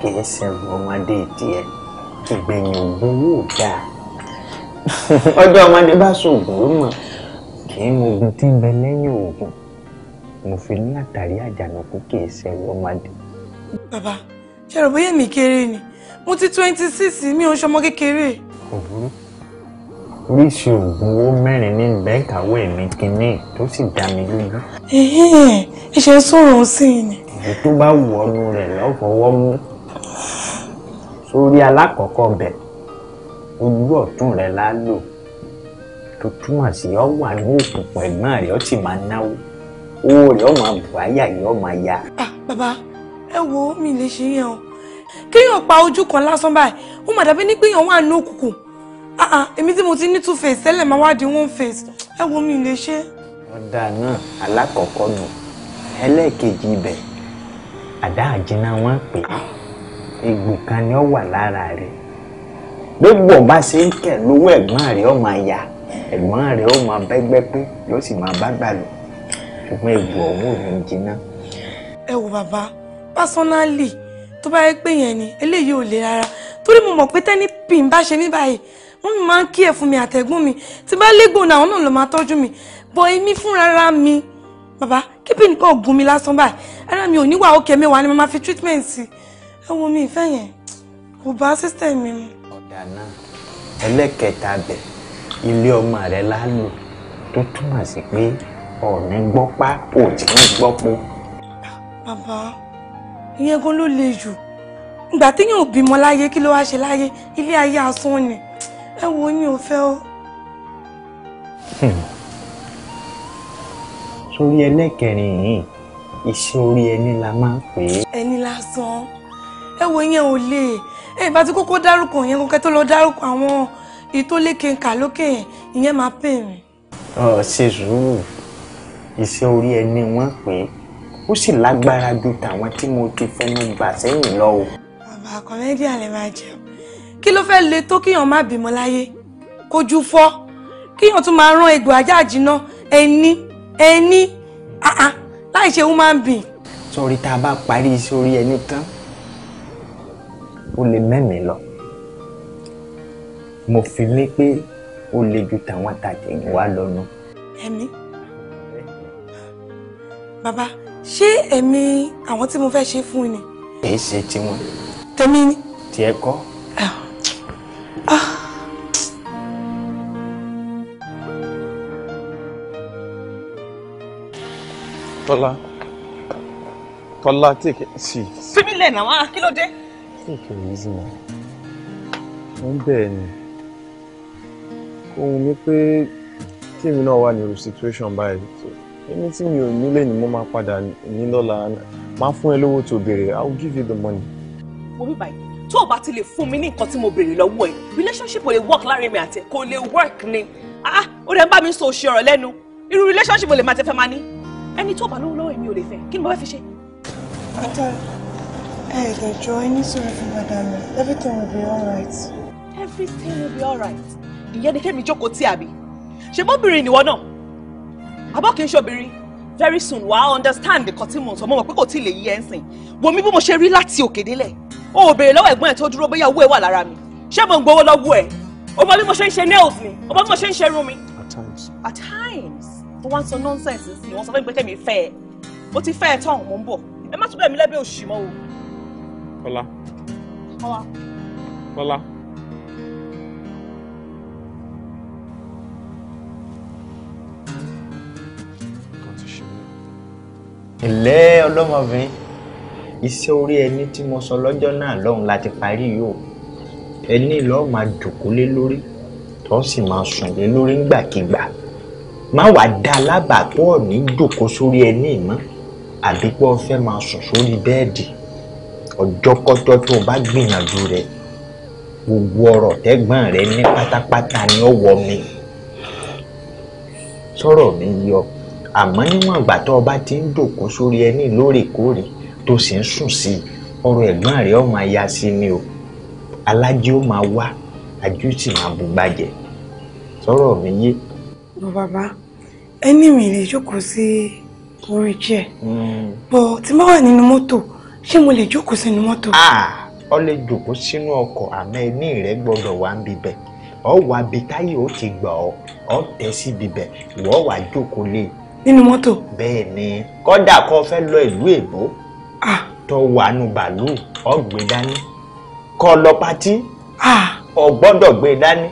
kì í ṣe ọmọdé ìdí ẹ àtìgbẹ̀yìn ògùn yóò dáa ọjọ́ ọmọdé bá ṣògùn ló mọ̀ kì í mo ogun tí ń bẹ lẹ́yìn ògùn mo fi ní àtàrí àjànàkú kì í ṣe ọmọdé. bàbá ṣe bóyá mi kéré ni mo ti twenty six mi ò ń ṣọmọ kékeré. kò burú oríṣi oògùn owó mẹ́rin ní bẹ́ẹ̀kàwé mi kínní tó sì dá mi lójú. ẹ ṣe sọ̀rọ̀ sí i ni. èyí tó bá wù ọ́nu rẹ̀ lọ́fọ̀ọ́wọ́ sórí alákọ̀ọ́kọ́ bẹ̀ ojú ọ̀tún rẹ̀ la lò tó túmọ̀ sí ọ wà ní òkùnkùn ẹ̀gbọ́n rẹ̀ ọ ti máa náwó owó rẹ̀ ọ máa bù áyà yìí ọ máa ya. Ah, bàbá ẹ wo mi lè ṣe yẹn o kéèyàn pa ojú kan lásán báyìí ó mà ní pé èèyàn wà ní òkùnkùn ah, ah, èmi tí mo ti ní two face tẹ́lẹ̀ máa wá di one face ẹ wo mi lè ṣe. ọ̀dà náà alákọ̀ọ́kọ́ nù ẹlẹ́ẹ̀kejì ibẹ̀ àdá àjìnà wọn pè é egbò kan ni ó wà lára rẹ̀ gbogbo ọba ṣe ń tẹ̀ lówó ẹ̀gbọ́n rẹ̀ ó máa yá ẹ̀gbọ́n rẹ̀ ó máa bẹ́gbẹ́ pé yóò sì máa bá gbà lò ṣùgbọ́n egbò ọ̀hún ò ní jiná. ẹ wo bàbá pásánálì tó bá yẹ pé yẹn ni eléyìí ò le rárá torí mo mọ̀ pé tẹ́ni pì ń bá ṣe mí báyìí wọ́n mi máa ń kí ẹ̀ mi àtẹ̀gùn mi tí bá légbòó náà àwọn náà ló máa tọ́jú mi bọ̀ èmi fúnra mi bàbá kí pé nǹkan ògùn mi lásán báyìí ara mi ò níwà òkè mẹ́wàá ni mo máa fi treatment sí i ẹ wo mi ìfẹ́ yẹn kò bá sísítẹ̀ mi mu. ọ̀dà náà ẹlẹ́kẹta bẹ̀ ilé ọmọ rẹ lálò tó túmọ̀ sí pé ọ̀ní gbọ́pá òtí ní gbọ́po. bàbá ìyẹn gan ló le jù ìgbà téèyàn ò bímọ láyé kí ló wá ṣe láyé ilé ayé asán ni ẹ wo yín ò fẹ́ o. Hmm. sórí ẹlẹ́kẹrin yìí iṣẹ́ orí ẹni la máa ń pè é. ẹni lásán ẹ wo yẹn ò lè ẹ ìbá tí kókó dárúkọ yẹn kókẹ́ tó lọ dárúkọ àwọn ìtólékè ńkà lókè yẹn ìyẹn máa pè mí. ọ ṣe sùúrù iṣẹ́ orí ẹni wọ́n pè é ó sì lágbára ju tàwọn tí mo ti fẹnu gbà sẹ́yìn lọ o. bàbá kọ́mẹ́díà lè máa jẹun kí ló fẹ́ le tó kíyàn má bímọ láyé kójú fọ́ kíyàn tún máa rán egbò ajá àjìná ẹni ẹni láì ṣe human being. sọ̀rí tá a bá parí iṣẹ́ orí ẹni tán ó lè mẹ́mìí lọ mo fi lé pé ó le ju tàwọn àtàtẹ̀yìn wá lọ́nu. ẹ̀mí bàbá ṣé ẹ̀mí àwọn tí mo fẹ́ ṣe fún ni. èyí ṣe tiwọn. tèmi ni. tiẹ̀ kọ́. Ah. ah. Tọ́lá. Tọ́lá take it easy. Fi mí lẹ̀ náà wá, kí ló dé? take it easy now mo ń bẹ̀ẹ̀ ni kò wù mí pé tèmi náà wà ní irú situation báyìí tó èmi tí mi ò nílé ni mo máa padà ní lọ́la máa fún ẹ lówó tó béèrè I will give you the money. mo bí báyìí tó o bá ti lè fún mi ní nǹkan tí mo béèrè lọ́wọ́ ẹ̀ relationship ò lè work láàrin mi àti ẹ̀ kò lè work ni ah ó dẹ̀ ń bá mi sọ òṣì ọ̀rọ̀ lẹ́nu irú relationship ò lè máa tẹ fẹ́ máa ní ẹni tó o bá lówó lọ́wọ́ èmi ò lè fẹ́ kí ni mo fẹ́ fi ṣe. Hey, the joy, need to refill my diamond. Everything will be alright. Everything will be alright. Ìyẹn ni Kẹ́mi jókòó tí àbí. Ṣé bóbìnrin nìwọ náà? Àbọ̀ kì í ṣobìnrin. Very soon wàá understand nǹkan tí mo sọ. Mo mọ̀ pé kò tí ì lè yí ẹ ń sìn. Wo mi bí mo ṣe rí láti òkè délẹ̀. O ò béèrè lọ́wọ́ ẹ̀gbọ́n ẹ̀ tó dúró bóyá owó ẹ̀ wà lára mi. Ṣé mo ń gbowó lọ́wọ́ ẹ̀? O mọ bí mo ṣe ń ṣe nails mi. O mọ bí mo ṣe ń At times. At times. The one so nonsense is the one so fún mi pé Kẹ́mi fẹ́ ẹ. Mo ti fẹ́ ẹ tán, mò ń bọ̀. Ẹ má Olá. Olá. Olá. ẹ̀lẹ́ ọlọ́mọbìnrin iṣẹ́ orí ẹni tí mo sọ lọ́jọ́ náà lọ́hùn láti parí yìí o ẹni lọ́ọ́ máa jòkó lé lórí tó sì máa sùn lé lórí ńgbàkigbà má wàá dá alábàápọ̀ ní jòkó sórí ẹni mọ́ àbí pé máa sùn sórí bẹ́ẹ̀dì ọjọ́kọ́jọ́ tó o bá gbìyànjú rẹ̀ gbogbo ọ̀rọ̀ tẹ́gbọ́n rẹ ní pátápátá ni ó wọ mi sọ̀rọ̀ mi yọ àmọ́ níwọ̀n ìgbà tó o bá ti ń dòkó sórí ẹni lóòrèkóòrè tó sì ń sùn sí i ọ̀rọ̀ ẹ̀gbọ́n rẹ ó máa ya sí mi o alájí ó máa wá ajú sì máa bù gbàjẹ́ sọ̀rọ̀ mi yé. bọ bàbá ẹni mi lè jókòó sí orí jẹ hmm. bọ tí mo wà nínú mọ́tò. ṣé mo lè jókòó sínú mọ́tò. ọ lè jókòó sínú ọkọ̀ àmọ́ ẹni rẹ gbọ́dọ̀ wá ń bíbẹ̀ ọ wà bí táyé ó ti gbà ọ ọ tẹ̀ sí bíbẹ̀ wọ́n wà jókòó lé. nínú mọ́tò. bẹ́ẹ̀ ni kọ́dà kọ́ fẹ́ lọ ìlú èbó tó wà nù bàálù ọ̀gbẹ́ dání kọ́ lọ patí ọ gbọ́dọ̀ gbé dání.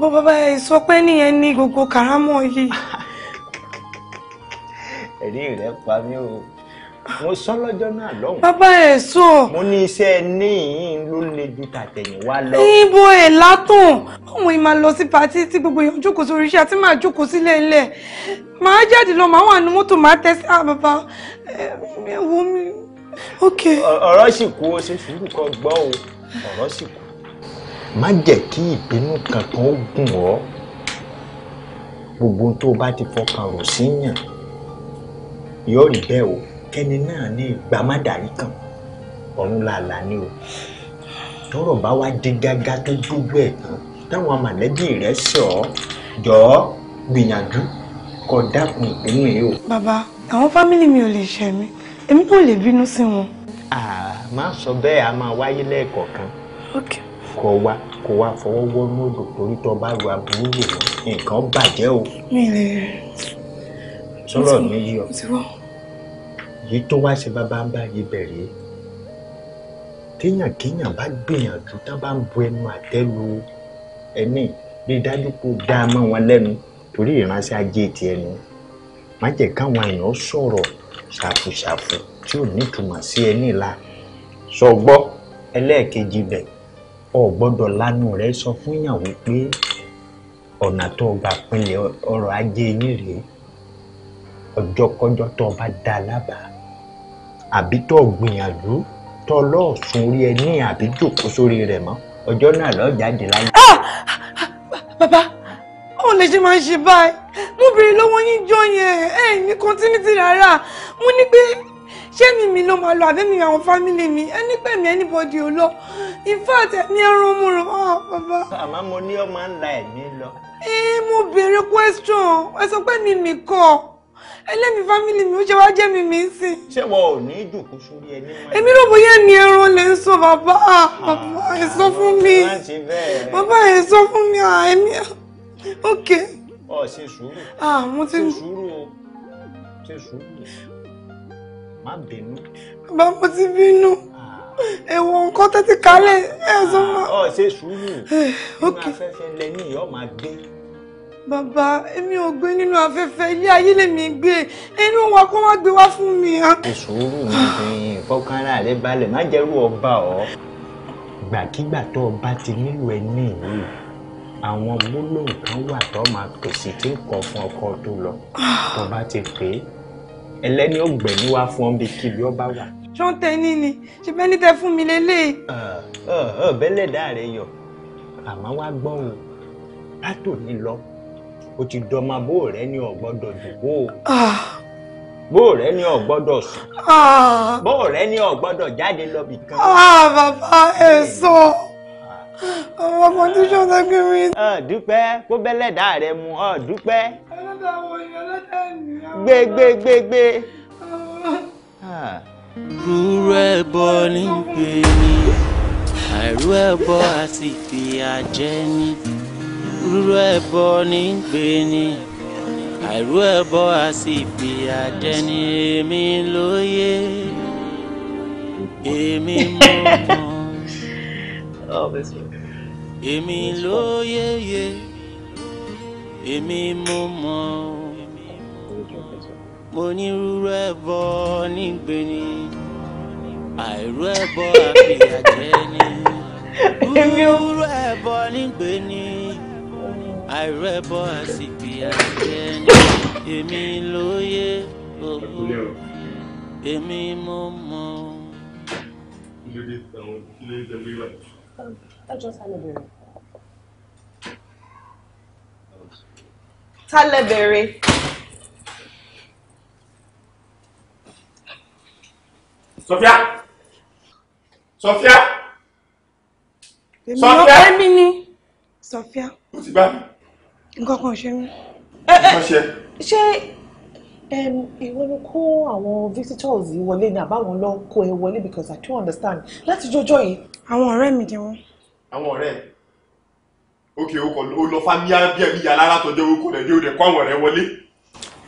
bàbá ẹ sọ pé nìyẹn ní gbogbo kàrámọ̀ yìí. ẹ̀rí rẹ̀ pa mí o mo sọ lọ́jọ́ náà lọ́hùn. bàbá ẹ̀ sọ. mo ní iṣẹ́ níyìn ló le ju tàtẹ̀yìnwá lọ. ibo ẹ̀ látùn òun ìmà lọ sí patí tí gbogbo èèyàn jókòó sórí iṣẹ́ àti máa jókòó sílẹ̀ ilẹ̀ máa jáde lọ máa wà ní mọ́tò máa tẹ́ sí àbàbà ah, ẹ wo mi. ọ̀rọ̀ sì kú o ṣe sùúrù kan gbọ́ o ọ̀rọ̀ sì kú. má jẹ́ kí ìbínú kankan ó gùn ọ́ gbogbo tó o bá ti fọkàn rò síyàn yóò rí bẹ́ẹ̀ o kẹ́ni náà ní ìgbà má dàrí kan ọ̀run làlà ni o tọrọ bá wá di gágá tó gbogbo ẹ̀ tán táwọn mọ̀lẹ́bí rẹ̀ sọ ọ́ jọ ọ́ gbìyànjú kó dákun ìpinnu yìí o. bàbá àwọn fámìlì mi ò lè ṣe mí èmi náà lè bínú sí wọn. má sọ bẹ́ẹ̀ a máa wáyé lẹ́ẹ̀kọ̀ọ̀kan kó wá kó wá fọwọ́ wọnú odò torí tó bá ru aburú wò wọ́n nǹkan bàjẹ́ o. mi lè sọ̀rọ̀ mi yí èyí tó wá ṣe bàbá ń bá yí bẹ̀rẹ̀ téèyàn-kéèyàn bá gbìyànjú tán bá ń bu ẹnu àtẹ́ lu ẹni rí i dájú kó dáa mọ́ wọn lẹ́nu torí ìránṣẹ́ ajé ti ẹnu má jẹ́ káwọn èèyàn sọ̀rọ̀ ṣàfùṣàfù tí ò nítumọ̀ sí ẹni la sọgbọ́ ẹlẹ́ẹ̀kejì bẹ̀ ọ gbọ́dọ̀ lanu rẹ̀ sọ fún ìyàwó pé ọ̀nà tó gbà pinlẹ̀ ọrọ̀ ajé yín rèé ọjọ́kọ́jọ́ tó bá dá a lábàá àbí tó gbìyànjú tó lọ́ọ̀sùn orí ẹni àbí jòkó sórí rẹ̀ mọ́ ọjọ́ náà lọ́ọ́ jáde láyé. Ah! Ah! bàbá ó lè ṣe máa ń ṣe báyìí mo béèrè lọ́wọ́ yín jọ yẹn ẹ ní continuity rárá mo ní pé ṣé mi mi ló máa lọ àbẹ́mi àwọn fámìlì mi ẹni pẹ̀ mí anybody ò lọ in ẹ̀mí ẹran mo rò ó ah, bàbá. àmọ́ mo ní ọmọ ńlá ẹ̀mí lọ. ẹ eh, mo béèrè question ẹ sọ pé mi mi kọ́ ọ ẹlẹ́mi fámìlì mi ó ṣe wáá jẹ́ mi mi sí. ṣé wọn ò ní jòkó sórí ẹni mọ́. èmi rò bóyá ẹni ẹran lè ń sọ bàbá bàbá ẹ sọ fún ah, mi bàbá ẹ sọ fún mi ah, ẹmí ok. ọ ṣe sùúrù ah, ṣe sùúrù o ṣe sùúrù má bínú. bàbá mo ti bínú ẹ̀wọ̀ nǹkan tẹ́tí kalẹ̀ ẹ̀ sọ ma. ọ ṣe sùúrù nínú eh, afẹ́fẹ́ lẹ ní ìyọ́ máa gbé bàbá èmi ò gbé nínú afẹ́fẹ́ ilé ayé lèmi gbé inú wa kó wá gbé wá fún mi. ẹ sùúrù ìgbìn fọkànra rẹ balẹ̀ má jẹ́rú ọba ọ́ gbàkígbà tó o bá ti nílò ẹ ní ìlú àwọn gbólóhùn kan wà tó máa pèsè tí ń kọ fún ọkọ tó lọ tó bá ti pè é ẹlẹ́ni ọ̀gbẹ́ni wá fún ọ́n bí kíbi ọba wà. ṣọ́ńtẹ́ ní ni ṣe bẹ́ẹ̀ ní tẹ fún mi lélẹ̀. bẹ́lẹ̀ dá rẹ yọ àmọ́ wá gbọ́ o látòní lọ ó ti dọ́mà bó rẹ ní ọ̀gbọ́dọ̀ dùgbò ah. bó rẹ ní ọ̀gbọ́dọ̀ sùn ah. bó rẹ ní ọ̀gbọ́dọ̀ jáde lọ bì kan. Ah, bàbá ẹ àwọn ọmọ tí sọ́dọ̀ gbé mi. dúpẹ́ kó bẹ́lẹ̀dá rẹ mu dúpẹ́. ẹlẹ́dàá wo ni ẹlẹ́dàá ènìyàn. gbé gbé gbé gbé. rúrú ẹbọ ní pè ní àìrú ẹbọ àti ìfìyà jẹ ní rúrú ẹbọ ní gbé ni àìrú ẹbọ a sì fi àdẹni èmi lóye èmi mọ̀ mọ̀ oh, èmi lóye yé èmi mọ̀ mọ̀ mo ní rúrú ẹbọ ní gbé ni àìrú ẹbọ a fi àdẹni rúrú ẹbọ ní gbé ni àìrẹ́bọ àsìkìyà jẹni èmi lóye owó èmi mo mọ. Tálẹ̀ bẹ̀rẹ̀. Sofia! Sofia! Sofia! Èmi ni. Sofia. Ó ti bá mi nǹkan kan ṣe mí. ṣé ìwọ ló kó àwọn visitors yìí wọlé ní àbáwọn lọ kó ẹ wọlé because I don't understand láti jọjọ yìí. àwọn ọ̀rẹ́ mi ni wọ́n. àwọn ọ̀rẹ́ òkè òkò ó lọ fámíà bí ẹbí yàrá látọjọ òkò rẹ ni ó rẹ kó àwọn ọ̀rẹ́ wọlé.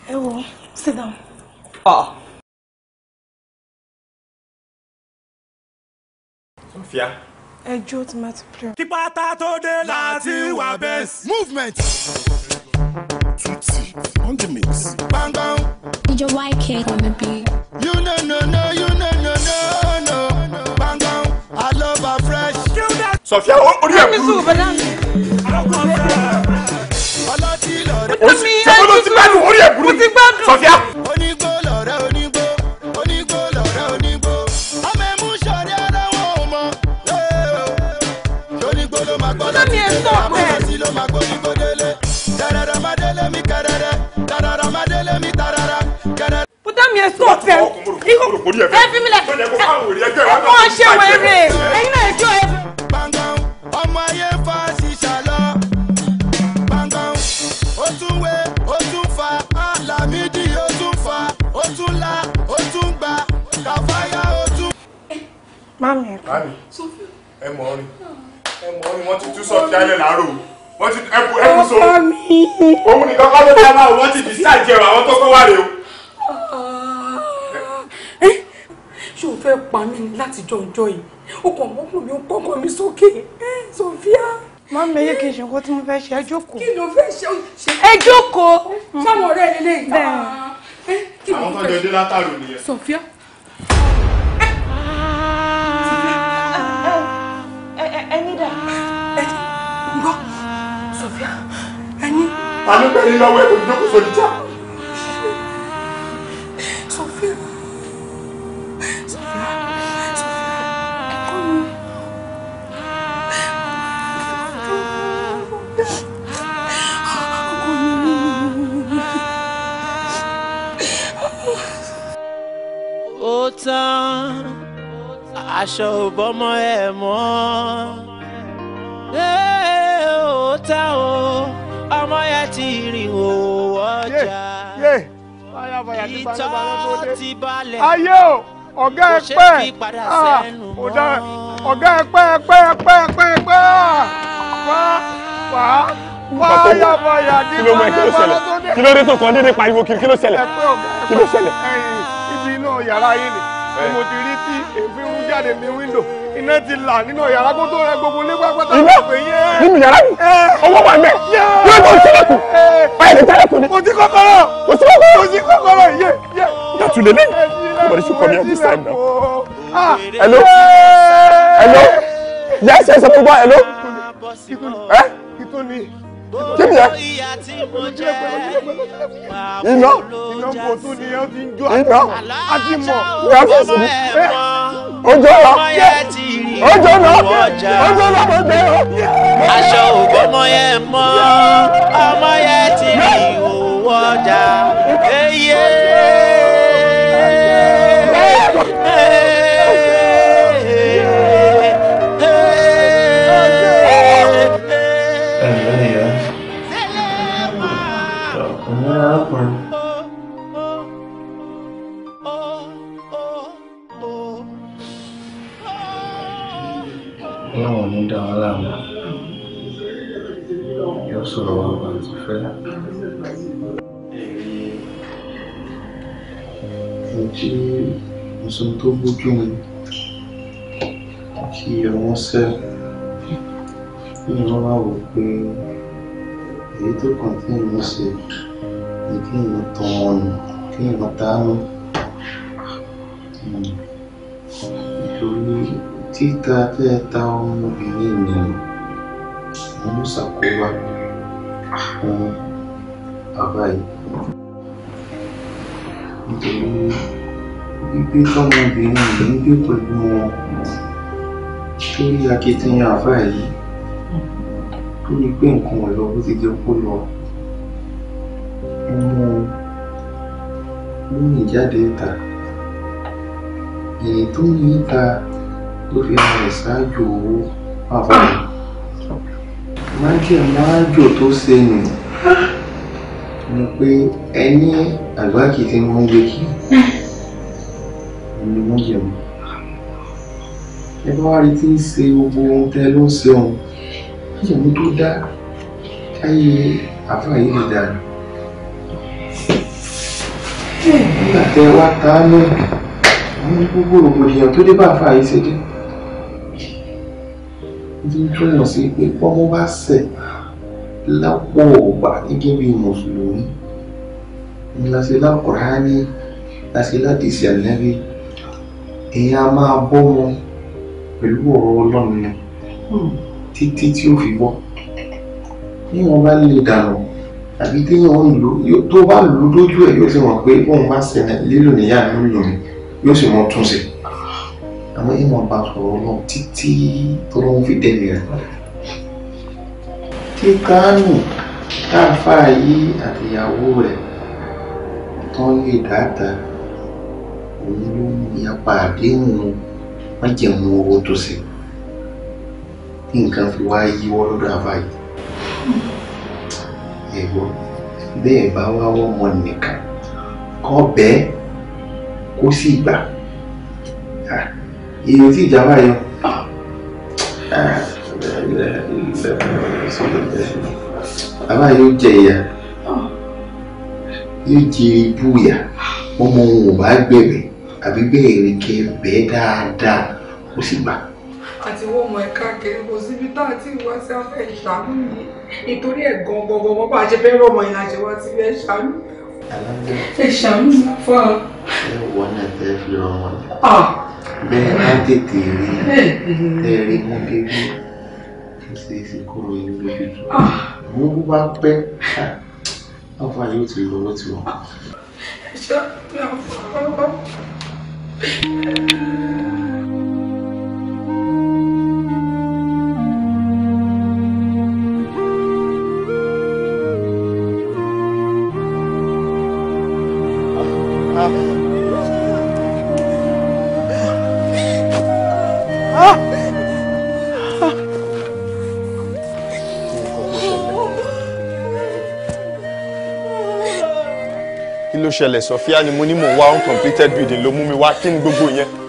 ẹ wo sit down. Ah. Sofia ẹjọ́ tí máa ti play. kí pátá tó dé láti wà best. movement. tutti on the mix. gbangban. ìjọba ike on the beat. you no no no you no no no no gbangban i love her fresh. sọfíà orí ẹ̀ burú. ọlọ́tí lọ rẹ̀. sọfíà orí ẹ̀ burú. sọfíà. lè stop ẹ ẹ fi mi lẹ ẹ kọ́ ṣe wẹ̀rẹ̀ ẹ̀yin náà ẹjọ́ ẹ. mami ẹ kọ́ ẹ mọ̀ ọ́ ẹ mọ̀ ọ́ ni ti tú sọ́ọ̀kì ayé làárọ̀ o wọ́n ti ẹkú ẹkú so òun nìkan kọ́ ló dára o wọ́n ti fi sáà àwọn tó kọ́ wà rè o. Uh-uh ṣé o fẹ́ pa mí láti jọjọ yìí o kàn mọ́kùn mi o kọ́kọ́ mi sókè Sofia. má mi yé kí n ṣe nǹkan tí mo fẹ́ ṣe ẹ jókòó. kí ló fẹ́ ṣe ẹ jókòó. sáwọn ọ̀rẹ́ ẹ lè gbà. àwọn kan jọ dé látàrí nìyẹn. Sofia. ẹni dà gbọ́ Sofia ẹni. àlùbẹ̀rẹ̀ lọ́wọ́ ẹ̀ kò jókòó sórí já. aṣọ ò bọ́mọ ẹ̀ mọ́ ó ta o ọmọ yẹn ti rìn òwò ọjà ìtọ́ ti balẹ̀ ayé o ọ̀gá ẹ pẹ́ ah, ọ̀gá ẹ pẹ́ pẹ́ pẹ́ pẹ́ pẹ́ wá wá wáyà wáyà ní ìpàdé tó dé. kí ló dé tó kàn déédéé pariwo kiri kí ló ṣẹlẹ̀ kí ló ṣẹlẹ̀. ibi inú yàrá yìí ni mo ti rí tí jáde ní wíńdò iná ti là nínú yàrá kó tó rẹ gbogbo ilé pápátá ìwọ nínú yàrá mi ọwọ́ wà mẹ́ yóò tó sílẹ̀kùn báyìí lè tẹ́lẹ̀kùn ni. kò sí kọ́kọ́rọ́ kò sí kọ́kọ́rọ́ kò sí kọ́kọ́rọ́ yé yé. yàtú lélẹ̀ nobody should come here this time now. hello hello yes yes ọmọ gbọ́ kíni ẹ. iná iná kò tún ni ó ti ń jó àná àti mọ ìyáfẹ́ sí mi. ojú ọ̀la ojú ọ̀la ojú ọ̀la mo dé o. aṣọ ògbó yẹn mọ ọmọ yẹn ti rí òwò ọjà èyí. sóhun tó bójú mu kí ọmọ sẹ́ kí wọ́n wá wò pé èyí tó kàn tí èèyàn ṣe ni kí èèyàn tan wọn nù kí èèyàn dáná nítorí títa tẹ́ ṣàkóbá fún bàbá nítorí wípé tọmọbìnrin yìí ń gbé pẹ̀lú wọn lórí akitiyan àfáà yìí tó ní pé nǹkan ò lọ bó ti jẹ́ kó lọ ọmọ lóyìn jáde ta èyí tó ní ta ló fi hàn rẹ̀ ṣáájú owó àfáà májẹ̀ májò tó ṣe nù mo pé ẹni àgbákìtì ń gbé kí ni wọ́n jẹun ẹ bá wá rí tí ń ṣe gbogbo ohun tẹ ló ń ṣe ọ̀hún ìyẹ̀wò tó dá káyé àfáà yìí lè dàrú nígbà tẹ wá ta á ní àwọn gbogbo rògbòdìyàn tó dé bá àfáà yìí ṣe dé ní túmọ̀ sí pé pọ́nmọ́ bá ṣẹ̀ lọ́pọ̀ ọ̀gbà gẹ́gẹ́ bí mùsùlùmí ńlá sí lákùrá ní láti láti ṣe àlẹ́bí èèyàn a máa bọ́ wọn pẹ̀lú ọ̀rọ̀ ọlọ́run ni hmm, títí tí ó fi bọ́ bí wọ́n bá lè dànù àbí téèyàn ń lò tó bá lò lójú ẹ̀ yóò sì mọ̀ pé bóun bá ṣẹlẹ̀ lílò níyà ń lò mí yóò sì mọ tún ṣe àmọ́ yìí máa bá sọ̀rọ̀ náà títí tó ló ń fi dẹ́mi rẹ̀ padà. tí táàfáà yìí àtìyàwó rẹ̀ tán lè dáadáa òun ló ń yapa àdéhùn májẹ̀mú owó tó ṣe kí nǹkan fi wá yíwọ́ lọ́dọ̀ àbáyé ẹ̀gbọ́n bẹ́ẹ̀ bá wá wọ́mọ nìkan kọ́ bẹ́ẹ̀ kó sì gbà iye tí ìjà bá yọ. Bàbá yóò jẹ ìyá, yóò jẹ ibú ìyá, ọmọ òun ò bá gbẹ̀bẹ̀ àbí bẹ́ẹ̀ eréke bẹ́ẹ̀ dáadáa ó sì gbà. àti wọ́n mọ ẹ̀ka kẹ́rin kò síbi tá a ti wá sí afẹ́ ìṣàánú yìí nítorí ẹ̀ gangan gangan bá a ṣe fẹ́ rọmọ yẹn àṣẹ wá sí ilé ìṣàánú. ẹ ṣàánú fún ọ. ẹ wọ náà tẹ fi rọmọ náà. bẹ́ẹ̀ á tètè rí ẹ rí mú bébí ṣe é ṣe kúrò yín lójú tó. mo bá pẹ́ ọ̀fà yóò ti lọ́wọ́ tiwọn. ẹ ṣe é ṣe àwọn ọ̀fà. うん。ṣẹlẹ̀ Sofia ni mo ní mò ń wá uncompleted building ló mú mi wá kí ni gbogbo yẹn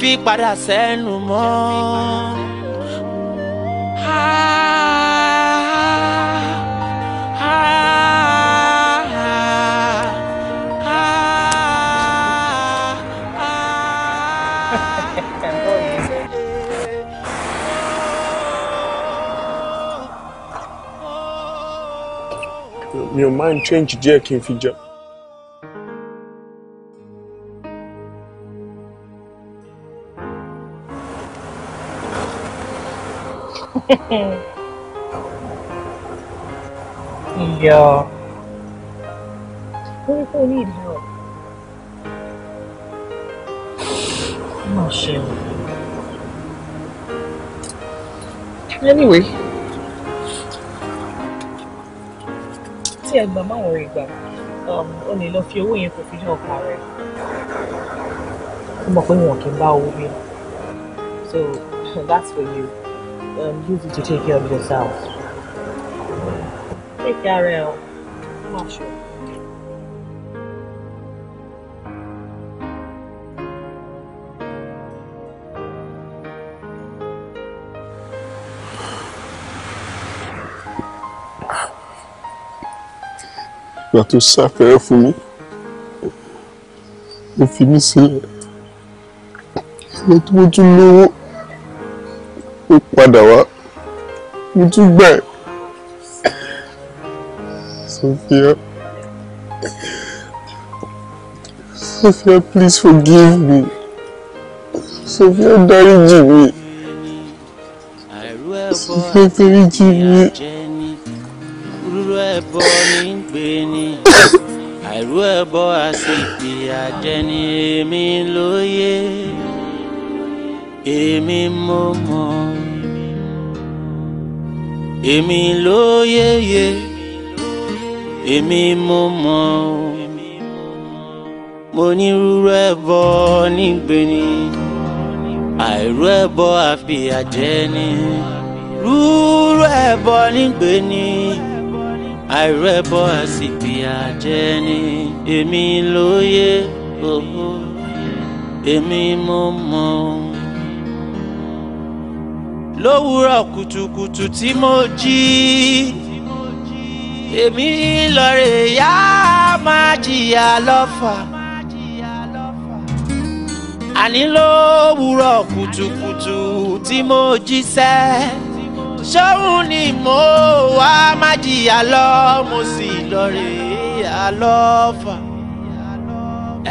fi padà sẹ́nu mọ́. mi ò change díẹ̀ kí n fi Yeah. What if you? need help? Oh, I'm not Anyway. see, ẹ gbà máa wọ̀rọ̀ "Um, only love lọ fi owó yẹn kò fi jẹ́ ọ̀pá rẹ̀. Ó mọ̀ pé wọn kì So that's for you. um, use it to take care of yourself. Take care, sure. Marshall. have tó suffer fún mi You fi mí sílẹ̀ ìgbà tó you to know. padà wá mo tún gbẹ Sophia Sophia please forgive me Sophia dáríjì mi Sophia dáríjì mi. Ẹbọ àìrú ẹbọ àsìkò àjẹni èmi lóye èmi mọ̀ mọ̀ èmi ló yéye èmi mo mọ̀ mo ní rúrú ẹbọ nígbèni àìrú ẹbọ àfìyàjẹni rúrú ẹbọ nígbèni àìrú ẹbọ àsìfìyàjẹni èmi ló yé òhò èmi mo mọ̀ lówùúrọ̀ kùtùkùtù tí mo jí èmi lọ́ọ̀rẹ́ yá máa jìyà lọ́fà àní lówùúrọ̀ kùtùkùtù tí mo jí sẹ́ ṣóhun ni mo wá máa jìyà lọ mo sì lọ́ọ̀rẹ́ yá lọ́fà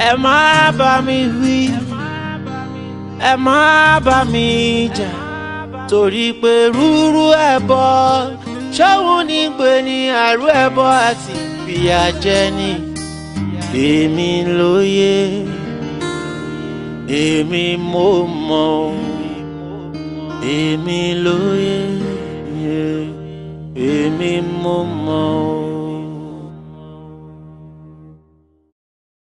ẹ má bá mi wí ẹ má bá mi jà torí pé rúurú ẹbọ ṣóhun ní pé ní àrú ẹbọ àti ìbíyà jẹ ni èmi lóye èmi mo mọ̀ èmi lóye èmi mo mọ̀ o.